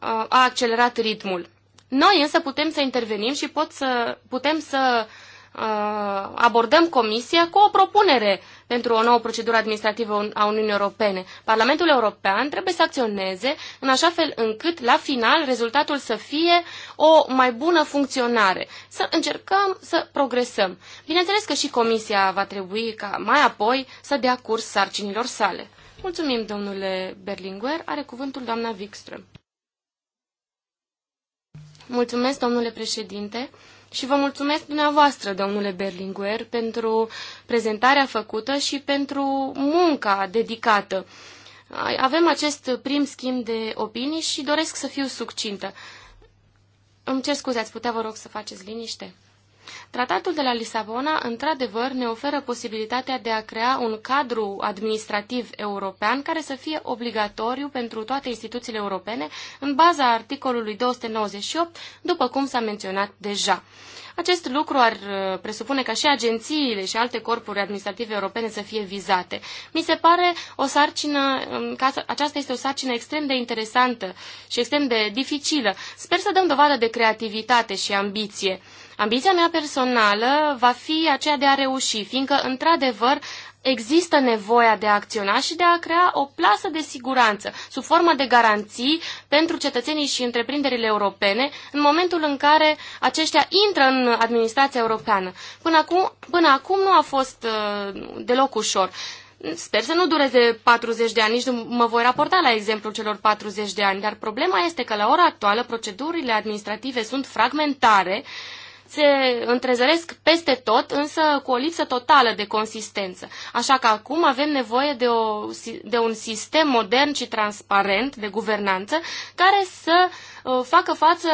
a accelerat ritmul. Noi însă putem să intervenim și pot să, putem să uh, abordăm comisia cu o propunere pentru o nouă procedură administrativă a Uniunii Europene. Parlamentul European trebuie să acționeze în așa fel încât, la final, rezultatul să fie o mai bună funcționare. Să încercăm să progresăm. Bineînțeles că și Comisia va trebui ca mai apoi să dea curs sarcinilor sale. Mulțumim, domnule Berlinguer. Are cuvântul doamna Wikström. Mulțumesc, domnule președinte și vă mulțumesc dumneavoastră, domnule Berlinguer, pentru prezentarea făcută și pentru munca dedicată. Avem acest prim schimb de opinii și doresc să fiu succintă. Îmi cer scuze, ați putea, vă rog, să faceți liniște? Tratatul de la Lisabona, într-adevăr, ne oferă posibilitatea de a crea un cadru administrativ european care să fie obligatoriu pentru toate instituțiile europene în baza articolului 298, după cum s-a menționat deja. Acest lucru ar uh, presupune ca și agențiile și alte corpuri administrative europene să fie vizate. Mi se pare o sarcină, um, aceasta este o sarcină extrem de interesantă și extrem de dificilă. Sper să dăm dovadă de creativitate și ambiție. Ambiția mea personală va fi aceea de a reuși, fiindcă, într-adevăr, există nevoia de a acționa și de a crea o plasă de siguranță sub formă de garanții pentru cetățenii și întreprinderile europene în momentul în care aceștia intră în administrația europeană. Până acum, până acum nu a fost uh, deloc ușor. Sper să nu dureze 40 de ani, nici nu mă voi raporta la exemplul celor 40 de ani, dar problema este că la ora actuală procedurile administrative sunt fragmentare, uh, se întrezăresc peste tot, însă cu o lipsă totală de consistență. Așa că acum avem nevoie de, o, de un sistem modern și transparent de guvernanță care să uh, facă față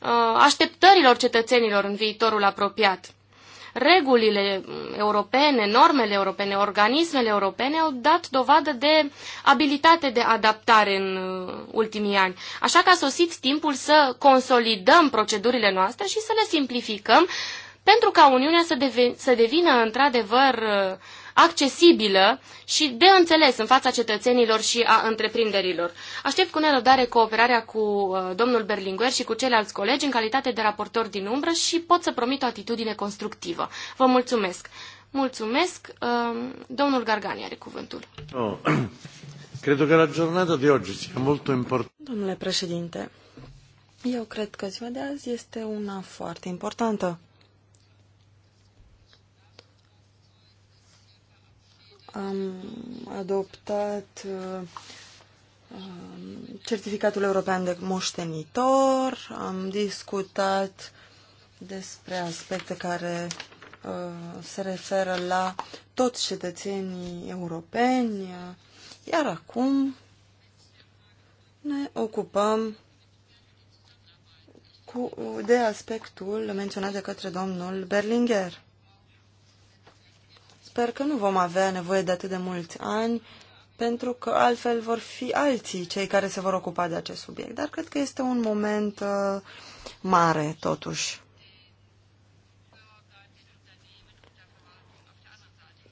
uh, așteptărilor cetățenilor în viitorul apropiat regulile europene, normele europene, organismele europene au dat dovadă de abilitate de adaptare în uh, ultimii ani. Așa că a sosit timpul să consolidăm procedurile noastre și să le simplificăm pentru ca Uniunea să, deve- să devină într-adevăr uh, accesibilă și de înțeles în fața cetățenilor și a întreprinderilor. Aștept cu nerăbdare cooperarea cu uh, domnul Berlinguer și cu ceilalți colegi în calitate de raportor din umbră și pot să promit o atitudine constructivă. Vă mulțumesc! Mulțumesc! Uh, domnul Gargani are cuvântul. Oh. Cred că la giornata de oggi sia molto importante. Domnule președinte, eu cred că ziua de azi este una foarte importantă. am adoptat uh, um, certificatul european de moștenitor, am discutat despre aspecte care uh, se referă la toți cetățenii europeni, iar acum ne ocupăm cu, de aspectul menționat de către domnul Berlinger. Sper că nu vom avea nevoie de atât de mulți ani, pentru că altfel vor fi alții cei care se vor ocupa de acest subiect. Dar cred că este un moment uh, mare, totuși.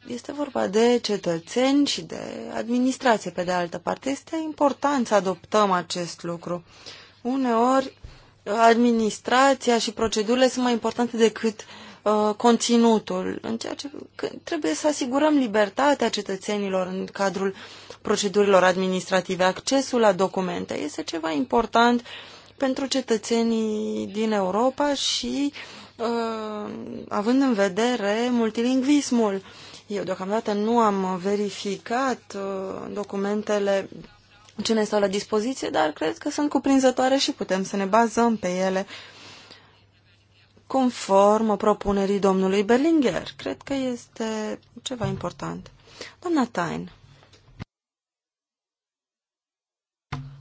Este vorba de cetățeni și de administrație, pe de altă parte. Este important să adoptăm acest lucru. Uneori, administrația și procedurile sunt mai importante decât uh, Uh, conținutul, în ceea ce trebuie să asigurăm libertatea cetățenilor în cadrul procedurilor administrative. Accesul la documente este ceva important pentru cetățenii din Europa și uh, având în vedere multilingvismul. Eu deocamdată nu am verificat uh, documentele ce ne stau la dispoziție, dar cred că sunt cuprinzătoare și putem să ne bazăm pe ele uh, conform propunerii domnului Berlinger. Cred că este ceva important. Doamna Tain.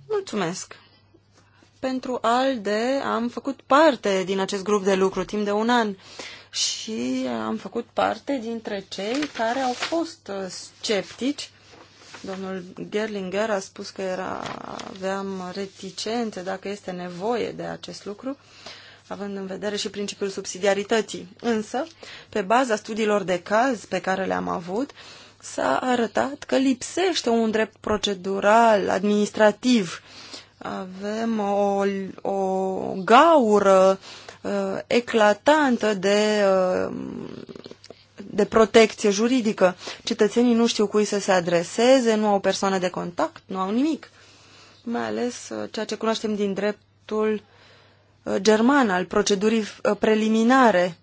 Mulțumesc. Pentru ALDE am făcut parte din acest grup de lucru timp de un an și am făcut parte dintre cei care au fost uh, sceptici. Domnul Gerlinger a spus că era, aveam reticențe dacă este nevoie de acest lucru. Uh, având în vedere și principiul subsidiarității. Însă, pe baza studiilor de caz pe care le-am avut, s-a arătat că lipsește un drept procedural, administrativ. Avem o, o gaură uh, eclatantă de, uh, de protecție juridică. Cetățenii nu știu cui să se adreseze, nu au persoane de contact, nu au nimic. Mai ales uh, ceea ce cunoaștem din dreptul uh, Uh, german al procedurii uh, preliminare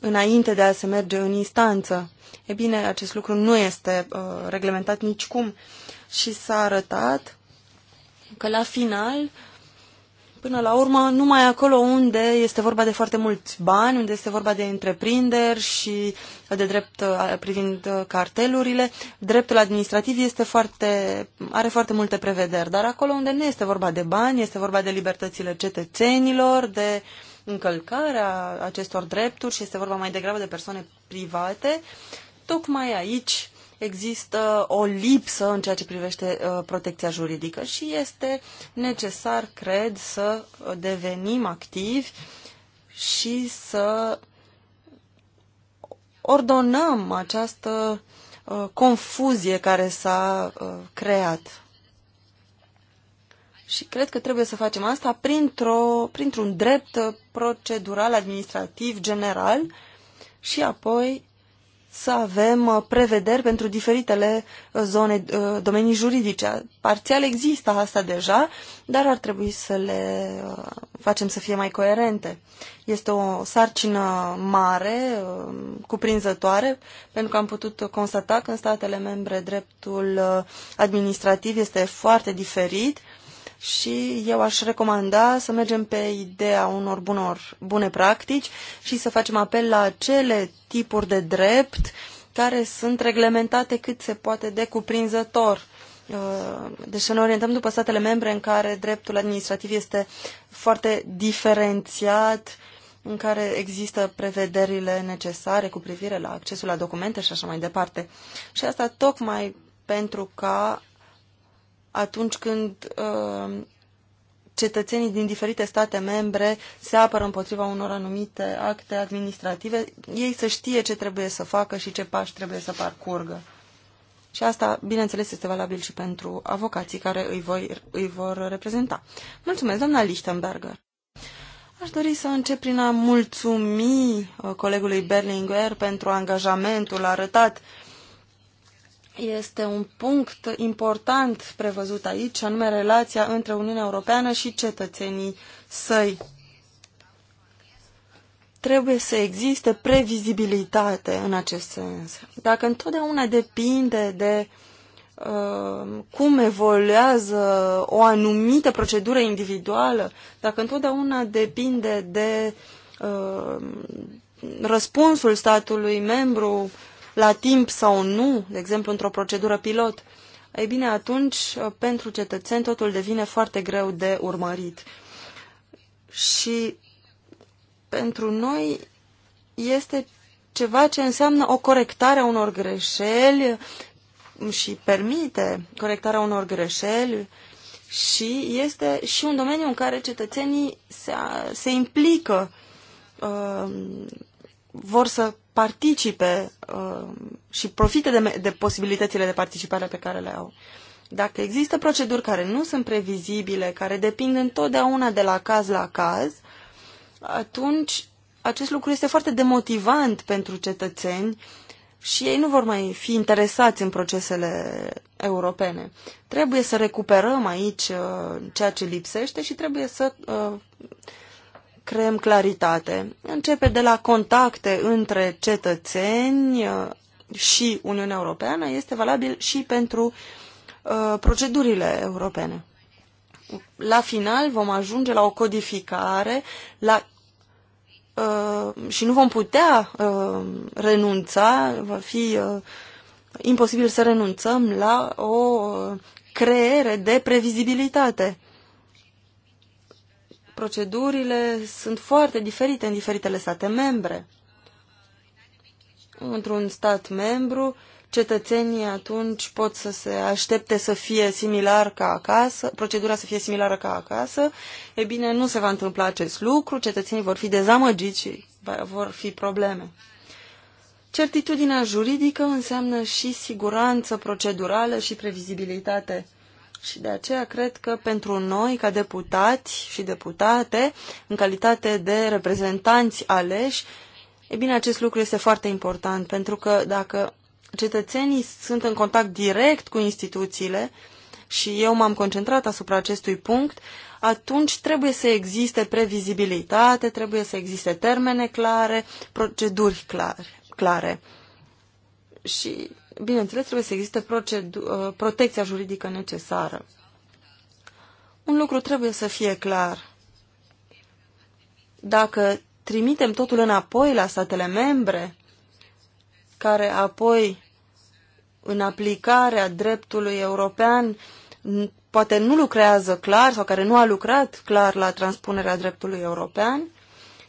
înainte de a se merge în instanță. E bine, acest lucru nu este uh, reglementat nicicum și s-a arătat că la final până la urmă, numai acolo unde este vorba de foarte mulți bani, unde este vorba de întreprinderi și de drept privind cartelurile, dreptul administrativ este foarte, are foarte multe prevederi, dar acolo unde nu este vorba de bani, este vorba de libertățile cetățenilor, de încălcarea acestor drepturi și este vorba mai degrabă de persoane private, tocmai aici există o lipsă în ceea ce privește uh, protecția juridică și este necesar, cred, să devenim activi și să ordonăm această uh, confuzie care s-a uh, creat. Și cred că trebuie să facem asta printr-o, printr-un drept procedural administrativ general și apoi să avem uh, prevederi pentru diferitele uh, zone, uh, domenii juridice. Parțial există asta deja, dar ar trebui să le facem să fie mai coerente. Este o sarcină mare, cuprinzătoare, pentru că am putut constata că în statele membre dreptul administrativ este foarte diferit și eu aș recomanda să mergem pe ideea unor bunor, bune practici și să facem apel la cele tipuri de drept care sunt reglementate cât se poate de cuprinzător. Uh, deci să ne orientăm după statele membre în care dreptul administrativ este foarte diferențiat, în care există prevederile necesare cu privire la accesul la documente și așa mai departe. Și asta tocmai pentru ca atunci când uh, cetățenii din diferite state membre se apără împotriva unor anumite acte administrative, ei să știe ce trebuie să facă și ce pași trebuie să parcurgă. Și asta, bineînțeles, este valabil și pentru avocații care îi, voi, îi vor reprezenta. Mulțumesc, doamna Lichtenberger! Aș dori să încep prin a mulțumi uh, colegului Berlinguer pentru angajamentul arătat uh, este un punct important prevăzut aici, anume relația între Uniunea Europeană și cetățenii săi. Trebuie să existe previzibilitate în acest sens. Dacă întotdeauna depinde de uh, cum evoluează o anumită procedură individuală, dacă întotdeauna depinde de uh, răspunsul statului membru la timp sau nu, de exemplu într-o procedură pilot, ei bine, atunci uh, pentru cetățeni totul devine foarte greu de urmărit. Și pentru noi este ceva ce înseamnă o corectare a unor greșeli și permite corectarea unor greșeli și este și un domeniu în care cetățenii se, se implică uh, vor să participe uh, și profite de, de posibilitățile de participare pe care le au. Dacă există proceduri care nu sunt previzibile, care depind întotdeauna de la caz la caz, atunci acest lucru este foarte demotivant pentru cetățeni și ei nu vor mai fi interesați în procesele europene. Trebuie să recuperăm aici uh, ceea ce lipsește și trebuie să uh, creăm claritate. Începe de la contacte între cetățeni uh, și Uniunea Europeană, este valabil și pentru uh, procedurile europene. La final vom ajunge la o codificare la, uh, și nu vom putea uh, renunța, va fi uh, imposibil să renunțăm la o uh, creere de previzibilitate procedurile sunt foarte diferite în diferitele state membre. Într-un stat membru, cetățenii atunci pot să se aștepte să fie similar ca acasă, procedura să fie similară ca acasă, e bine, nu se va întâmpla acest lucru, cetățenii vor fi dezamăgiți și vor fi probleme. Certitudinea juridică înseamnă și siguranță procedurală și previzibilitate și de aceea cred că pentru noi, ca deputați și deputate, în calitate de reprezentanți aleși, e bine, acest lucru este foarte important, pentru că dacă cetățenii sunt în contact direct cu instituțiile, și eu m-am concentrat asupra acestui punct, atunci trebuie să existe previzibilitate, trebuie să existe termene clare, proceduri clare. clare. Și bineînțeles, trebuie să existe uh, protecția juridică necesară. Un lucru trebuie să fie clar. Dacă trimitem totul înapoi la statele membre, care apoi, în aplicarea dreptului european, poate nu lucrează clar sau care nu a lucrat clar la transpunerea dreptului european,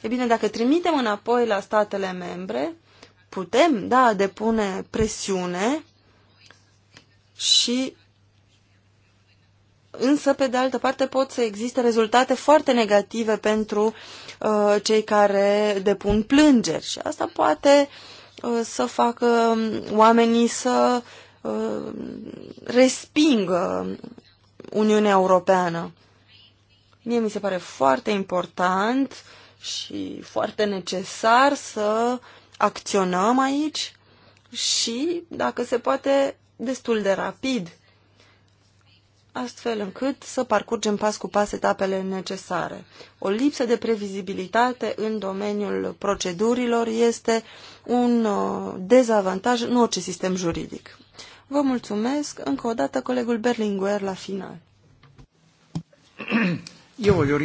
e bine, dacă trimitem înapoi la statele membre, putem, da, depune presiune și însă, pe de altă parte, pot să existe rezultate foarte negative pentru uh, cei care depun plângeri și asta poate uh, să facă um, oamenii să uh, respingă Uniunea Europeană. Mie mi se pare foarte important și foarte necesar să uh, acționăm aici și, dacă se poate, destul de rapid, astfel încât să parcurgem pas cu pas etapele necesare. O lipsă de previzibilitate în domeniul procedurilor este un uh, dezavantaj în orice sistem juridic. Vă mulțumesc încă o dată colegul Berlinguer la final. Eu voglio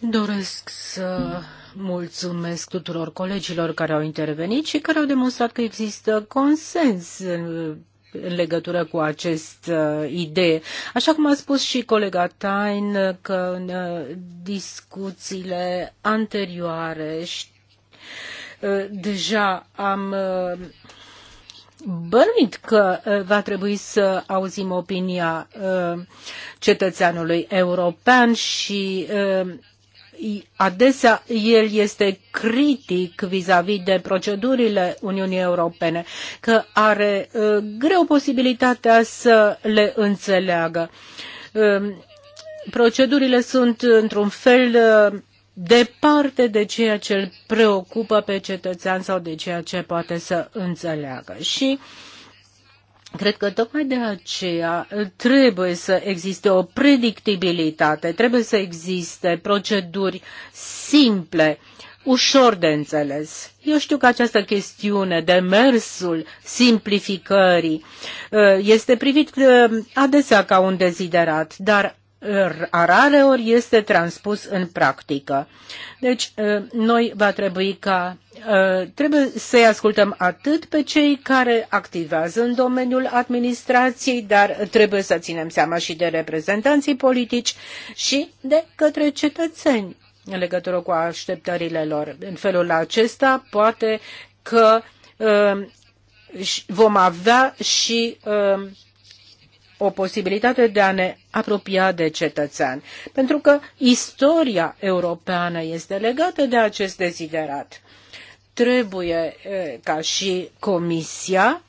Doresc să mulțumesc tuturor colegilor care au intervenit și care au demonstrat că există consens în legătură cu acest uh, idee. Așa cum a spus și colega Tain că în uh, discuțiile anterioare uh, deja am uh, bănuit că uh, va trebui să auzim opinia uh, cetățeanului european și uh, adesea el este critic vis-a-vis de procedurile Uniunii Europene, că are uh, greu posibilitatea să le înțeleagă. Um, procedurile sunt într-un fel uh, departe de ceea ce îl preocupă pe cetățean sau de ceea ce poate să înțeleagă. Și uh, Cred că tocmai de aceea trebuie să existe o predictibilitate, trebuie să existe proceduri simple, ușor de înțeles. Eu știu că această chestiune, de mersul simplificării, uh, este privit uh, adesea ca un deziderat, dar rare ori este transpus în practică. Deci, uh, noi va trebui ca, uh, trebuie să-i ascultăm atât pe cei care activează în domeniul administrației, dar trebuie să ținem seama și de reprezentanții politici și de către cetățeni în legătură cu așteptările lor. În felul acesta, poate că uh, vom avea și uh, o posibilitate de a ne apropia de cetățean, pentru că istoria europeană este legată de acest deziderat. Trebuie ca și Comisia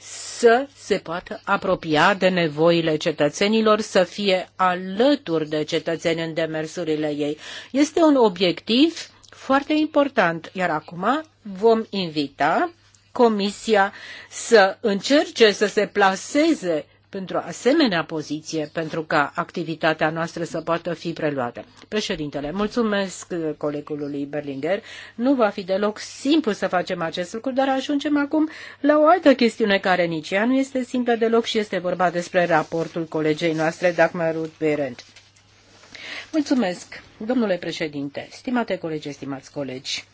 să se poată apropia de nevoile cetățenilor, să fie alături de cetățeni în demersurile ei. Este un obiectiv foarte important, iar acum vom invita Comisia să încerce să se plaseze pentru o asemenea poziție pentru ca activitatea noastră să poată fi preluată. Președintele, mulțumesc colegului Berlinger. Nu va fi deloc simplu să facem acest lucru, dar ajungem acum la o altă chestiune care nici ea nu este simplă deloc și este vorba despre raportul colegei noastre, Dagmar Ruth Berend. Mulțumesc, domnule președinte, stimate colegi, stimați colegi.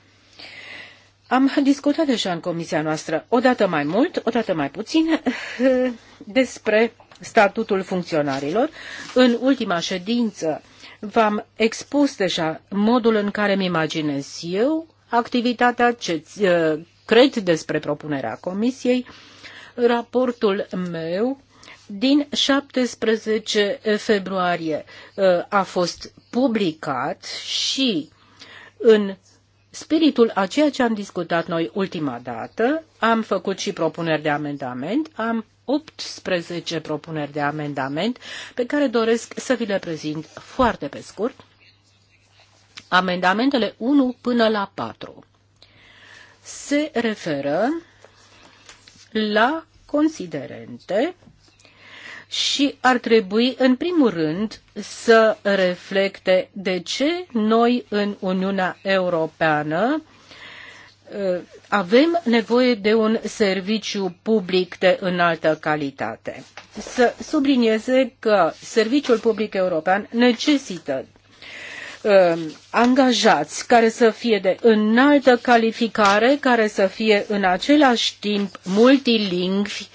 Am discutat deja în comisia noastră, odată mai mult, odată mai puțin, despre statutul funcționarilor. În ultima ședință v-am expus deja modul în care îmi imaginez eu activitatea, ce uh, cred despre propunerea comisiei. Raportul meu din 17 februarie uh, a fost publicat și în spiritul a ceea ce am discutat noi ultima dată. Am făcut și propuneri de amendament, am 18 propuneri de amendament pe care doresc să vi le prezint foarte pe scurt. Amendamentele 1 până la 4 se referă la considerente și ar trebui, în primul rând, să reflecte de ce noi în Uniunea Europeană uh, avem nevoie de un serviciu public de înaltă calitate. Să sublinieze că serviciul public european necesită uh, angajați care să fie de înaltă calificare, care să fie în același timp multilingvi,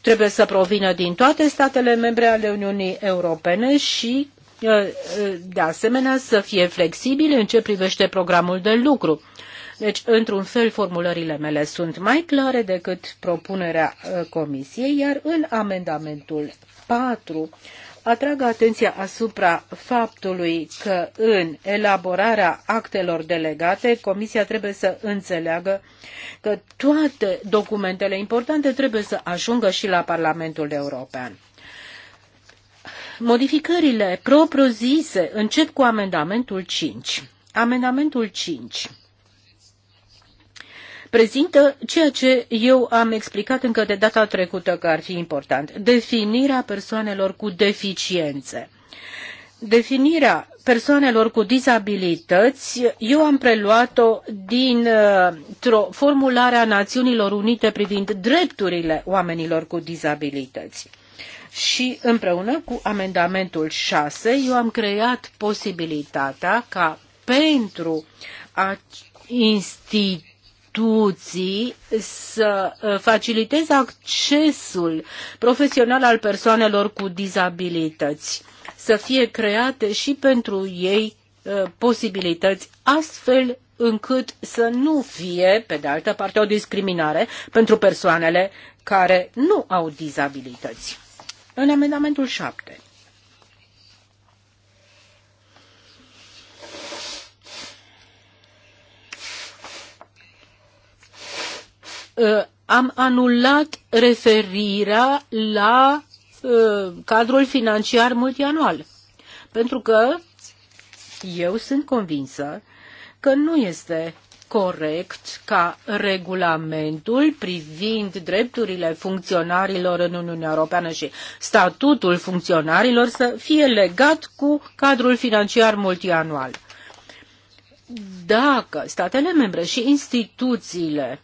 trebuie să provină din toate statele membre ale Uniunii Europene și uh, uh, de asemenea să fie flexibile în ce privește programul de lucru. Deci, într-un fel, formulările mele sunt mai clare decât propunerea uh, Comisiei, iar în amendamentul 4 atrag atenția asupra faptului că în elaborarea actelor delegate Comisia trebuie să înțeleagă că toate documentele importante trebuie să ajungă și la Parlamentul European. Modificările propriu-zise încep cu amendamentul 5. Amendamentul 5 prezintă ceea ce eu am explicat încă de data trecută că ar fi important. Definirea persoanelor cu deficiențe. Definirea persoanelor cu dizabilități, eu am preluat-o din uh, o Națiunilor Unite privind drepturile oamenilor cu dizabilități. Și împreună cu amendamentul 6, eu am creat posibilitatea ca pentru a instit instituții să uh, faciliteze accesul profesional al persoanelor cu dizabilități, să fie create și pentru ei uh, posibilități astfel încât să nu fie, pe de altă parte, o discriminare pentru persoanele care nu au dizabilități. În amendamentul 7 Ă, am anulat referirea la ă, cadrul financiar multianual. Pentru că eu sunt convinsă că nu este corect ca regulamentul privind drepturile funcționarilor în Uniunea Europeană și statutul funcționarilor să fie legat cu cadrul financiar multianual. Dacă statele membre și instituțiile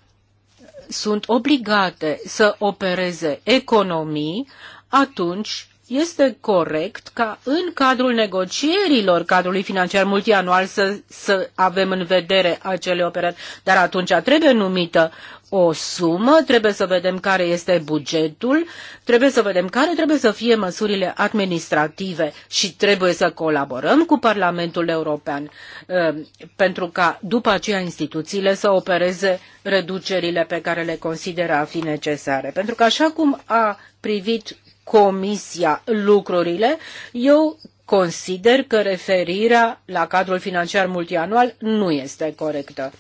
sunt obligate să opereze economii, atunci este corect ca în cadrul negocierilor cadrului financiar multianual să, să avem în vedere acele operări, dar atunci trebuie numită o sumă, trebuie să vedem care este bugetul, trebuie să vedem care trebuie să fie măsurile administrative și trebuie să colaborăm cu Parlamentul European um, pentru ca după aceea instituțiile să opereze reducerile pe care le consideră a fi necesare. Pentru că așa cum a privit Comisia lucrurile, eu consider că referirea la cadrul financiar multianual nu este corectă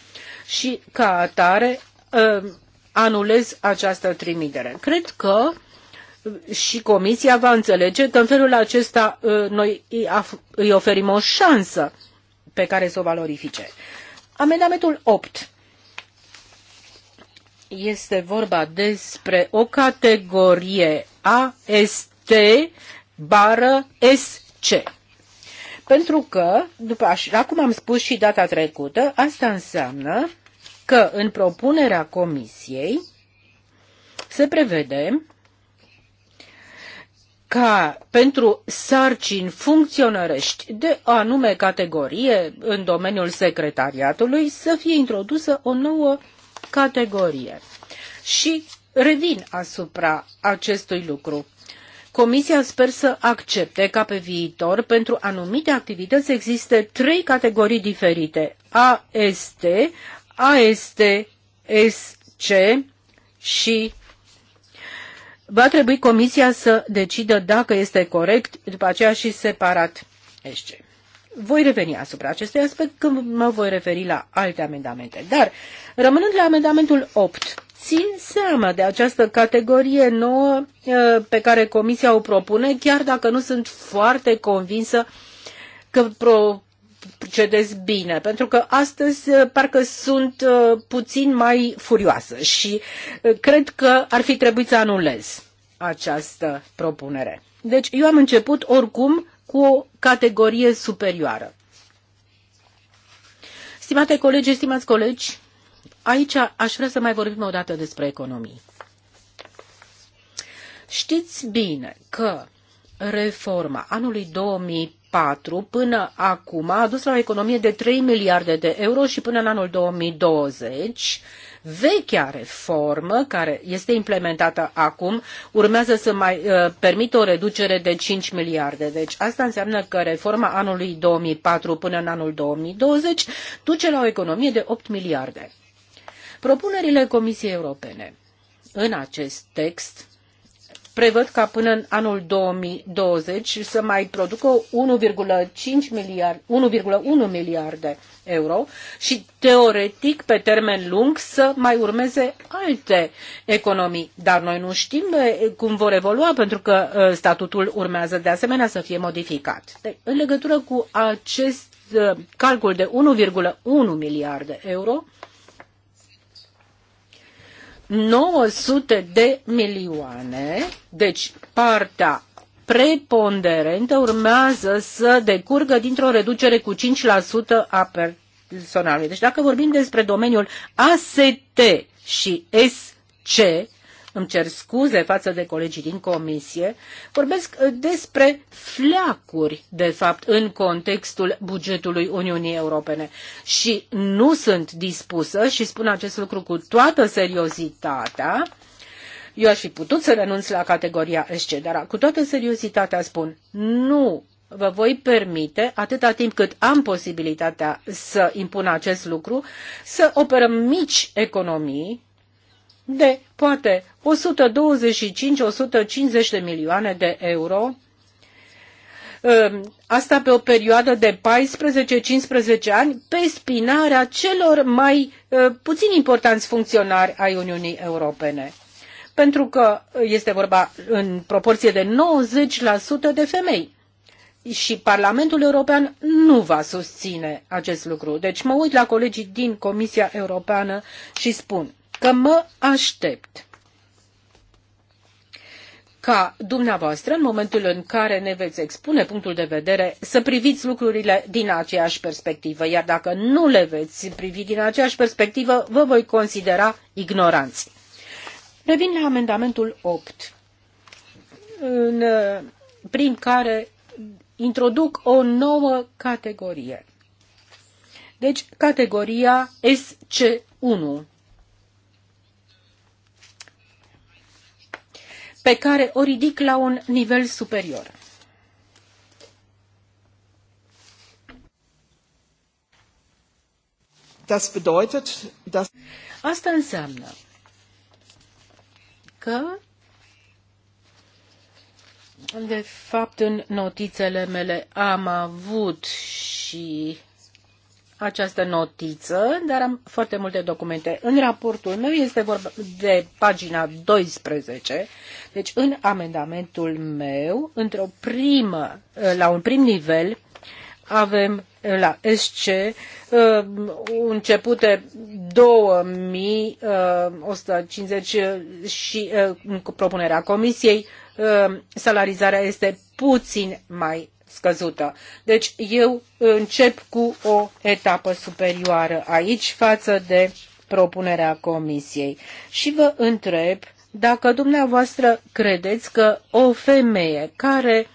și ca atare uh, anulez această trimitere. Cred că uh, și Comisia va înțelege că în felul acesta uh, noi îi oferim o șansă pe care să o valorifice. Amendamentul 8 este vorba despre o categorie AST bară SC. Pentru că, după așa cum am spus și data trecută, asta înseamnă că în propunerea comisiei se prevede ca pentru sarcini funcționărești de o anume categorie în domeniul secretariatului să fie introdusă o nouă categorie. Și revin asupra acestui lucru. Comisia sper să accepte ca pe viitor pentru anumite activități există trei categorii diferite. AST, AST, SC și va trebui Comisia să decidă dacă este corect, după aceea și separat SC voi reveni asupra acestui aspect când mă voi referi la alte amendamente. Dar, rămânând la amendamentul 8, țin seama de această categorie nouă eh, pe care Comisia o propune, chiar dacă nu sunt foarte convinsă că pro procedez bine, pentru că astăzi eh, parcă sunt eh, puțin mai furioasă și cred că ar fi trebuit să anulez această propunere. Deci eu am început oricum cu o categorie superioară. Stimate colegi, stimați colegi, aici aș vrea să mai vorbim o dată despre economii. Știți bine că reforma anului 2000 2004 până acum a adus la o economie de 3 miliarde de euro și până în anul 2020 vechea reformă care este implementată acum urmează să mai uh, permită o reducere de 5 miliarde. Deci asta înseamnă că reforma anului 2004 până în anul 2020 duce la o economie de 8 miliarde. Propunerile Comisiei Europene în acest text prevăd ca până în anul 2020 să mai producă 1,5 miliard, 1,1 miliarde euro și teoretic pe termen lung să mai urmeze alte economii. Dar noi nu știm cum vor evolua pentru că statutul urmează de asemenea să fie modificat. În legătură cu acest calcul de 1,1 miliarde euro, 900 de milioane, deci partea preponderentă urmează să decurgă dintr-o reducere cu 5% a personalului. Deci dacă vorbim despre domeniul AST și SC, îmi cer scuze față de colegii din comisie, vorbesc uh, despre fleacuri, de fapt, în contextul bugetului Uniunii Europene. Și nu sunt dispusă, și spun acest lucru cu toată seriozitatea, eu aș fi putut să renunț la categoria SC, dar cu toată seriozitatea spun, nu vă voi permite, atâta timp cât am posibilitatea să impun acest lucru, să operăm mici economii de poate 125-150 de milioane de euro. Ehm, asta pe o perioadă de 14-15 ani, pe spinarea celor mai eh, puțin importanți funcționari ai Uniunii Europene. Pentru că este vorba în proporție de 90% de femei și Parlamentul European nu va susține acest lucru. Deci mă uit la colegii din Comisia Europeană și spun, că mă aștept ca dumneavoastră, în momentul în care ne veți expune punctul de vedere, să priviți lucrurile din aceeași perspectivă, iar dacă nu le veți privi din aceeași perspectivă, vă voi considera ignoranți. Revin la amendamentul 8, în, prin care introduc o nouă categorie. Deci, categoria SC1, pe care o ridic la un nivel superior. Das bedeutet, dass Asta înseamnă că de fapt în notițele mele am avut și această notiță, dar am foarte multe documente. În raportul meu este vorba de pagina 12, deci în amendamentul meu, într-o primă, la un prim nivel, avem la SC um, începute 2150 uh, și uh, cu propunerea comisiei uh, salarizarea este puțin mai scăzută. Deci eu încep cu o etapă superioară aici față de propunerea comisiei. Și vă întreb dacă dumneavoastră credeți că o femeie care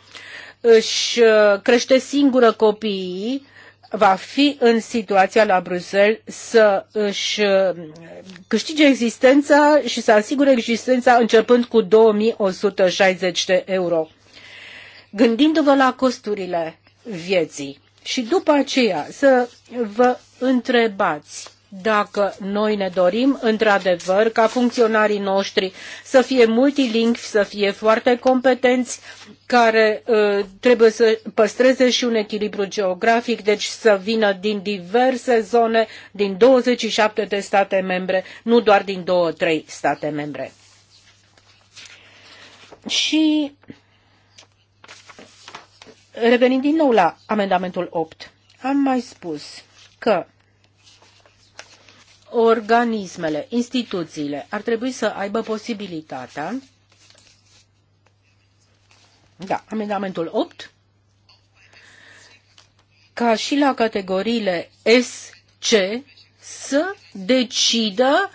își crește singură copiii va fi în situația la Bruxelles să își câștige existența și să asigure existența începând cu 2160 de euro gândindu-vă la costurile vieții. Și după aceea să vă întrebați dacă noi ne dorim într-adevăr ca funcționarii noștri să fie multilingvi, să fie foarte competenți, care uh, trebuie să păstreze și un echilibru geografic, deci să vină din diverse zone, din 27 de state membre, nu doar din 2-3 state membre. Și Revenind din nou la amendamentul 8, am mai spus că organismele, instituțiile ar trebui să aibă posibilitatea da, amendamentul 8 ca și la categoriile SC să decidă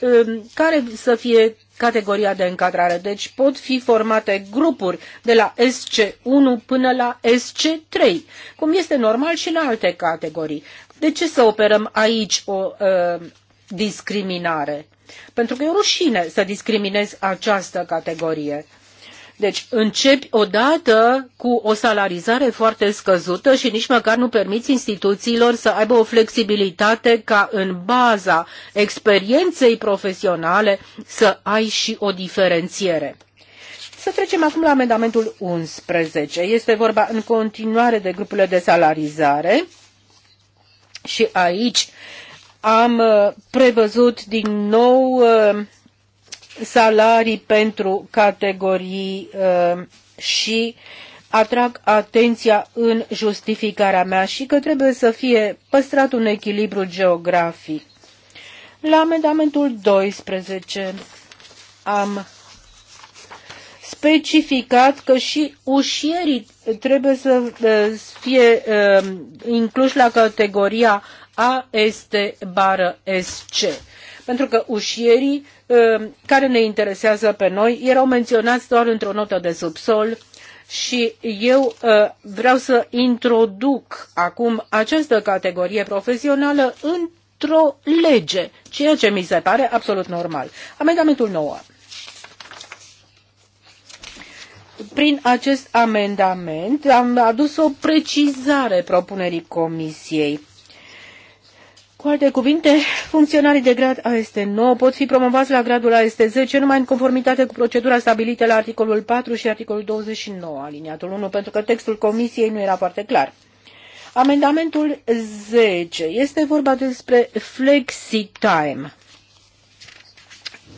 um, care să fie categoria de încadrare. Deci pot fi formate grupuri de la SC1 până la SC3, cum este normal și în alte categorii. De ce să operăm aici o uh, discriminare? Pentru că e o rușine să discriminezi această categorie. Deci începi odată cu o salarizare foarte scăzută și nici măcar nu permiți instituțiilor să aibă o flexibilitate ca în baza experienței profesionale să ai și o diferențiere. Să trecem acum la amendamentul 11. Este vorba în continuare de grupurile de salarizare și aici am uh, prevăzut din nou uh, salarii pentru categorii uh, și atrag atenția în justificarea mea și că trebuie să fie păstrat un echilibru geografic. La amendamentul 12 am specificat că și ușierii trebuie să uh, fie uh, incluși la categoria A, este bară SC pentru că ușierii uh, care ne interesează pe noi erau menționați doar într-o notă de subsol și eu uh, vreau să introduc acum această categorie profesională într-o lege, ceea ce mi se pare absolut normal. Amendamentul 9 prin acest amendament am adus o precizare propunerii Comisiei. Cu alte cuvinte, funcționarii de grad AST9 pot fi promovați la gradul AST10 numai în conformitate cu procedura stabilită la articolul 4 și articolul 29, aliniatul 1, pentru că textul comisiei nu era foarte clar. Amendamentul 10 este vorba despre flexi-time.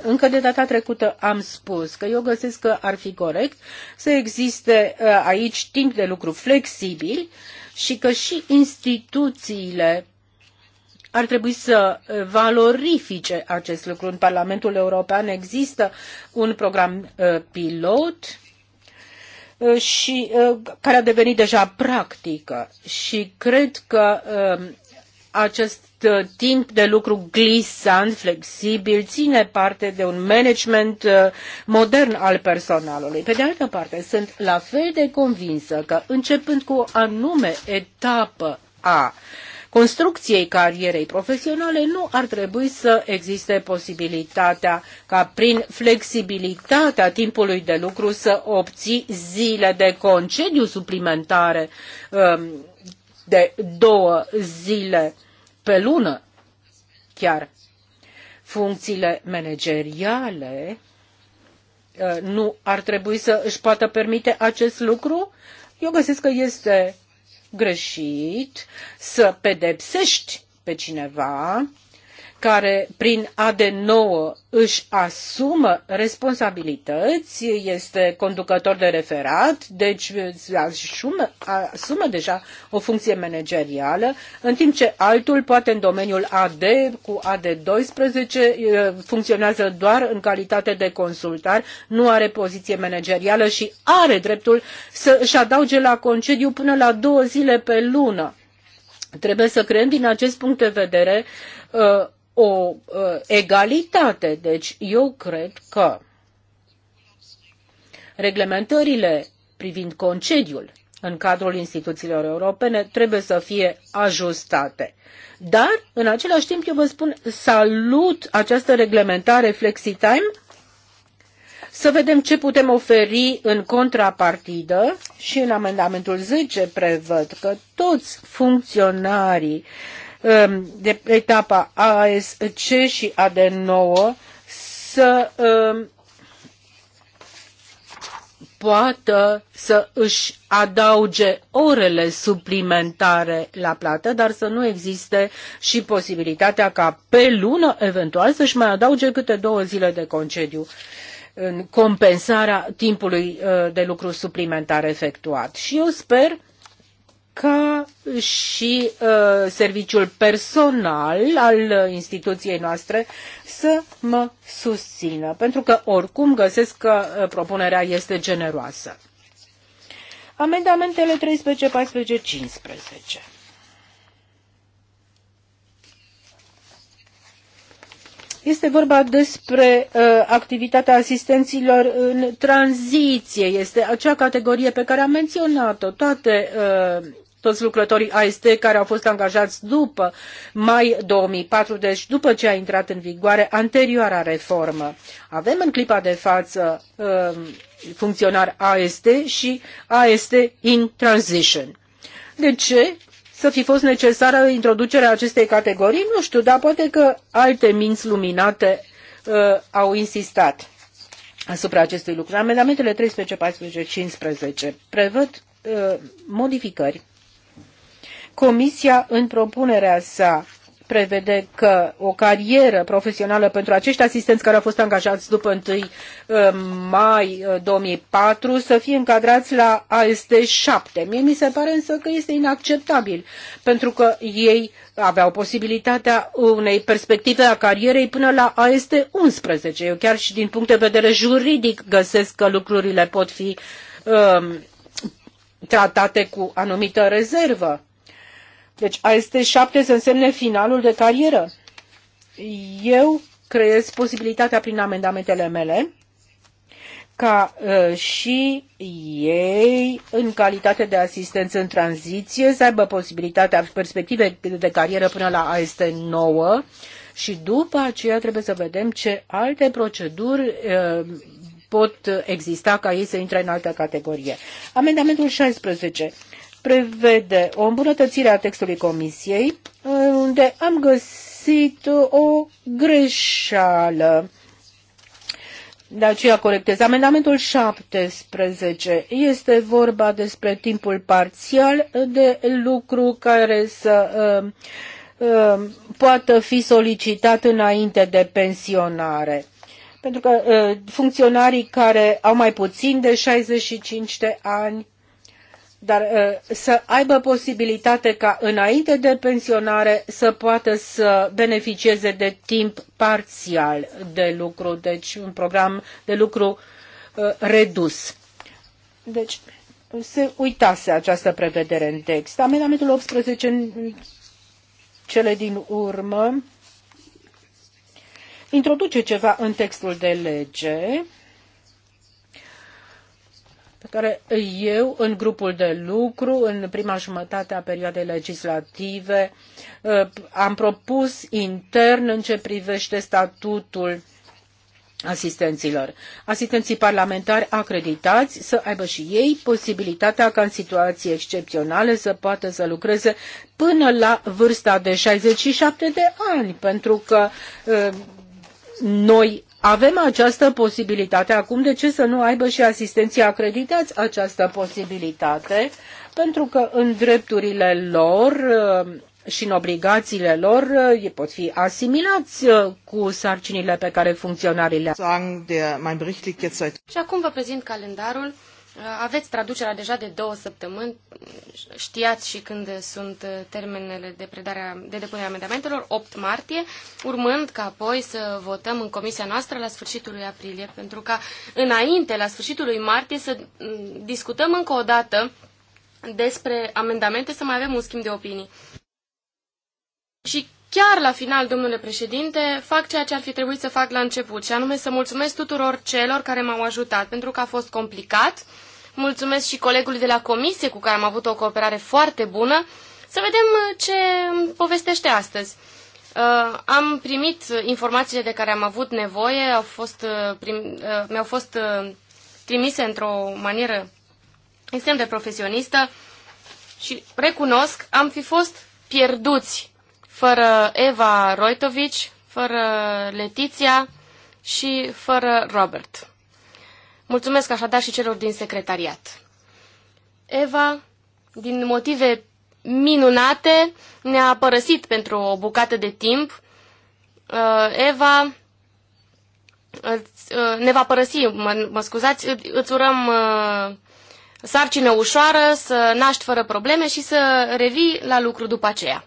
Încă de data trecută am spus că eu găsesc că ar fi corect să existe uh, aici timp de lucru flexibil și că și instituțiile ar trebui să valorifice acest lucru. În Parlamentul European există un program uh, pilot uh, și uh, care a devenit deja practică și cred că um, acest timp de lucru glisant, flexibil, ține parte de un management modern al personalului. Pe de altă parte, sunt la fel de convinsă că începând cu o anume etapă a uh, construcției carierei profesionale, nu ar trebui să existe posibilitatea ca prin flexibilitatea timpului de lucru să obții zile de concediu suplimentare um, de două zile pe lună chiar. Funcțiile manageriale uh, nu ar trebui să își poată permite acest lucru? Eu găsesc că este greșit să pedepsești pe cineva care prin AD9 își asumă responsabilități, este conducător de referat, deci asumă, asumă deja o funcție managerială, în timp ce altul, poate în domeniul AD cu AD12, funcționează doar în calitate de consultar, nu are poziție managerială și are dreptul să își adauge la concediu până la două zile pe lună. Trebuie să creăm din acest punct de vedere uh, o uh, egalitate. Deci eu cred că reglementările privind concediul în cadrul instituțiilor europene trebuie să fie ajustate. Dar, în același timp, eu vă spun, salut această reglementare FlexiTime, să vedem ce putem oferi în contrapartidă și în amendamentul 10 prevăd că toți funcționarii Um, de etapa ASC și AD9 să um, poată să își adauge orele suplimentare la plată, dar să nu existe și posibilitatea ca pe lună, eventual, să-și mai adauge câte două zile de concediu în compensarea timpului uh, de lucru suplimentar efectuat. Și eu sper ca și uh, serviciul personal al instituției noastre să mă susțină, pentru că oricum găsesc că uh, propunerea este generoasă. Amendamentele 13, 14, 15. Este vorba despre uh, activitatea asistenților în tranziție. Este acea categorie pe care am menționat-o. Toate uh, toți lucrătorii AST care au fost angajați după mai 2004, deci după ce a intrat în vigoare anterioara reformă. Avem în clipa de față um, funcționari AST și AST in transition. De ce să fi fost necesară introducerea acestei categorii? Nu știu, dar poate că alte minți luminate uh, au insistat asupra acestui lucru. Amendamentele 13, 14, 15 prevăd uh, modificări Comisia, în propunerea sa, prevede că o carieră profesională pentru acești asistenți care au fost angajați după 1 uh, mai 2004 uh, să fie încadrați la AST 7. Mie mi se pare însă că este inacceptabil, pentru că ei aveau posibilitatea unei perspective a carierei până la AST 11. Eu chiar și din punct de vedere juridic găsesc că lucrurile pot fi um, tratate cu anumită rezervă deci AST 7 să însemne finalul de carieră. Eu creez posibilitatea prin amendamentele mele ca uh, și ei, în calitate de asistență în tranziție, să aibă posibilitatea perspective de carieră până la AST 9 și după aceea trebuie să vedem ce alte proceduri uh, pot exista ca ei să intre în altă categorie. Amendamentul 16 prevede o îmbunătățire a textului comisiei, unde am găsit o greșeală. De aceea corectez. Amendamentul 17 este vorba despre timpul parțial de lucru care să uh, uh, poată fi solicitat înainte de pensionare. Pentru că uh, funcționarii care au mai puțin de 65 de ani dar uh, să aibă posibilitate ca înainte de pensionare să poată să beneficieze de timp parțial de lucru, deci un program de lucru uh, redus. Deci se uitase această prevedere în text. Amendamentul 18 în cele din urmă introduce ceva în textul de lege pe care eu, în grupul de lucru, în prima jumătate a perioadei legislative, uh, am propus intern în ce privește statutul asistenților. Asistenții parlamentari acreditați să aibă și ei posibilitatea ca în situații excepționale să poată să lucreze până la vârsta de 67 de ani, pentru că uh, noi avem această posibilitate acum, de ce să nu aibă și asistenții acreditați această posibilitate? Pentru că în drepturile lor uh, și în obligațiile lor uh, pot fi asimilați uh, cu sarcinile pe care funcționarii le au. Și acum vă prezint calendarul. Aveți traducerea deja de două săptămâni, știați și când sunt termenele de, predarea, de depunere a amendamentelor, 8 martie, urmând ca apoi să votăm în comisia noastră la sfârșitul lui aprilie, pentru ca înainte, la sfârșitul lui martie, să mm, discutăm încă o dată despre amendamente, să mai avem un schimb de opinii. Și Chiar la final, domnule președinte, fac ceea ce ar fi trebuit să fac la început, și anume să mulțumesc tuturor celor care m-au ajutat, pentru că a fost complicat. Mulțumesc și colegului de la comisie cu care am avut o cooperare foarte bună. Să vedem uh, ce povestește astăzi. Uh, am primit informațiile de care am avut nevoie, au fost, uh, prim, uh, mi-au fost uh, trimise într-o manieră extrem de profesionistă și recunosc, am fi fost pierduți fără Eva Roitovici, fără Letiția și fără Robert. Mulțumesc așadar și celor din secretariat. Eva, din motive minunate, ne-a părăsit pentru o bucată de timp. Uh, Eva uh, ne va părăsi, mă, mă scuzați, îți urăm uh, sarcină ușoară, să naști fără probleme și să revii la lucru după aceea.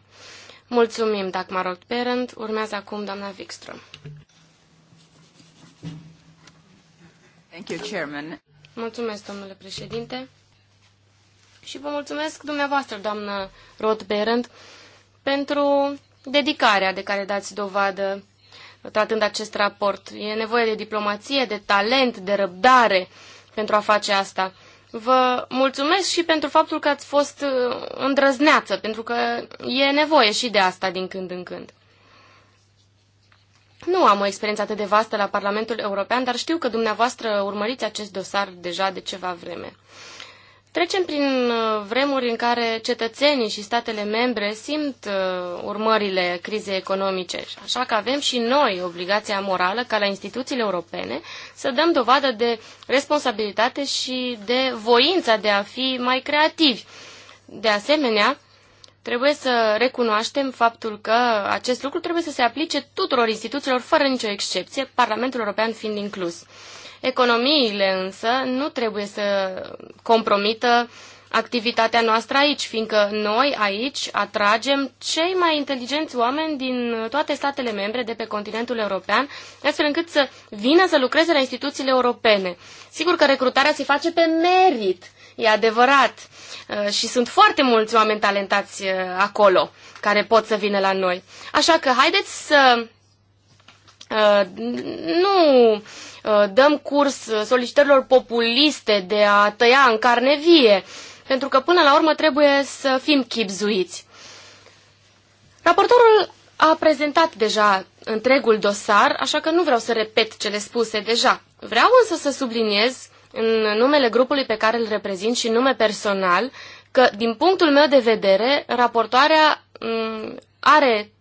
Mulțumim, Dagmar Roth-Berend. Urmează acum doamna Wikström. Thank you, Chairman. Mulțumesc, domnule președinte. Și vă mulțumesc dumneavoastră, doamnă Roth-Berend, pentru dedicarea de care dați dovadă tratând acest raport. E nevoie de diplomație, de talent, de răbdare pentru a face asta. Vă mulțumesc și pentru faptul că ați fost uh, îndrăzneață, pentru că e nevoie și de asta din când în când. Nu am o experiență atât de vastă la Parlamentul European, dar știu că dumneavoastră urmăriți acest dosar deja de ceva vreme. Trecem prin uh, vremuri în care cetățenii și statele membre simt uh, urmările crizei economice, așa că avem și noi obligația morală ca la instituțiile europene să dăm dovadă de responsabilitate și de voința de a fi mai creativi. De asemenea, trebuie să recunoaștem faptul că acest lucru trebuie să se aplice tuturor instituțiilor, fără nicio excepție, Parlamentul European fiind inclus. Economiile însă nu trebuie să compromită activitatea noastră aici, fiindcă noi aici atragem cei mai inteligenți oameni din toate statele membre de pe continentul european, astfel încât să vină să lucreze la instituțiile europene. Sigur că recrutarea se face pe merit, e adevărat, uh, și sunt foarte mulți oameni talentați uh, acolo care pot să vină la noi. Așa că haideți să uh, nu Uh, dăm curs uh, solicitărilor populiste de a tăia în carne vie, pentru că până la urmă trebuie să fim chipzuiți. Raportorul a prezentat deja întregul dosar, așa că nu vreau să repet cele spuse deja. Vreau însă să subliniez în numele grupului pe care îl reprezint și nume personal, că din punctul meu de vedere, raportoarea mm, are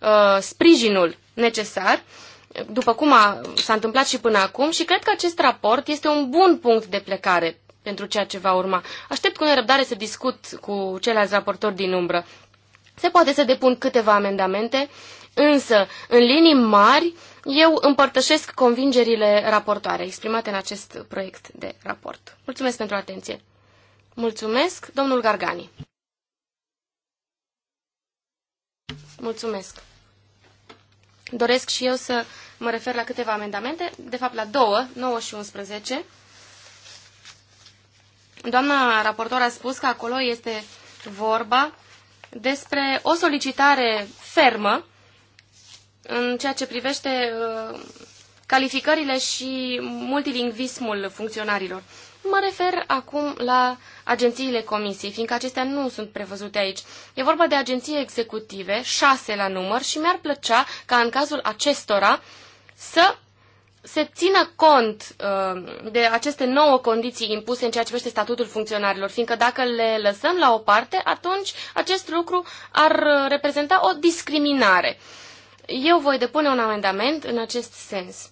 uh, sprijinul necesar uh, după cum a, s-a întâmplat și până acum și cred că acest raport este un bun punct de plecare pentru ceea ce va urma. Aștept cu nerăbdare să discut cu ceilalți raportori din umbră. Se poate să depun câteva amendamente, însă, în linii mari, eu împărtășesc convingerile raportoare exprimate în acest proiect de raport. Mulțumesc pentru atenție. Mulțumesc, domnul Gargani. Mulțumesc. Doresc și eu să mă refer la câteva amendamente, de fapt la două, 9 și 11. Doamna raportor a spus că acolo este vorba despre o solicitare fermă în ceea ce privește uh, calificările și multilingvismul funcționarilor. Mă refer acum la agențiile comisiei, fiindcă acestea nu sunt prevăzute aici. E vorba de agenții executive, șase la număr, și mi-ar plăcea ca în cazul acestora să se țină cont uh, de aceste nouă condiții impuse în ceea ce privește statutul funcționarilor, fiindcă dacă le lăsăm la o parte, atunci acest lucru ar reprezenta o discriminare. Eu voi depune un amendament în acest sens.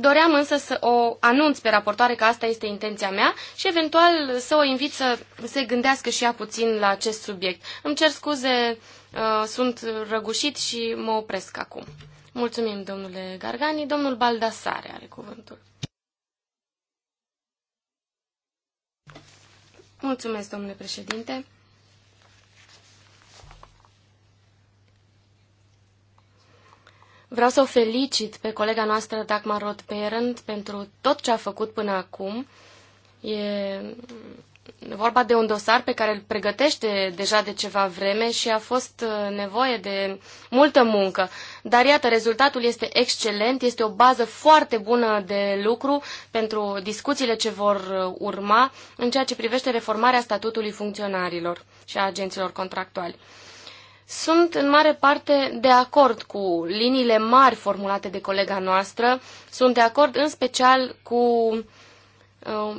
Doream însă să o anunț pe raportoare că asta este intenția mea și eventual să o invit să se gândească și ea puțin la acest subiect. Îmi cer scuze, uh, sunt răgușit și mă opresc acum. Mulțumim, domnule Gargani. Domnul Baldasare are cuvântul. Mulțumesc, domnule președinte. Vreau să o felicit pe colega noastră Dagmar roth Parent pentru tot ce a făcut până acum. E vorba de un dosar pe care îl pregătește deja de ceva vreme și a fost uh, nevoie de multă muncă. Dar iată, rezultatul este excelent, este o bază foarte bună de lucru pentru discuțiile ce vor uh, urma în ceea ce privește reformarea statutului funcționarilor și a agenților contractuali. Sunt în mare parte de acord cu liniile mari formulate de colega noastră, sunt de acord în special cu uh,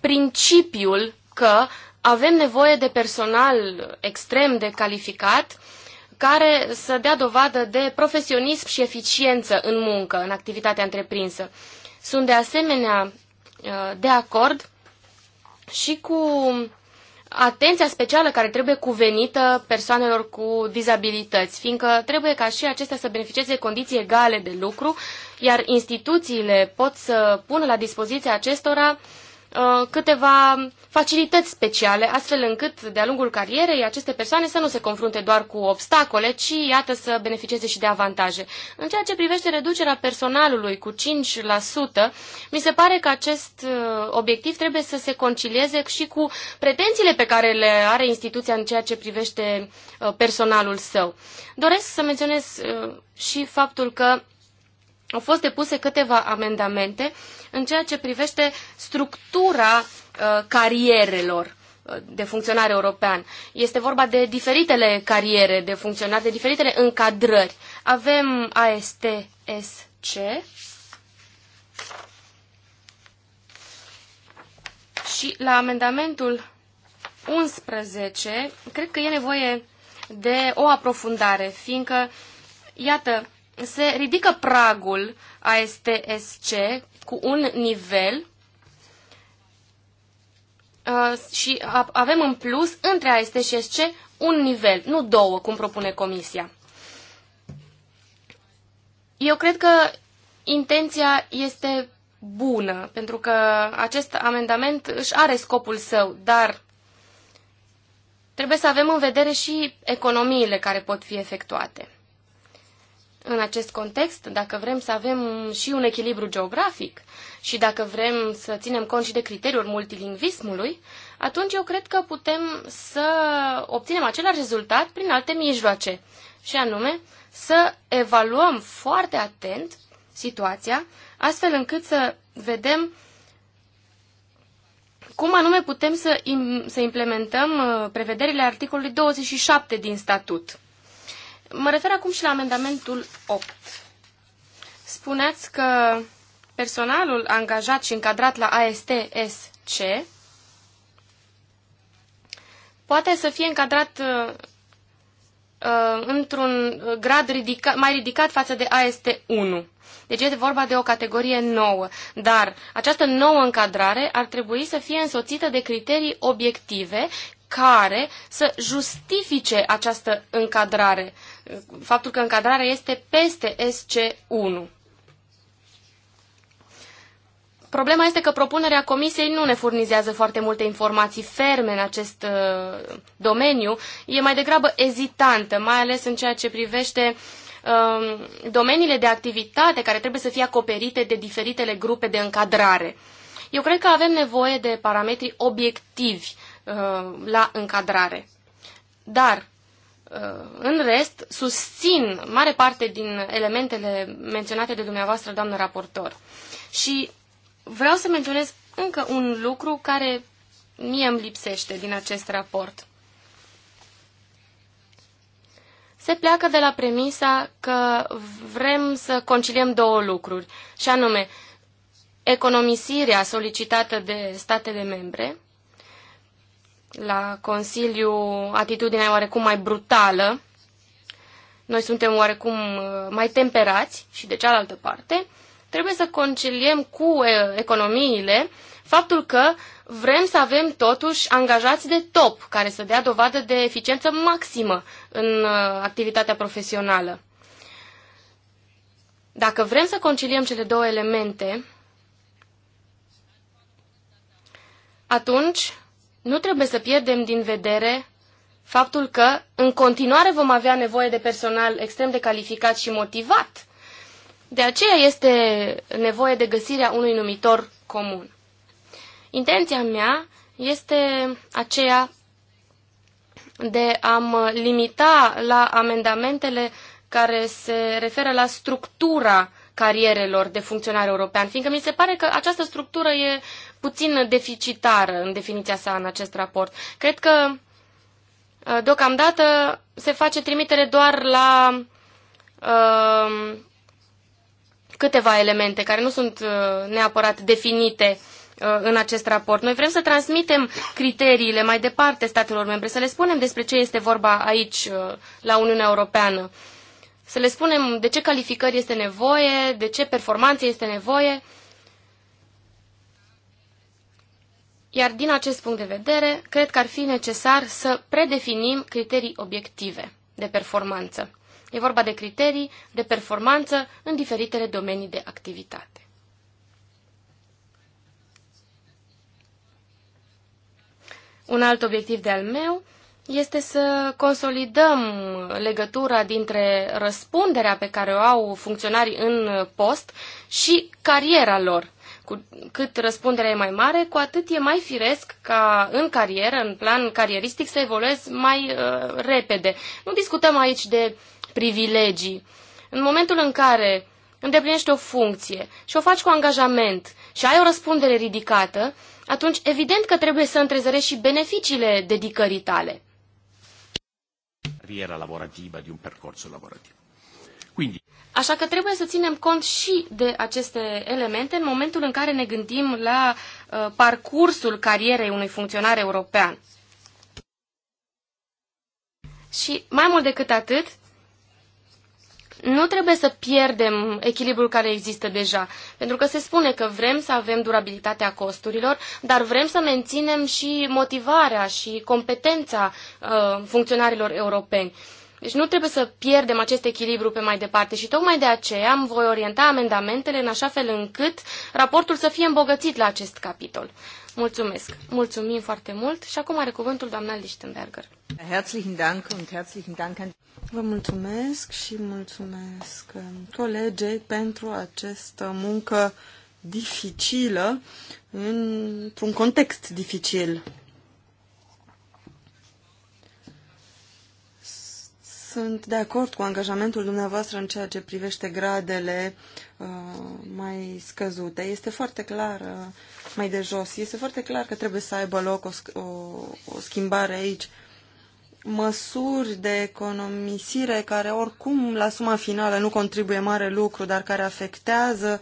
principiul că avem nevoie de personal extrem de calificat care să dea dovadă de profesionism și eficiență în muncă, în activitatea întreprinsă. Sunt de asemenea uh, de acord și cu atenția specială care trebuie cuvenită persoanelor cu dizabilități, fiindcă trebuie ca și acestea să beneficieze condiții egale de lucru, iar instituțiile pot să pună la dispoziția acestora uh, Uh, câteva facilități speciale, astfel încât de-a lungul carierei aceste persoane să nu se confrunte doar cu obstacole, ci iată să beneficieze și de avantaje. În ceea ce privește reducerea personalului cu 5%, mi se pare că acest uh, obiectiv trebuie să se concilieze și cu pretențiile pe care le are instituția în ceea ce privește uh, personalul său. Doresc să menționez și faptul că au fost depuse câteva amendamente în ceea ce privește structura uh, carierelor uh, de funcționar european. Este vorba de diferitele cariere de funcționare, de diferitele încadrări. Avem ASTSC și la amendamentul 11 cred că e nevoie de o aprofundare, fiindcă, iată, se ridică pragul ASTSC cu un nivel uh, și avem în plus între AST și SC un nivel, nu două, cum propune Comisia. Eu cred că intenția este bună, pentru că acest amendament își are scopul său, dar trebuie să avem în vedere și economiile care pot fi efectuate în acest context, dacă vrem să avem și un echilibru geografic și dacă vrem să ținem cont și de criteriul multilingvismului, atunci eu cred că putem să obținem același rezultat prin alte mijloace, și anume să evaluăm foarte atent situația, astfel încât să vedem cum anume putem să, im- să implementăm uh, prevederile articolului 27 din statut. Mă refer acum și la amendamentul 8. Spuneați că personalul angajat și încadrat la ASTSC poate să fie încadrat uh, uh, într-un grad ridica, mai ridicat față de AST1. Deci este vorba de o categorie nouă, dar această nouă încadrare ar trebui să fie însoțită de criterii obiective care să justifice această încadrare, faptul că încadrarea este peste SC1. Problema este că propunerea comisiei nu ne furnizează foarte multe informații ferme în acest uh, domeniu. E mai degrabă ezitantă, mai ales în ceea ce privește uh, domeniile de activitate care trebuie să fie acoperite de diferitele grupe de încadrare. Eu cred că avem nevoie de parametri obiectivi Uh, la încadrare. Dar, uh, în rest, susțin mare parte din elementele menționate de dumneavoastră, doamnă raportor. Și vreau să menționez încă un lucru care mie îmi lipsește din acest raport. Se pleacă de la premisa că vrem să conciliem două lucruri, și anume economisirea solicitată de statele membre la Consiliu atitudinea e oarecum mai brutală. Noi suntem oarecum uh, mai temperați și de cealaltă parte trebuie să conciliem cu uh, economiile faptul că vrem să avem totuși angajați de top care să dea dovadă de eficiență maximă în uh, activitatea profesională. Dacă vrem să conciliem cele două elemente, atunci nu trebuie să pierdem din vedere faptul că în continuare vom avea nevoie de personal extrem de calificat și motivat. De aceea este nevoie de găsirea unui numitor comun. Intenția mea este aceea de a mă limita la amendamentele care se referă la structura carierelor de funcționar european, fiindcă mi se pare că această structură e puțin deficitară în definiția sa în acest raport. Cred că uh, deocamdată se face trimitere doar la uh, câteva elemente care nu sunt uh, neapărat definite în acest raport. Noi vrem să transmitem criteriile mai departe statelor membre, să le spunem despre ce este vorba aici la Uniunea Europeană să le spunem de ce calificări este nevoie, de ce performanțe este nevoie. Iar din acest punct de vedere, cred că ar fi necesar să predefinim criterii obiective de performanță. E vorba de criterii de performanță în diferitele domenii de activitate. Un alt obiectiv de al meu este să consolidăm legătura dintre răspunderea pe care o au funcționarii în post și cariera lor. Cu cât răspunderea e mai mare, cu atât e mai firesc ca în carieră, în plan carieristic, să evoluezi mai uh, repede. Nu discutăm aici de privilegii. În momentul în care îndeplinești o funcție și o faci cu angajament și ai o răspundere ridicată, atunci evident că trebuie să întrezărești și beneficiile dedicării tale carriera lavorativa, di un percorso lavorativo. Quindi... Așa că trebuie să ținem cont și de aceste elemente în momentul în care ne gândim la uh, parcursul carierei unui funcționar european. Și mai mult decât atât, nu trebuie să pierdem echilibrul care există deja, pentru că se spune că vrem să avem durabilitatea costurilor, dar vrem să menținem și motivarea și competența uh, funcționarilor europeni. Deci nu trebuie să pierdem acest echilibru pe mai departe și tocmai de aceea am voi orienta amendamentele în așa fel încât raportul să fie îmbogățit la acest capitol. Mulțumesc. Mulțumim foarte mult și acum are cuvântul doamna Lichtenberger. Herzlichen Dank und herzlichen Dank an... Vă mulțumesc și mulțumesc um, colegei pentru această muncă dificilă într-un context dificil. Sunt de acord cu angajamentul dumneavoastră în ceea ce privește gradele uh, mai scăzute. Este foarte clar, uh, mai de jos, este foarte clar că trebuie să aibă loc o, o, o schimbare aici. Măsuri de economisire care oricum la suma finală nu contribuie mare lucru, dar care afectează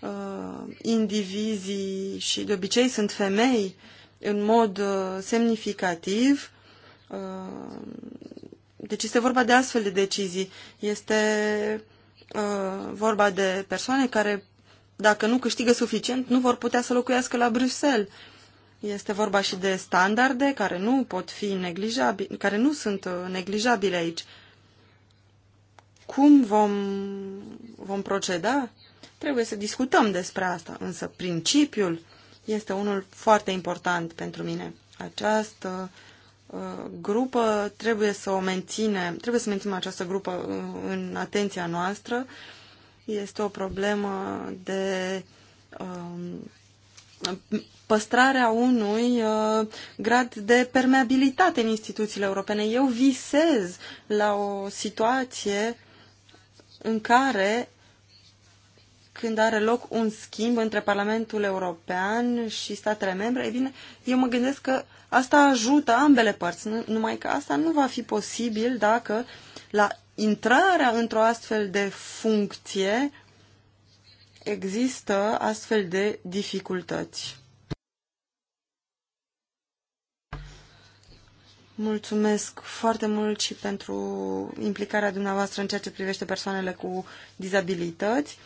uh, indivizii și de obicei sunt femei în mod uh, semnificativ. Uh, deci este vorba de astfel de decizii. Este uh, vorba de persoane care, dacă nu câștigă suficient, nu vor putea să locuiască la Bruxelles. Este vorba și de standarde care nu pot fi neglijabile, care nu sunt uh, neglijabile aici. Cum vom, vom proceda? Trebuie să discutăm despre asta, însă principiul este unul foarte important pentru mine. Această uh, Uh, grupă, trebuie să o menținem, trebuie să menținem această grupă uh, în atenția noastră. Este o problemă de um, păstrarea unui uh, grad de permeabilitate în instituțiile europene. Eu visez la o situație în care când are loc un schimb între Parlamentul European și statele membre, e bine, eu mă gândesc că asta ajută ambele părți, numai că asta nu va fi posibil dacă la intrarea într-o astfel de funcție există astfel de dificultăți. Mulțumesc foarte mult și pentru implicarea dumneavoastră în ceea ce privește persoanele cu dizabilități.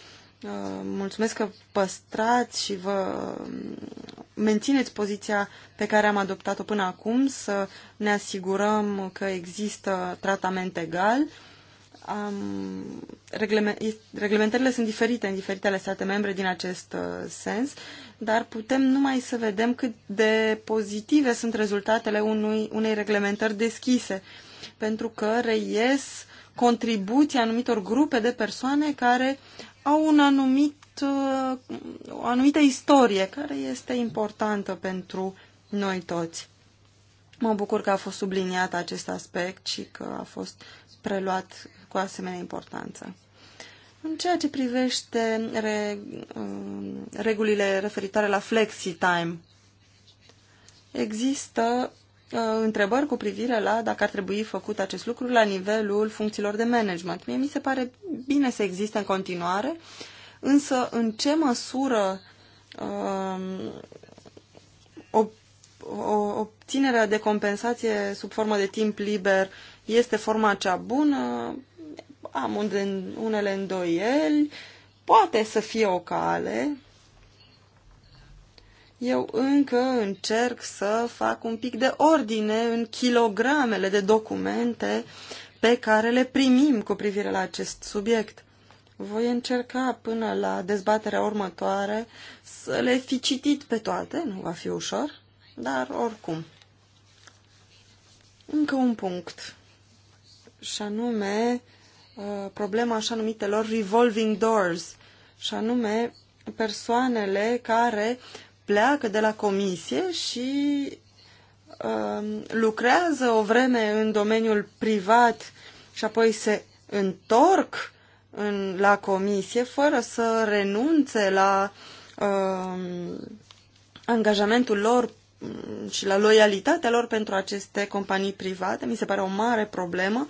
Uh, mulțumesc că păstrați și vă um, mențineți poziția pe care am adoptat-o până acum, să ne asigurăm că există tratament egal. Um, reglementările sunt diferite în diferitele state membre din acest uh, sens, dar putem numai să vedem cât de pozitive sunt rezultatele unui, unei reglementări deschise, pentru că reies contribuția anumitor grupe de persoane care au un anumit, uh, o anumită istorie care este importantă pentru noi toți. Mă bucur că a fost subliniat acest aspect și că a fost preluat cu asemenea importanță. În ceea ce privește re, uh, regulile referitoare la flexi time, există Uh, întrebări cu privire la dacă ar trebui făcut acest lucru la nivelul funcțiilor de management. Mie mi se pare bine să existe în continuare, însă în ce măsură um, o, obținerea de compensație sub formă de timp liber este forma cea bună, am unele îndoieli, poate să fie o cale, eu încă încerc să fac un pic de ordine în kilogramele de documente pe care le primim cu privire la acest subiect. Voi încerca până la dezbaterea următoare să le fi citit pe toate, nu va fi ușor, dar oricum. Încă un punct, și anume uh, problema așa numitelor revolving doors, și anume persoanele care pleacă de la comisie și uh, lucrează o vreme în domeniul privat și apoi se întorc în, la comisie fără să renunțe la uh, angajamentul lor și la loialitatea lor pentru aceste companii private. Mi se pare o mare problemă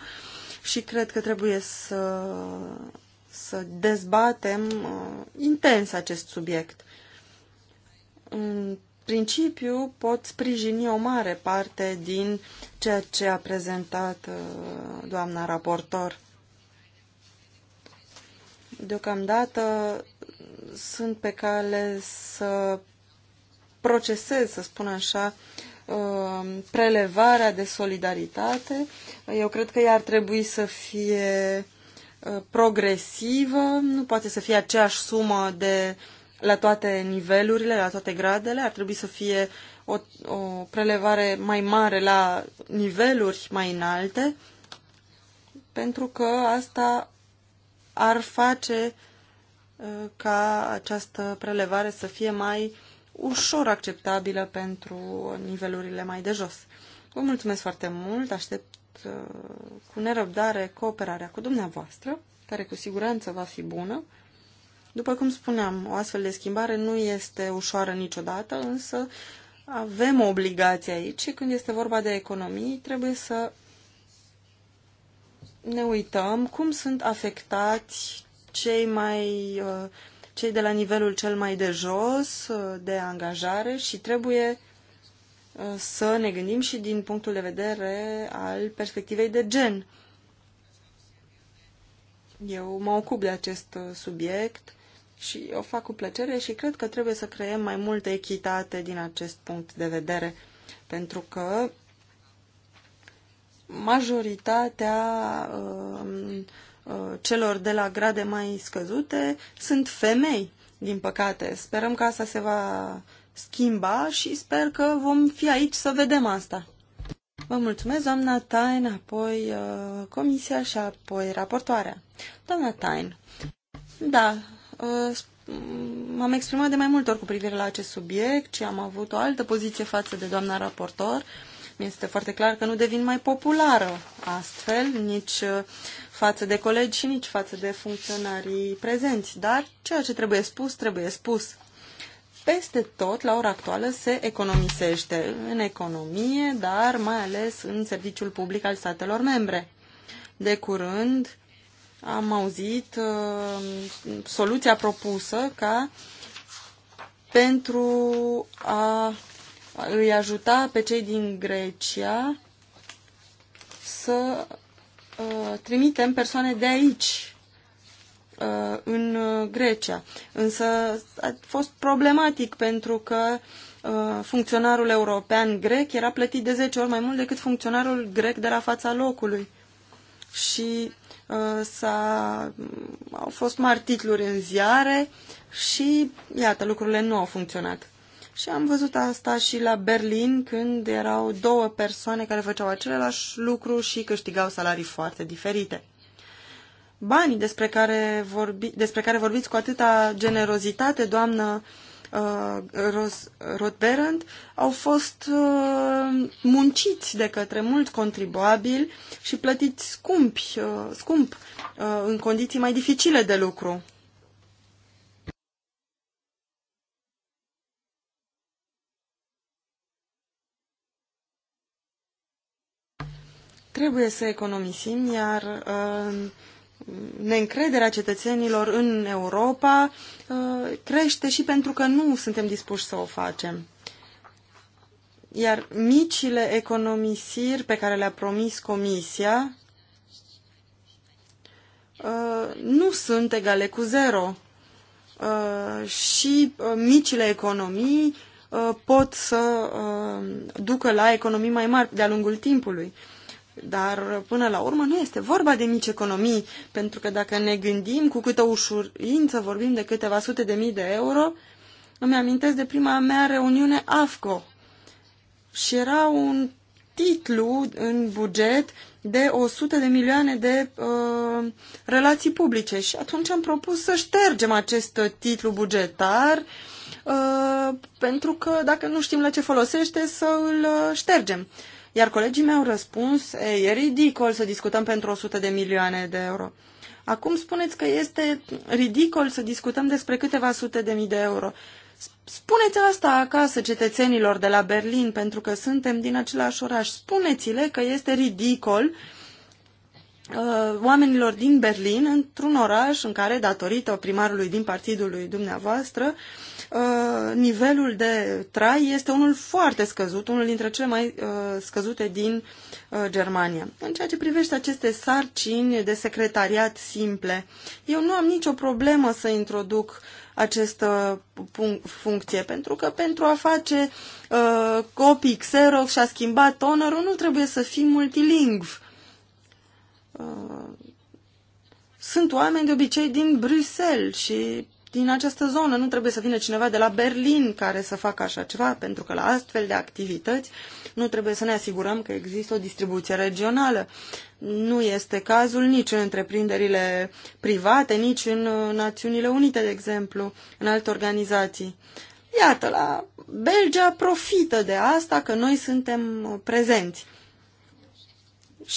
și cred că trebuie să, să dezbatem uh, intens acest subiect în principiu pot sprijini o mare parte din ceea ce a prezentat uh, doamna raportor. Deocamdată sunt pe cale să procesez, să spun așa, uh, prelevarea de solidaritate. Eu cred că ea ar trebui să fie uh, progresivă, nu poate să fie aceeași sumă de la toate nivelurile, la toate gradele, ar trebui să fie o, o prelevare mai mare la niveluri mai înalte, pentru că asta ar face uh, ca această prelevare să fie mai ușor acceptabilă pentru nivelurile mai de jos. Vă mulțumesc foarte mult, aștept uh, cu nerăbdare cooperarea cu dumneavoastră, care cu siguranță va fi bună. După cum spuneam, o astfel de schimbare nu este ușoară niciodată, însă avem o obligație aici și când este vorba de economii, trebuie să ne uităm cum sunt afectați cei mai uh, cei de la nivelul cel mai de jos uh, de angajare și trebuie uh, să ne gândim și din punctul de vedere al perspectivei de gen. Eu mă ocup de acest subiect și o fac cu plăcere și cred că trebuie să creăm mai multă echitate din acest punct de vedere, pentru că majoritatea uh, uh, celor de la grade mai scăzute sunt femei, din păcate. Sperăm că asta se va schimba și sper că vom fi aici să vedem asta. Vă mulțumesc, doamna Tain, apoi uh, comisia și apoi raportoarea. Doamna Tain, da, Uh, m-am exprimat de mai multe ori cu privire la acest subiect și am avut o altă poziție față de doamna raportor. mi Este foarte clar că nu devin mai populară astfel, nici uh, față de colegi și nici față de funcționarii prezenți. Dar ceea ce trebuie spus, trebuie spus. Peste tot, la ora actuală, se economisește în economie, dar mai ales în serviciul public al statelor membre. De curând, am auzit uh, soluția propusă ca pentru a îi ajuta pe cei din Grecia să uh, trimitem persoane de aici uh, în uh, Grecia. Însă a fost problematic pentru că uh, funcționarul european grec era plătit de 10 ori mai mult decât funcționarul grec de la fața locului. Și Uh, s-a, au fost mari titluri în ziare și, iată, lucrurile nu au funcționat. Și am văzut asta și la Berlin, când erau două persoane care făceau același lucru și câștigau salarii foarte diferite. Banii despre care, vorbi, despre care vorbiți cu atâta generozitate, doamnă uh, Uh, Rothberend au fost uh, munciți de către mulți contribuabili și plătiți scumpi, scump uh, în condiții mai dificile de lucru. Trebuie să economisim, iar uh, neîncrederea cetățenilor în Europa uh, crește și pentru că nu suntem dispuși să o facem. Iar micile economisiri pe care le-a promis Comisia uh, nu sunt egale cu zero. Uh, și micile economii pot să ducă la economii mai mari de-a lungul timpului. Dar, până la urmă, nu este vorba de mici economii, pentru că dacă ne gândim cu câtă ușurință vorbim de câteva sute de mii de euro, îmi amintesc de prima mea reuniune AFCO. Și era un titlu în buget de 100 de milioane de uh, relații publice și atunci am propus să ștergem acest titlu bugetar uh, pentru că dacă nu știm la ce folosește să îl uh, ștergem. Uh, iar colegii mei au răspuns, e, e ridicol să discutăm pentru 100 de milioane de euro. Acum spuneți că este ridicol să discutăm despre câteva sute de mii de euro. Spuneți asta acasă cetățenilor de la Berlin, pentru că suntem din același oraș. Spuneți-le că este ridicol uh, Uh, oamenilor din Berlin într-un oraș în care, datorită primarului din partidul lui dumneavoastră, uh, nivelul de trai este unul foarte scăzut, unul dintre cele mai uh, scăzute din Germania. În ceea ce privește aceste sarcini de secretariat simple, eu nu am nicio problemă să introduc această funcție, pentru că pentru a face copii Xerox și a schimba tonerul nu trebuie să fii multilingv Uh, sunt oameni de obicei din Bruxelles și din această zonă. Nu trebuie să vină cineva de la Berlin care să facă așa ceva, pentru că la astfel de activități nu trebuie să ne asigurăm că există o distribuție regională. Nu este cazul nici în întreprinderile private, nici în uh, Națiunile Unite, de exemplu, în alte organizații. Iată, la Belgia profită de asta că noi suntem uh, prezenți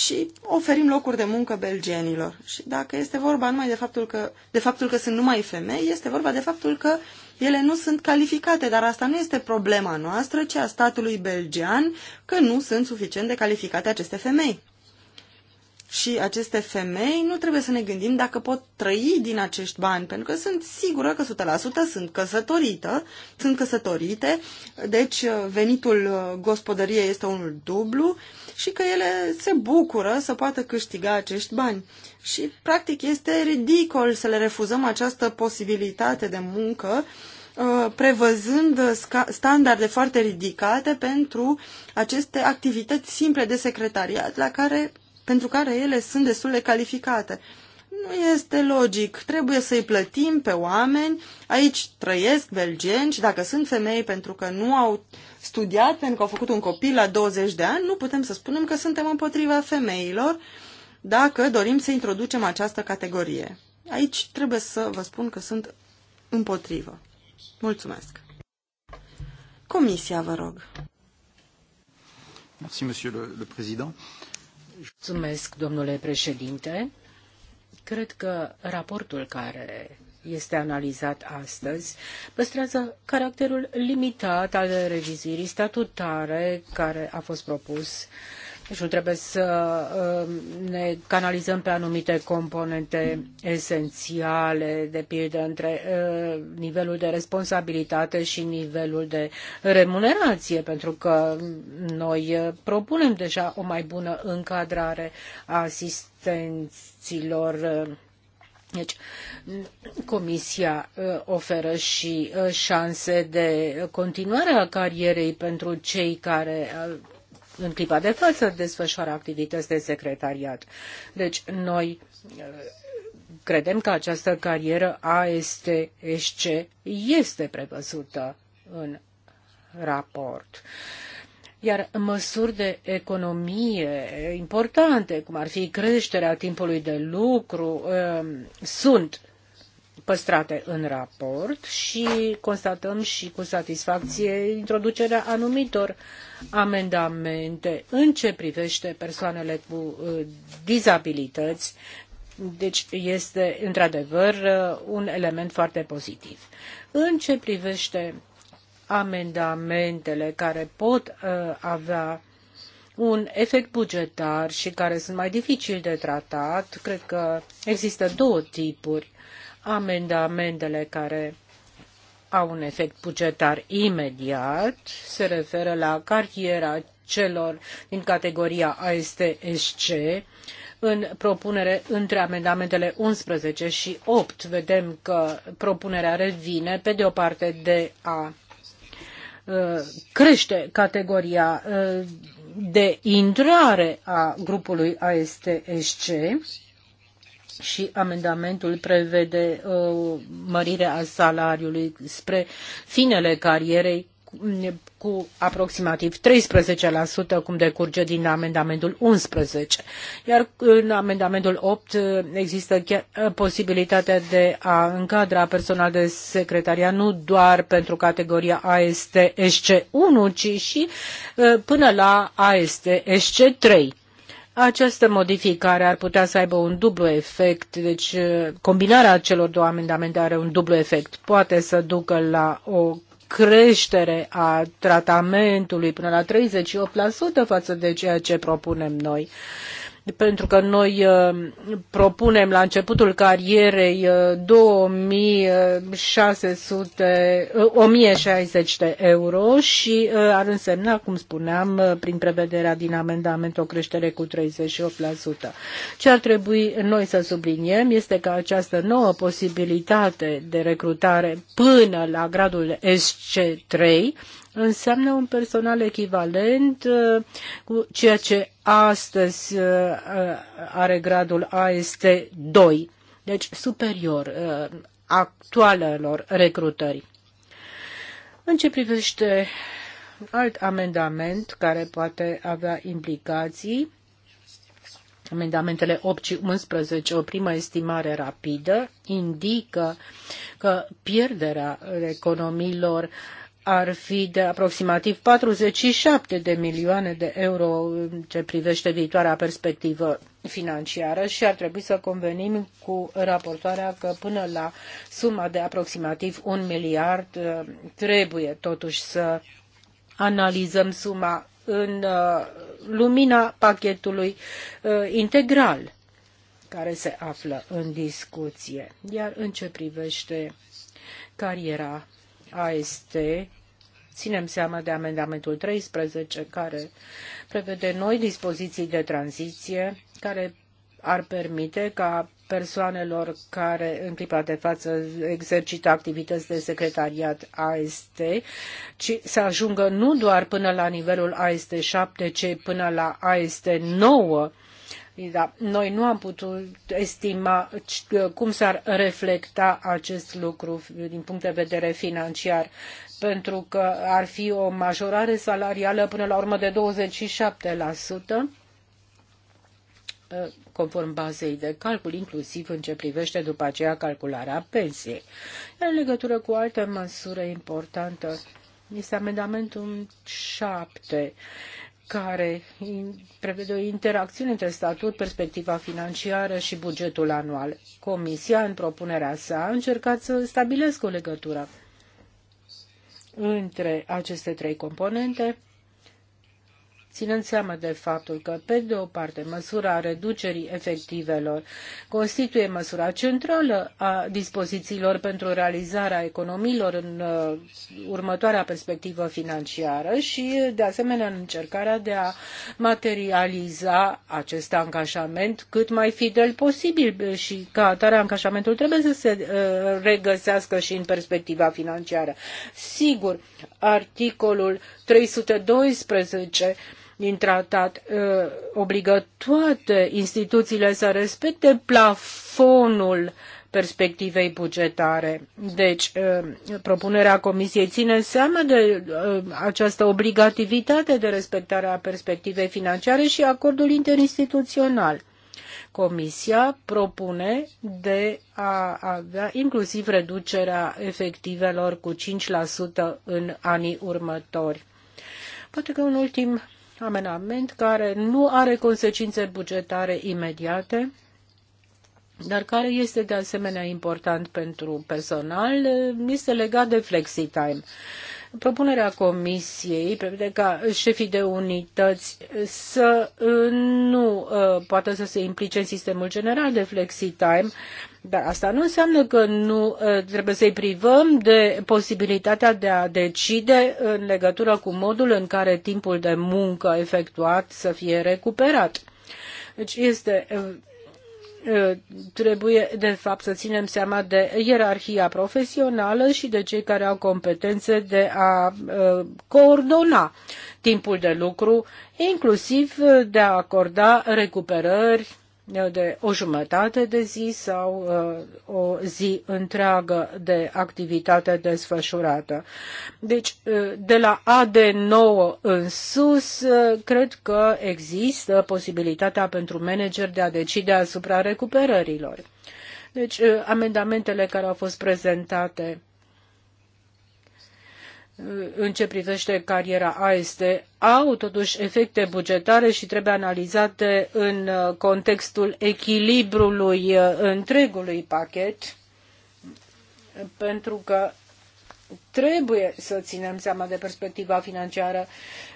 și oferim locuri de muncă belgenilor. Și dacă este vorba numai de faptul că, de faptul că sunt numai femei, este vorba de faptul că ele nu sunt calificate, dar asta nu este problema noastră, ci a statului belgean, că nu sunt suficient de calificate aceste femei și aceste femei nu trebuie să ne gândim dacă pot trăi din acești bani, pentru că sunt sigură că 100% sunt căsătorită, sunt căsătorite, deci uh, venitul uh, gospodăriei este unul dublu și că ele se bucură să poată câștiga acești bani. Și practic este ridicol să le refuzăm această posibilitate de muncă uh, prevăzând standarde foarte ridicate pentru aceste activități simple de secretariat la care pentru care ele sunt destul de calificate. Nu este logic. Trebuie să-i plătim pe oameni. Aici trăiesc belgeni și dacă sunt femei pentru că nu au studiat, pentru că au făcut un copil la 20 de ani, nu putem să spunem că suntem împotriva femeilor dacă dorim să introducem această categorie. Aici trebuie să vă spun că sunt împotrivă. Mulțumesc. Comisia, vă rog. Mulțumesc, domnule le, le président. Mulțumesc, domnule președinte. Cred că raportul care este analizat astăzi păstrează caracterul limitat al revizuirii statutare care a fost propus uh, deci nu trebuie să uh, ne canalizăm pe anumite componente esențiale, de pildă între uh, nivelul de responsabilitate și nivelul de remunerație, pentru că noi uh, propunem deja o mai bună încadrare a asistenților deci, Comisia oferă și șanse de continuare a carierei pentru cei care în clipa de față desfășoară activități de secretariat. Deci noi uh, credem că această carieră ASTSC este prevăzută în raport. Iar măsuri de economie importante, cum ar fi creșterea timpului de lucru, uh, sunt păstrate în raport și constatăm și cu satisfacție introducerea anumitor amendamente în ce privește persoanele cu uh, dizabilități. Deci este într-adevăr uh, un element foarte pozitiv. În ce privește amendamentele care pot uh, avea un efect bugetar și care sunt mai dificil de tratat, cred că există două tipuri Amendamentele care au un efect bugetar imediat se referă la cariera celor din categoria ASTSC. În propunere între amendamentele 11 și 8 vedem că propunerea revine pe de o parte de a uh, crește categoria uh, de intrare a grupului ASTSC și amendamentul prevede o uh, mărire a salariului spre finele carierei cu aproximativ 13%, cum decurge din amendamentul 11. Iar în amendamentul 8 uh, există chiar uh, posibilitatea de a încadra personal de secretaria nu doar pentru categoria AST-SC1, ci și până la AST-SC3. Această modificare ar putea să aibă un dublu efect, deci uh, combinarea celor două amendamente are un dublu efect. Poate să ducă la o creștere a tratamentului până la 38% față de ceea ce propunem noi pentru că noi uh, propunem la începutul carierei 2600, uh, 1060 uh, de euro și ar însemna, cum spuneam, prin prevederea din amendament o creștere cu 38%. Ce ar trebui noi să subliniem este că această nouă posibilitate de recrutare până la gradul SC3 înseamnă un personal echivalent uh, cu ceea ce astăzi uh, uh, are gradul AST 2, deci superior actualelor recrutări. În ce privește alt amendament care poate avea implicații, Amendamentele 8 și 11, o primă estimare rapidă, indică că pierderea economiilor uh, ar fi de aproximativ 47 de milioane de euro în ce privește viitoarea perspectivă financiară și ar trebui să convenim cu raportoarea că până la suma de aproximativ un miliard uh, trebuie totuși să analizăm suma în uh, lumina pachetului uh, integral care se află în discuție. Iar în ce privește cariera AST. Ținem seama de amendamentul 13 care prevede noi dispoziții de tranziție care ar permite ca persoanelor care în clipa de față exercită activități de secretariat AST, ci să ajungă nu doar până la nivelul AST 7, ci până la AST 9, da, noi nu am putut estima uh, cum s-ar reflecta acest lucru din punct de vedere financiar, pentru că ar fi o majorare salarială până la urmă de 27% uh, conform bazei de calcul, inclusiv în ce privește după aceea calcularea pensiei. în legătură cu o altă măsură importantă este amendamentul 7 care prevede o interacțiune între statut, perspectiva financiară și bugetul anual. Comisia, în propunerea sa, a încercat să stabilească o legătură între aceste trei componente ținând seama de faptul că, pe de o parte, măsura reducerii efectivelor constituie măsura centrală a dispozițiilor pentru realizarea economiilor în uh, următoarea perspectivă financiară și, de asemenea, în încercarea de a materializa acest angajament cât mai fidel posibil și, ca atare, angajamentul trebuie să se uh, regăsească și în perspectiva financiară. Sigur, articolul 312 din tratat uh, obligă toate instituțiile să respecte plafonul perspectivei bugetare. Deci, uh, propunerea Comisiei ține seama de uh, această obligativitate de respectare a perspectivei financiare și acordul interinstituțional. Comisia propune de a avea inclusiv reducerea efectivelor cu 5% în anii următori. Poate că un ultim amenament care nu are consecințe bugetare imediate, dar care este de asemenea important pentru personal, este legat de flexitime. Propunerea comisiei prevede ca șefii de unități să nu uh, poată să se implice în sistemul general de flexitime. Dar asta nu înseamnă că nu ă, trebuie să-i privăm de posibilitatea de a decide în legătură cu modul în care timpul de muncă efectuat să fie recuperat. Deci este ă, ă, trebuie de fapt să ținem seama de ierarhia profesională și de cei care au competențe de a coordona timpul de lucru, inclusiv de a acorda recuperări de o jumătate de zi sau uh, o zi întreagă de activitate desfășurată. Deci, uh, de la AD9 în sus, uh, cred că există posibilitatea pentru manager de a decide asupra recuperărilor. Deci, uh, amendamentele care au fost prezentate în ce privește cariera AST au totuși efecte bugetare și trebuie analizate în uh, contextul echilibrului uh, întregului pachet, pentru că trebuie să ținem seama de perspectiva financiară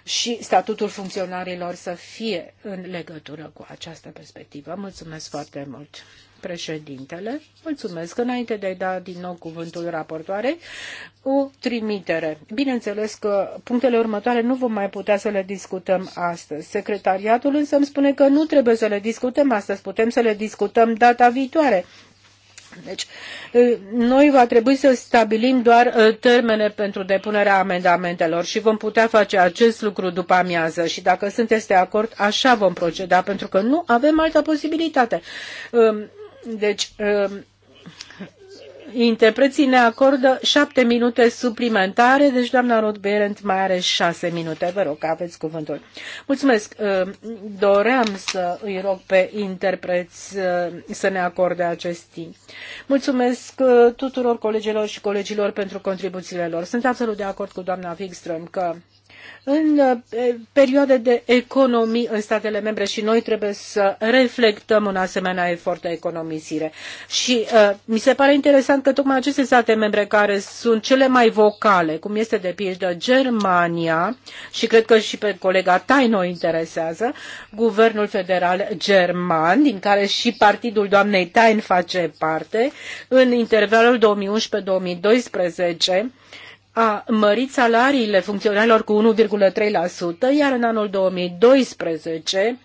și statutul funcționarilor să fie în legătură cu această perspectivă. Mulțumesc foarte mult! Președintele, mulțumesc. Înainte de a-i da din nou cuvântul raportoarei, o trimitere. Bineînțeles că punctele următoare nu vom mai putea să le discutăm astăzi. Secretariatul însă îmi spune că nu trebuie să le discutăm astăzi, putem să le discutăm data viitoare. Deci, noi va trebui să stabilim doar termene pentru depunerea amendamentelor și vom putea face acest lucru după amiază și dacă sunteți de acord, așa vom proceda, pentru că nu avem altă posibilitate. Deci, um, interpreții ne acordă șapte minute suplimentare, deci doamna Rodberent mai are șase minute. Vă rog, aveți cuvântul. Mulțumesc. Um, doream să îi rog pe interpreți uh, să ne acorde acest timp. Mulțumesc uh, tuturor colegilor și colegilor pentru contribuțiile lor. Sunt absolut de acord cu doamna Wigström că în eh, perioade de economii în statele membre și noi trebuie să reflectăm un asemenea efort de economisire. Și uh, mi se pare interesant că tocmai aceste state membre care sunt cele mai vocale, cum este de pildă Germania, și cred că și pe colega Taino interesează, guvernul federal german, din care și partidul doamnei Tain face parte, în intervalul 2011-2012, a mărit salariile funcționarilor cu 1,3%, iar în anul 2012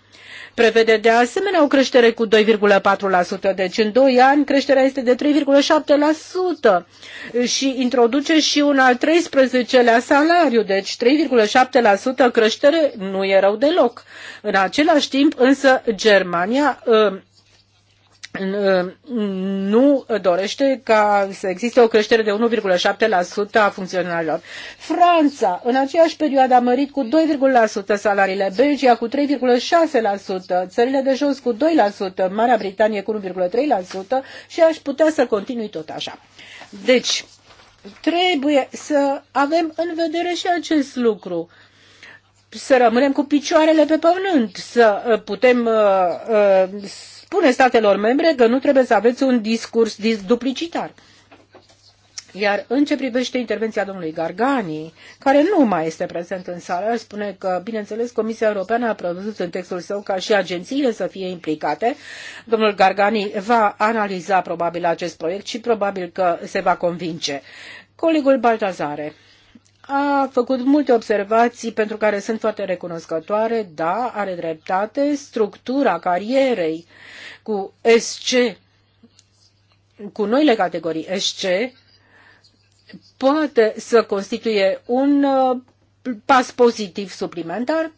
prevede de asemenea o creștere cu 2,4%, deci în 2 ani creșterea este de 3,7% și introduce și un al 13-lea salariu, deci 3,7% creștere nu e rău deloc. În același timp, însă, Germania ă, nu dorește ca să existe o creștere de 1,7% a funcționarilor. Franța, în aceeași perioadă, a mărit cu 2,1% salariile, Belgia cu 3,6%, țările de jos cu 2%, Marea Britanie cu 1,3% și aș putea să continui tot așa. Deci, trebuie să avem în vedere și acest lucru să rămânem cu picioarele pe pământ, să uh, putem uh, uh, spune statelor membre că nu trebuie să aveți un discurs duplicitar. Iar în ce privește intervenția domnului Gargani, care nu mai este prezent în sală, spune că, bineînțeles, Comisia Europeană a prevăzut în textul său ca și agențiile să fie implicate. Domnul Gargani va analiza probabil acest proiect și probabil că se va convinge. Colegul Baltazare a făcut multe observații pentru care sunt foarte recunoscătoare, da, are dreptate, structura carierei uh, cu SC, cu noile categorii SC, poate să constituie un uh, pas pozitiv suplimentar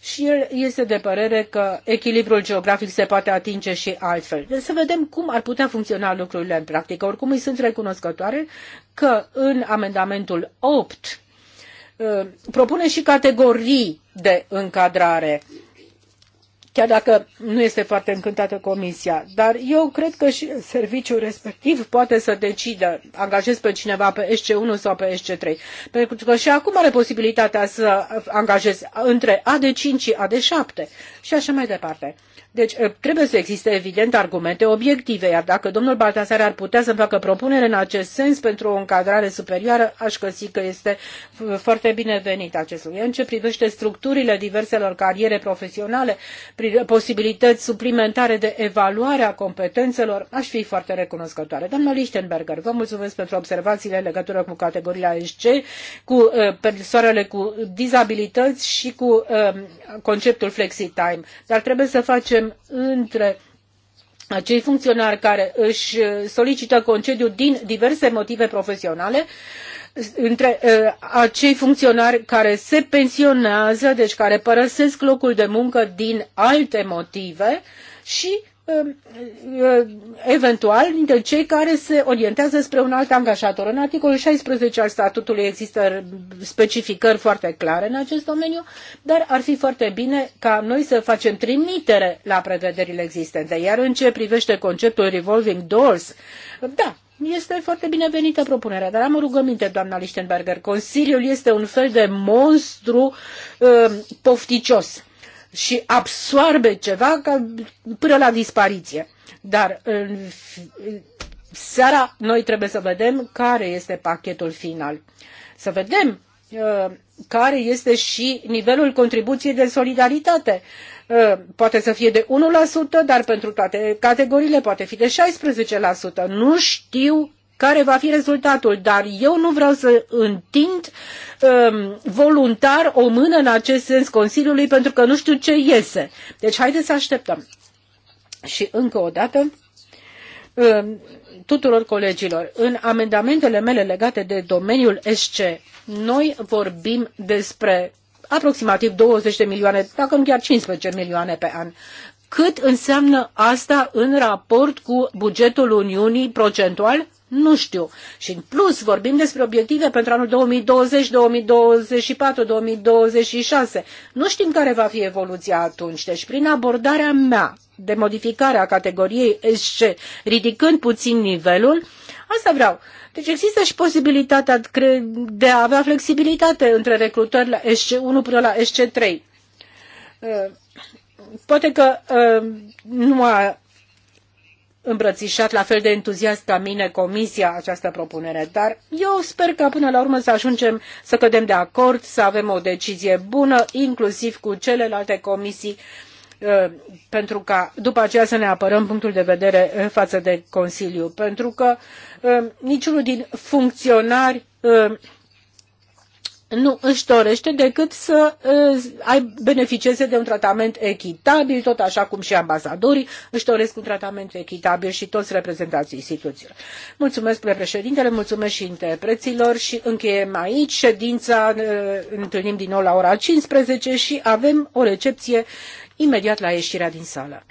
și el este de părere că echilibrul geografic se poate atinge și altfel. Deci să vedem cum ar putea funcționa lucrurile în practică. Oricum îi sunt recunoscătoare că în amendamentul 8 uh, propune și categorii de încadrare chiar dacă nu este foarte încântată comisia. Dar eu cred că și serviciul respectiv poate să decidă, angajez pe cineva pe SC1 sau pe SC3, pentru că și acum are posibilitatea să angajez între AD5 și AD7 și așa mai departe. Deci eh, trebuie să existe evident argumente obiective, iar dacă domnul Baltasar ar putea să-mi facă propunere în acest sens pentru o încadrare superioară, aș găsi că este foarte binevenit acest lucru. În ce privește structurile diverselor cariere profesionale, posibilități suplimentare de evaluare a competențelor, aș fi foarte recunoscătoare. Doamna Lichtenberger, vă mulțumesc pentru observațiile în legătură cu categoria SC, cu uh, persoanele cu dizabilități și cu um, conceptul flexi-time. Dar trebuie să facem între acei funcționari care își solicită concediu din diverse motive profesionale între uh, acei funcționari care se pensionează, deci care părăsesc locul de muncă din alte motive și um, uh, eventual dintre cei care se orientează spre un alt angajator. În articolul 16 al statutului există specificări foarte clare în acest domeniu, dar ar fi foarte bine ca noi să facem trimitere la prevederile existente. Iar în ce privește conceptul revolving doors, da, este foarte binevenită propunerea, dar am o rugăminte, doamna Lichtenberger. Consiliul este un fel de monstru uh, pofticios și absoarbe ceva ca, până la dispariție. Dar uh, seara noi trebuie să vedem care este pachetul final. Să vedem uh, care este și nivelul contribuției de solidaritate. Uh, poate să fie de 1%, dar pentru toate categoriile poate fi de 16%. Nu știu care va fi rezultatul, dar eu nu vreau să întind um, voluntar o mână în acest sens Consiliului pentru că nu știu ce iese. Deci haideți să așteptăm. Și încă o dată, um, tuturor colegilor, în amendamentele mele legate de domeniul SC, noi vorbim despre aproximativ 20 de milioane, dacă nu chiar 15 milioane pe an. Cât înseamnă asta în raport cu bugetul Uniunii procentual? Nu știu. Și în plus vorbim despre obiective pentru anul 2020, 2024, 2026. Nu știm care va fi evoluția atunci. Deci prin abordarea mea de modificare a categoriei SC, ridicând puțin nivelul, asta vreau. Deci există și posibilitatea de a avea flexibilitate între recrutări la SC1 până la SC3. Uh, poate că uh, nu a îmbrățișat la fel de entuziast ca mine comisia această propunere, dar eu sper că până la urmă să ajungem să cădem de acord, să avem o decizie bună, inclusiv cu celelalte comisii uh, Uh, pentru ca după aceea să ne apărăm punctul de vedere uh, față de Consiliu. Pentru că uh, niciunul din funcționari nu își dorește decât să ai beneficieze de un tratament echitabil, tot așa cum și ambasadorii își doresc un tratament echitabil și toți reprezentanții instituțiilor. Mulțumesc, președintele, mulțumesc și interpreților și încheiem aici ședința, întâlnim din nou la ora 15 și avem o recepție imediat la ieșirea din sală.